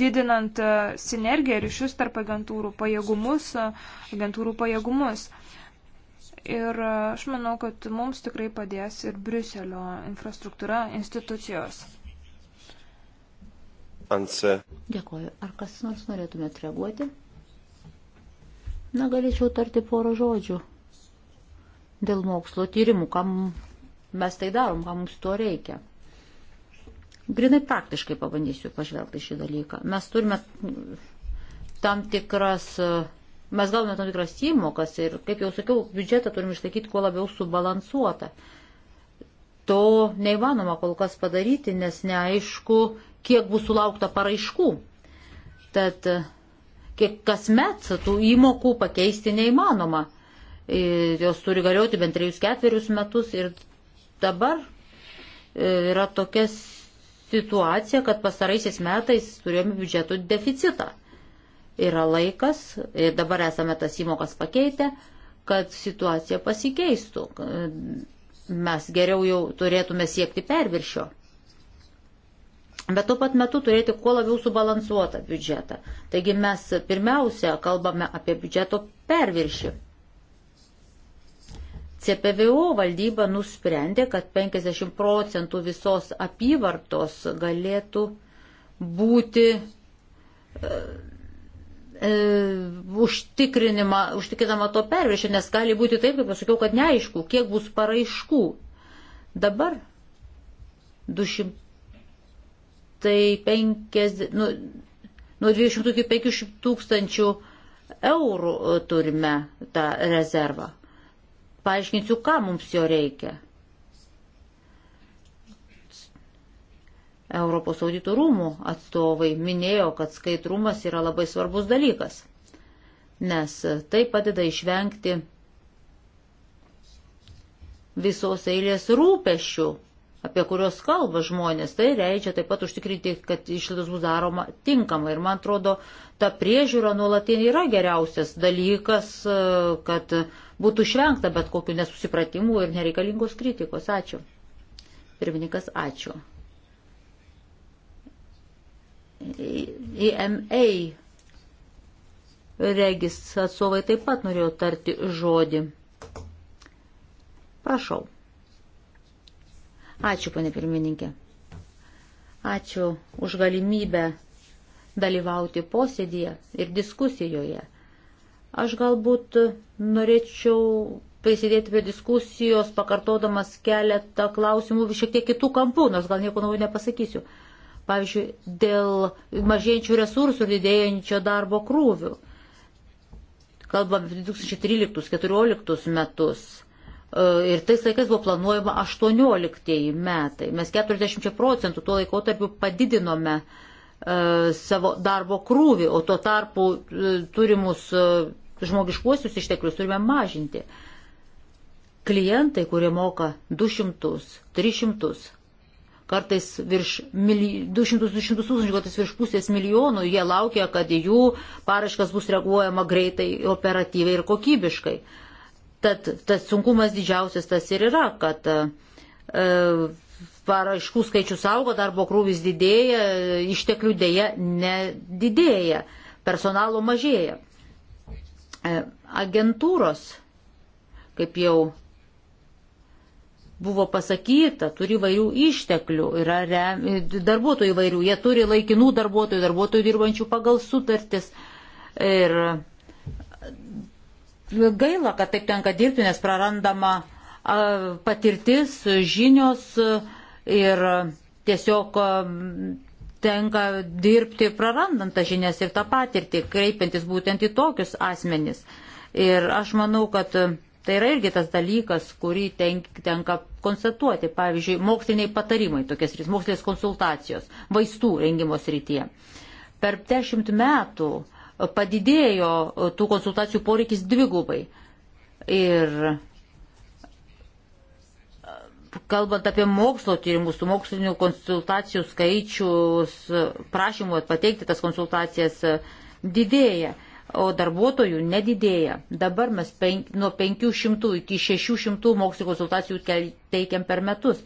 didinant sinergiją ryšius tarp agentūrų pajėgumus, agentūrų pajėgumus. Ir aš manau, kad mums tikrai padės ir Briuselio infrastruktūra institucijos. Anse. Dėkoju. Ar kas nors norėtumėt reaguoti? Na, galėčiau tarti porą žodžių dėl mokslo tyrimų, kam mes tai darom, kam mums to reikia. Grinai praktiškai pabandysiu pažvelgti šį dalyką. Mes turime tam tikras, mes gauname tam tikras įmokas ir, kaip jau sakiau, biudžetą turime išlaikyti kuo labiau subalansuotą. To neįmanoma kol kas padaryti, nes neaišku, kiek bus sulaukta paraiškų. Tad kiek kasmet tų įmokų pakeisti neįmanoma jos turi galioti bent trejus ketverius metus ir dabar e, yra tokia situacija, kad pastaraisiais metais turėjome biudžetų deficitą. Yra laikas, ir dabar esame tas įmokas pakeitę, kad situacija pasikeistų. Mes geriau jau turėtume siekti perviršio. Bet tuo pat metu turėti kuo labiau subalansuotą biudžetą. Taigi mes pirmiausia kalbame apie biudžeto perviršį. CPVO valdyba nusprendė, kad 50 procentų visos apyvartos galėtų būti e, e, užtikrinama to pervišė, nes gali būti taip, kaip pasakiau, kad neaišku, kiek bus paraiškų. Dabar 250, nu, nuo 200 iki 500 tūkstančių eurų turime tą rezervą paaiškinsiu, ką mums jo reikia. Europos auditų rūmų atstovai minėjo, kad skaidrumas yra labai svarbus dalykas, nes tai padeda išvengti visos eilės rūpešių, apie kurios kalba žmonės. Tai leidžia taip pat užtikrinti, kad išlaidos bus daroma tinkamai. Ir man atrodo, ta priežiūra nuolatinė yra geriausias dalykas, kad būtų išvengta bet kokių nesusipratimų ir nereikalingos kritikos. Ačiū. Pirmininkas, ačiū. EMA regis atstovai taip pat norėjo tarti žodį. Prašau. Ačiū, ponė pirmininkė. Ačiū už galimybę dalyvauti posėdėje ir diskusijoje. Aš galbūt norėčiau prisidėti prie diskusijos, pakartodamas keletą klausimų šiek tiek kitų kampų, nors gal nieko naujo nepasakysiu. Pavyzdžiui, dėl mažėjančių resursų ir didėjančio darbo krūvių. Kalbam 2013-2014 metus. E, ir tais laikais buvo planuojama 18 metai. Mes 40 procentų tuo laikotarpiu padidinome e, savo darbo krūvį, o tuo tarpu e, turimus žmogiškuosius išteklius turime mažinti. Klientai, kurie moka 200, 300, kartais virš 200 tūkstančių, kartais virš pusės milijonų, jie laukia, kad jų paraškas bus reaguojama greitai, operatyviai ir kokybiškai. Tad tas sunkumas didžiausias tas ir yra, kad e, paraškų skaičius auga, darbo krūvis didėja, išteklių dėja nedidėja, personalo mažėja. E, agentūros, kaip jau buvo pasakyta, turi įvairių išteklių, yra rem, darbuotojų įvairių, jie turi laikinų darbuotojų, darbuotojų dirbančių pagal sutartis. Ir gaila, kad taip tenka dirbti, nes prarandama patirtis, žinios ir tiesiog tenka dirbti prarandant tą žinias ir tą patirtį, kreipiantis būtent į tokius asmenis. Ir aš manau, kad tai yra irgi tas dalykas, kurį tenka konstatuoti, pavyzdžiui, moksliniai patarimai, tokias mokslinės konsultacijos, vaistų rengimo srityje. Per dešimt metų padidėjo tų konsultacijų poreikis dvigubai. Ir kalbant apie mokslo tyrimus, mokslinių konsultacijų skaičius, prašymų pateikti tas konsultacijas e, didėja, o darbuotojų nedidėja. Dabar mes penk, nuo 500 iki 600 mokslinio konsultacijų teikiam per metus.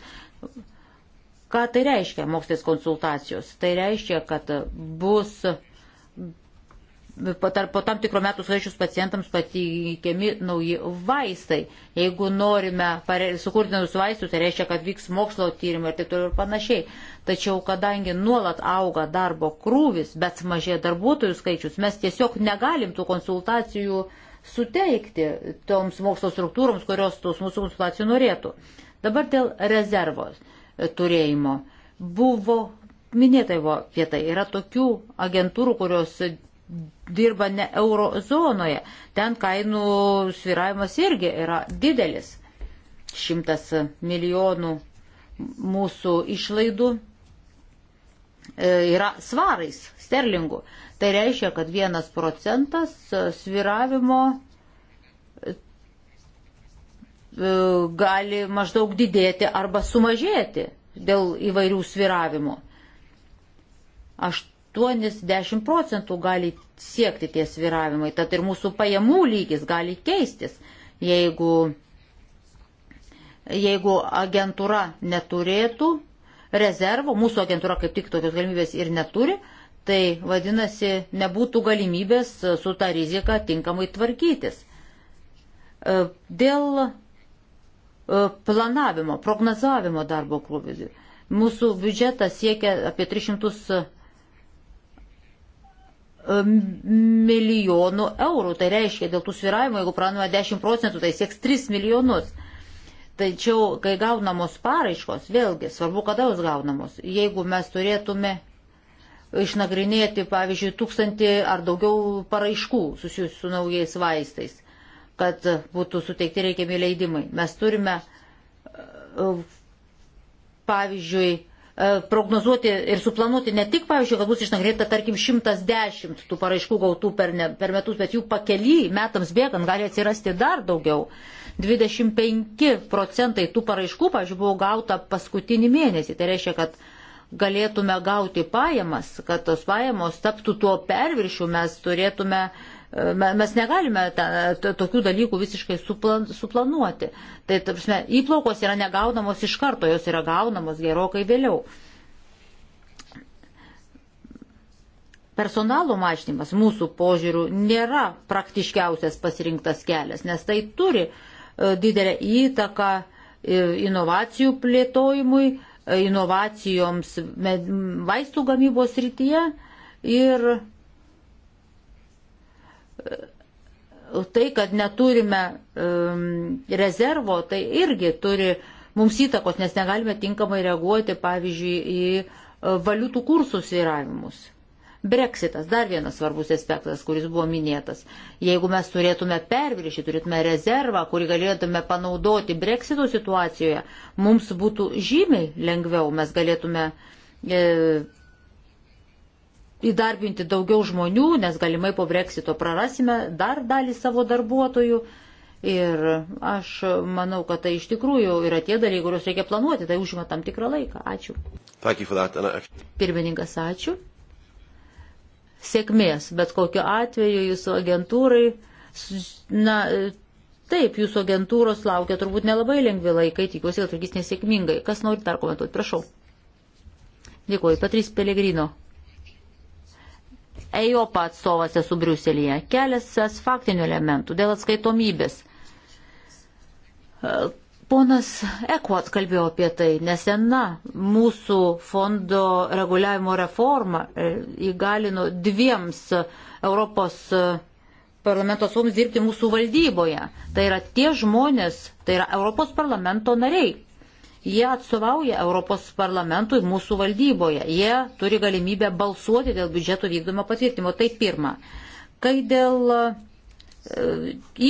Ką tai reiškia mokslinės konsultacijos? Tai reiškia, kad bus po tam tikro metų skaičius pacientams pateikiami nauji vaistai. Jeigu norime sukurti naujus vaistus, tai reiškia, kad vyks mokslo tyrimai ir taip toliau ir panašiai. Tačiau, kadangi nuolat auga darbo krūvis, bet mažėja darbuotojų skaičius, mes tiesiog negalim tų konsultacijų suteikti toms mokslo struktūroms, kurios tos mūsų konsultacijų norėtų. Dabar dėl rezervos turėjimo. Buvo minėta jau apie tai, yra tokių agentūrų, kurios dirba ne eurozonoje. Ten kainų sviravimas irgi yra didelis. Šimtas milijonų mūsų išlaidų e, yra svarais, sterlingų. Tai reiškia, kad vienas procentas e, sviravimo e, gali maždaug didėti arba sumažėti dėl įvairių sviravimų. Aš 80 procentų gali siekti tie sviravimai, tad ir mūsų pajamų lygis gali keistis, jeigu, jeigu agentūra neturėtų rezervo, mūsų agentūra kaip tik tokios galimybės ir neturi, tai vadinasi, nebūtų galimybės su tą riziką tinkamai tvarkytis. E, dėl e, planavimo, prognozavimo darbo krūvių. Mūsų biudžetas siekia apie 300 milijonų eurų. Tai reiškia, dėl tų sviravimų, jeigu pranuoja 10 procentų, tai sieks 3 milijonus. Tačiau, kai gaunamos paraiškos, vėlgi, svarbu, kada jos gaunamos. Jeigu mes turėtume išnagrinėti, pavyzdžiui, tūkstantį ar daugiau paraiškų susijusių su naujais vaistais, kad būtų suteikti reikiami leidimai, mes turime, e, pavyzdžiui, E, prognozuoti ir suplanuoti ne tik, pavyzdžiui, kad bus išnagrinėta, tarkim, 110 tų paraiškų gautų per, ne, per metus, bet jų pakely metams bėgant gali atsirasti dar daugiau. 25 procentai tų paraiškų, pavyzdžiui, buvo gauta paskutinį mėnesį. Tai reiškia, kad galėtume gauti pajamas, kad tos pajamos taptų tuo perviršiu, mes turėtume uh, Mes negalime tokių dalykų visiškai suplan, suplanuoti. Tai, tarpsime, įplaukos yra negaunamos iš karto, jos yra gaunamos gerokai vėliau. Personalo mažinimas mūsų požiūrių nėra praktiškiausias pasirinktas kelias, nes tai turi e, didelę įtaką e, inovacijų plėtojimui, e, inovacijoms vaistų gamybos rytyje ir tai, kad neturime um, rezervo, tai irgi turi mums įtakos, nes negalime tinkamai reaguoti, pavyzdžiui, į e, valiutų kursų sviravimus. Brexitas dar vienas svarbus aspektas, kuris buvo minėtas. Jeigu mes turėtume perviršį, turėtume rezervą, kurį galėtume panaudoti Brexito situacijoje, mums būtų žymiai lengviau, mes galėtume e, įdarbinti daugiau žmonių, nes galimai po breksito prarasime dar dalį savo darbuotojų. Ir aš manau, kad tai iš tikrųjų yra tie dalykai, kuriuos reikia planuoti, tai užima tam tikrą laiką. Ačiū. Uh, Pirmininkas, ačiū. Sėkmės, bet kokiu atveju jūsų agentūrai, na, taip, jūsų agentūros laukia turbūt nelabai lengvi laikai, tikiuosi, kad turgis nesėkmingai. Kas nori dar komentuoti, prašau. Dėkuoju, Patrys Pelegrino. EIOPA atstovas esu Briuselėje. Kelias faktinių elementų dėl atskaitomybės. Ponas Ekvat kalbėjo apie tai, nesena mūsų fondo reguliavimo reforma e, įgalino dviems Europos parlamento atstovams dirbti mūsų valdyboje. Tai yra tie žmonės, tai yra Europos parlamento nariai, Jie atstovauja Europos parlamentui mūsų valdyboje. Jie turi galimybę balsuoti dėl biudžeto vykdymo patvirtinimo. Tai pirma. Kai dėl e,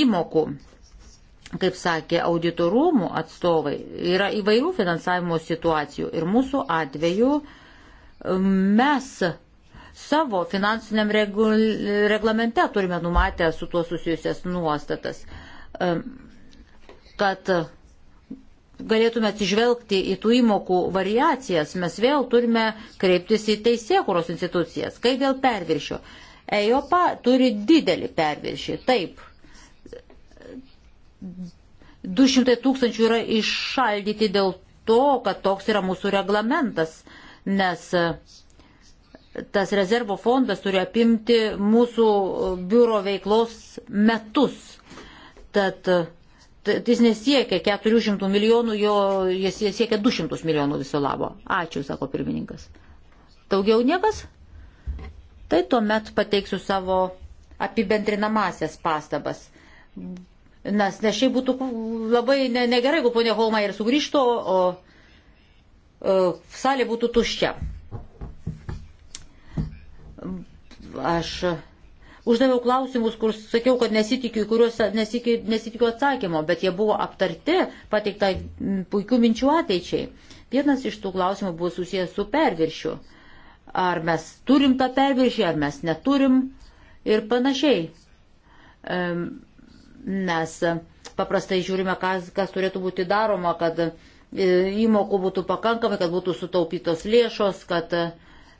įmokų, kaip sakė auditorumų atstovai, yra įvairių finansavimo situacijų. Ir mūsų atveju e, mes savo finansiniam regul... reglamente turime numatę su tuo susijusias nuostatas, e, kad galėtume atsižvelgti į tų įmokų variacijas, mes vėl turime kreiptis į teisėkuros institucijas. Kai dėl perviršio? EIOPA turi didelį perviršį, taip. 200 tūkstančių yra iššaldyti dėl to, kad toks yra mūsų reglamentas, nes e, tas rezervo fondas turi apimti mūsų biuro veiklos metus. Tad Tai jis nesiekia 400 milijonų, jo, jis, jis siekia 200 milijonų viso labo. Ačiū, sako pirmininkas. Daugiau niekas? Tai tuomet pateiksiu savo apibendrinamasias pastabas. Nes, nes šiaip būtų labai ne, negerai, jeigu ponė Holma ir sugrįžtų, o, o salė būtų tuščia. Aš Uždaviau klausimus, kur sakiau, kad nesitikiu, kuriuos nesitikiu, nesitikiu atsakymo, bet jie buvo aptarti, pateikta puikių minčių ateičiai. Vienas iš tų klausimų buvo susijęs su perviršiu. Ar mes turim tą perviršį, ar mes neturim ir panašiai. Mes paprastai žiūrime, kas, kas turėtų būti daroma, kad e, įmokų būtų pakankamai, kad būtų sutaupytos lėšos, kad uh,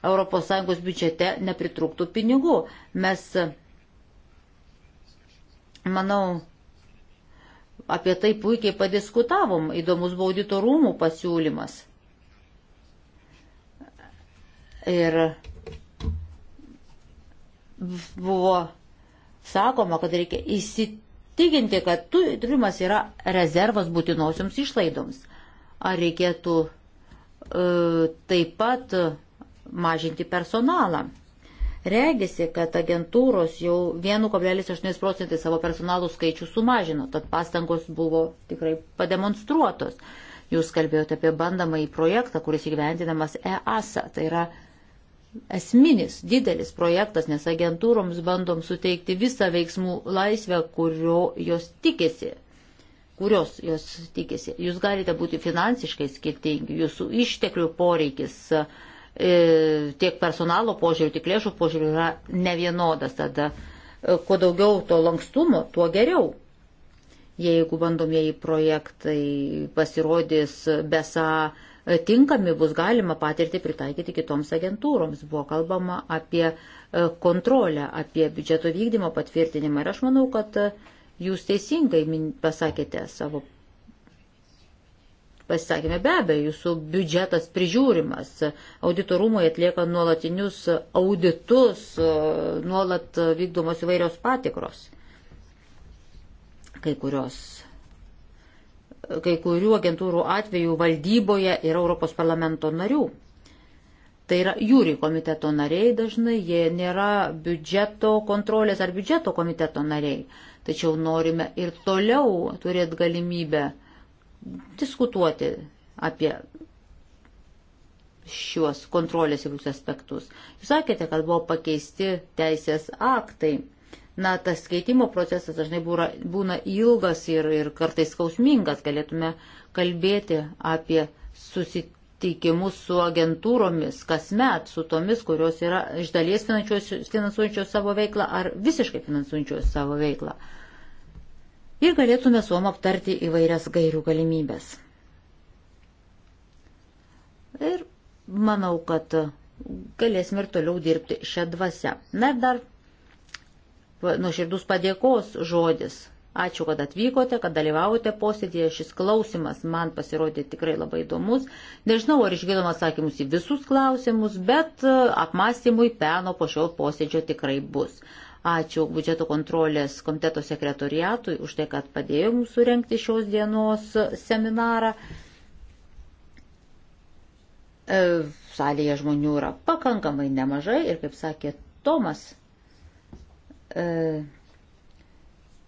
ES biudžete nepritrūktų pinigų. Mes, manau, apie tai puikiai padiskutavom, įdomus buvo audito rūmų pasiūlymas. Ir buvo sakoma, kad reikia įsitikinti, kad turimas yra rezervas būtinosioms išlaidoms. Ar reikėtų e, taip pat mažinti personalą. Regisi, kad agentūros jau 1,8 procentai savo personalų skaičių sumažino, tad pastangos buvo tikrai pademonstruotos. Jūs kalbėjote apie bandamąjį projektą, kuris įgyvendinamas EASA. Tai yra esminis, didelis projektas, nes agentūroms bandom suteikti visą veiksmų laisvę, kurio jos tikisi. Kurios jos tikisi. Jūs galite būti finansiškai skirtingi, jūsų išteklių poreikis. Uh, E, tiek personalo požiūrių, tiek lėšų požiūrių yra nevienodas. Tada e, kuo daugiau to lankstumo, tuo geriau. Jeigu bandomieji projektai pasirodys besą e, tinkami, bus galima patirti pritaikyti kitoms agentūroms. Buvo kalbama apie kontrolę, apie biudžeto vykdymo patvirtinimą. Ir aš manau, kad jūs teisingai pasakėte savo pasisakėme. Be abejo, jūsų biudžetas prižiūrimas, auditorumai atlieka nuolatinius auditus, nuolat vykdomos įvairios patikros. Kai kurios. Kai kurių agentūrų atveju valdyboje yra Europos parlamento narių. Tai yra jūri komiteto nariai dažnai, jie nėra biudžeto kontrolės ar biudžeto komiteto nariai. Tačiau norime ir toliau turėti galimybę uh, diskutuoti apie šiuos kontrolės įvairius aspektus. Jūs sakėte, kad buvo pakeisti teisės aktai. Na, tas keitimo procesas dažnai būra, būna ilgas ir, ir kartais skausmingas. Galėtume kalbėti apie susitikimus su agentūromis kasmet, su tomis, kurios yra iš dalies finansuojančios savo veiklą ar visiškai finansuojančios savo veiklą. Uh, ir galėtume su jom aptarti įvairias gairių galimybės. Ir manau, kad galėsime ir toliau dirbti šią dvasę. Na ir dar nuoširdus padėkos žodis. Ačiū, kad atvykote, kad dalyvavote posėdėje. Šis klausimas man pasirodė tikrai labai įdomus. Nežinau, ar išgirdom atsakymus į visus klausimus, bet e, apmąstymui peno po šio posėdžio tikrai bus. Ačiū biudžeto kontrolės komiteto sekretoriatui už tai, kad padėjo mums surenkti šios dienos seminarą. E, salėje žmonių yra pakankamai nemažai ir, kaip sakė Tomas, e,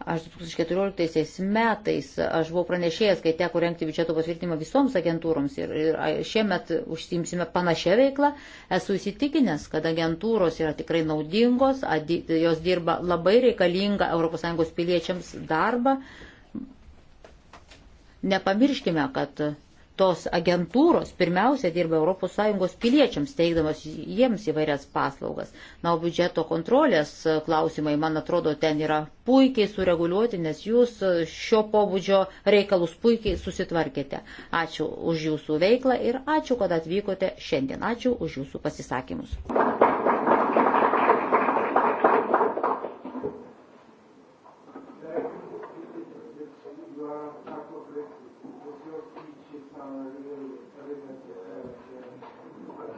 Aš 2014 metais aš buvau pranešėjęs, kai teko renkti biudžeto patvirtinimą visoms agentūroms ir, ir šiemet užsimsime panašią veiklą. Esu įsitikinęs, kad agentūros yra tikrai naudingos, adi, jos dirba labai reikalingą ES piliečiams darbą. Nepamirškime, kad tos agentūros pirmiausia dirba ES piliečiams, teikdamas jiems įvairias paslaugas. Na, o biudžeto kontrolės klausimai, man atrodo, ten yra puikiai sureguliuoti, nes jūs šio pobūdžio reikalus puikiai susitvarkėte. Ačiū už jūsų veiklą ir ačiū, kad atvykote šiandien. Ačiū už jūsų pasisakymus.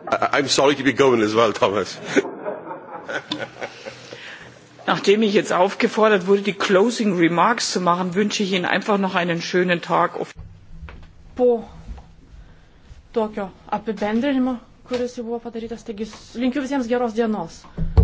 I, I'm sorry to be going as well, Thomas. Nachdem ich jetzt aufgefordert wurde, die Closing Remarks zu machen, wünsche ich Ihnen einfach noch einen schönen Tag. Auf po tokio apibendrinimo, kuris jau buvo padarytas, taigi linkiu visiems geros dienos.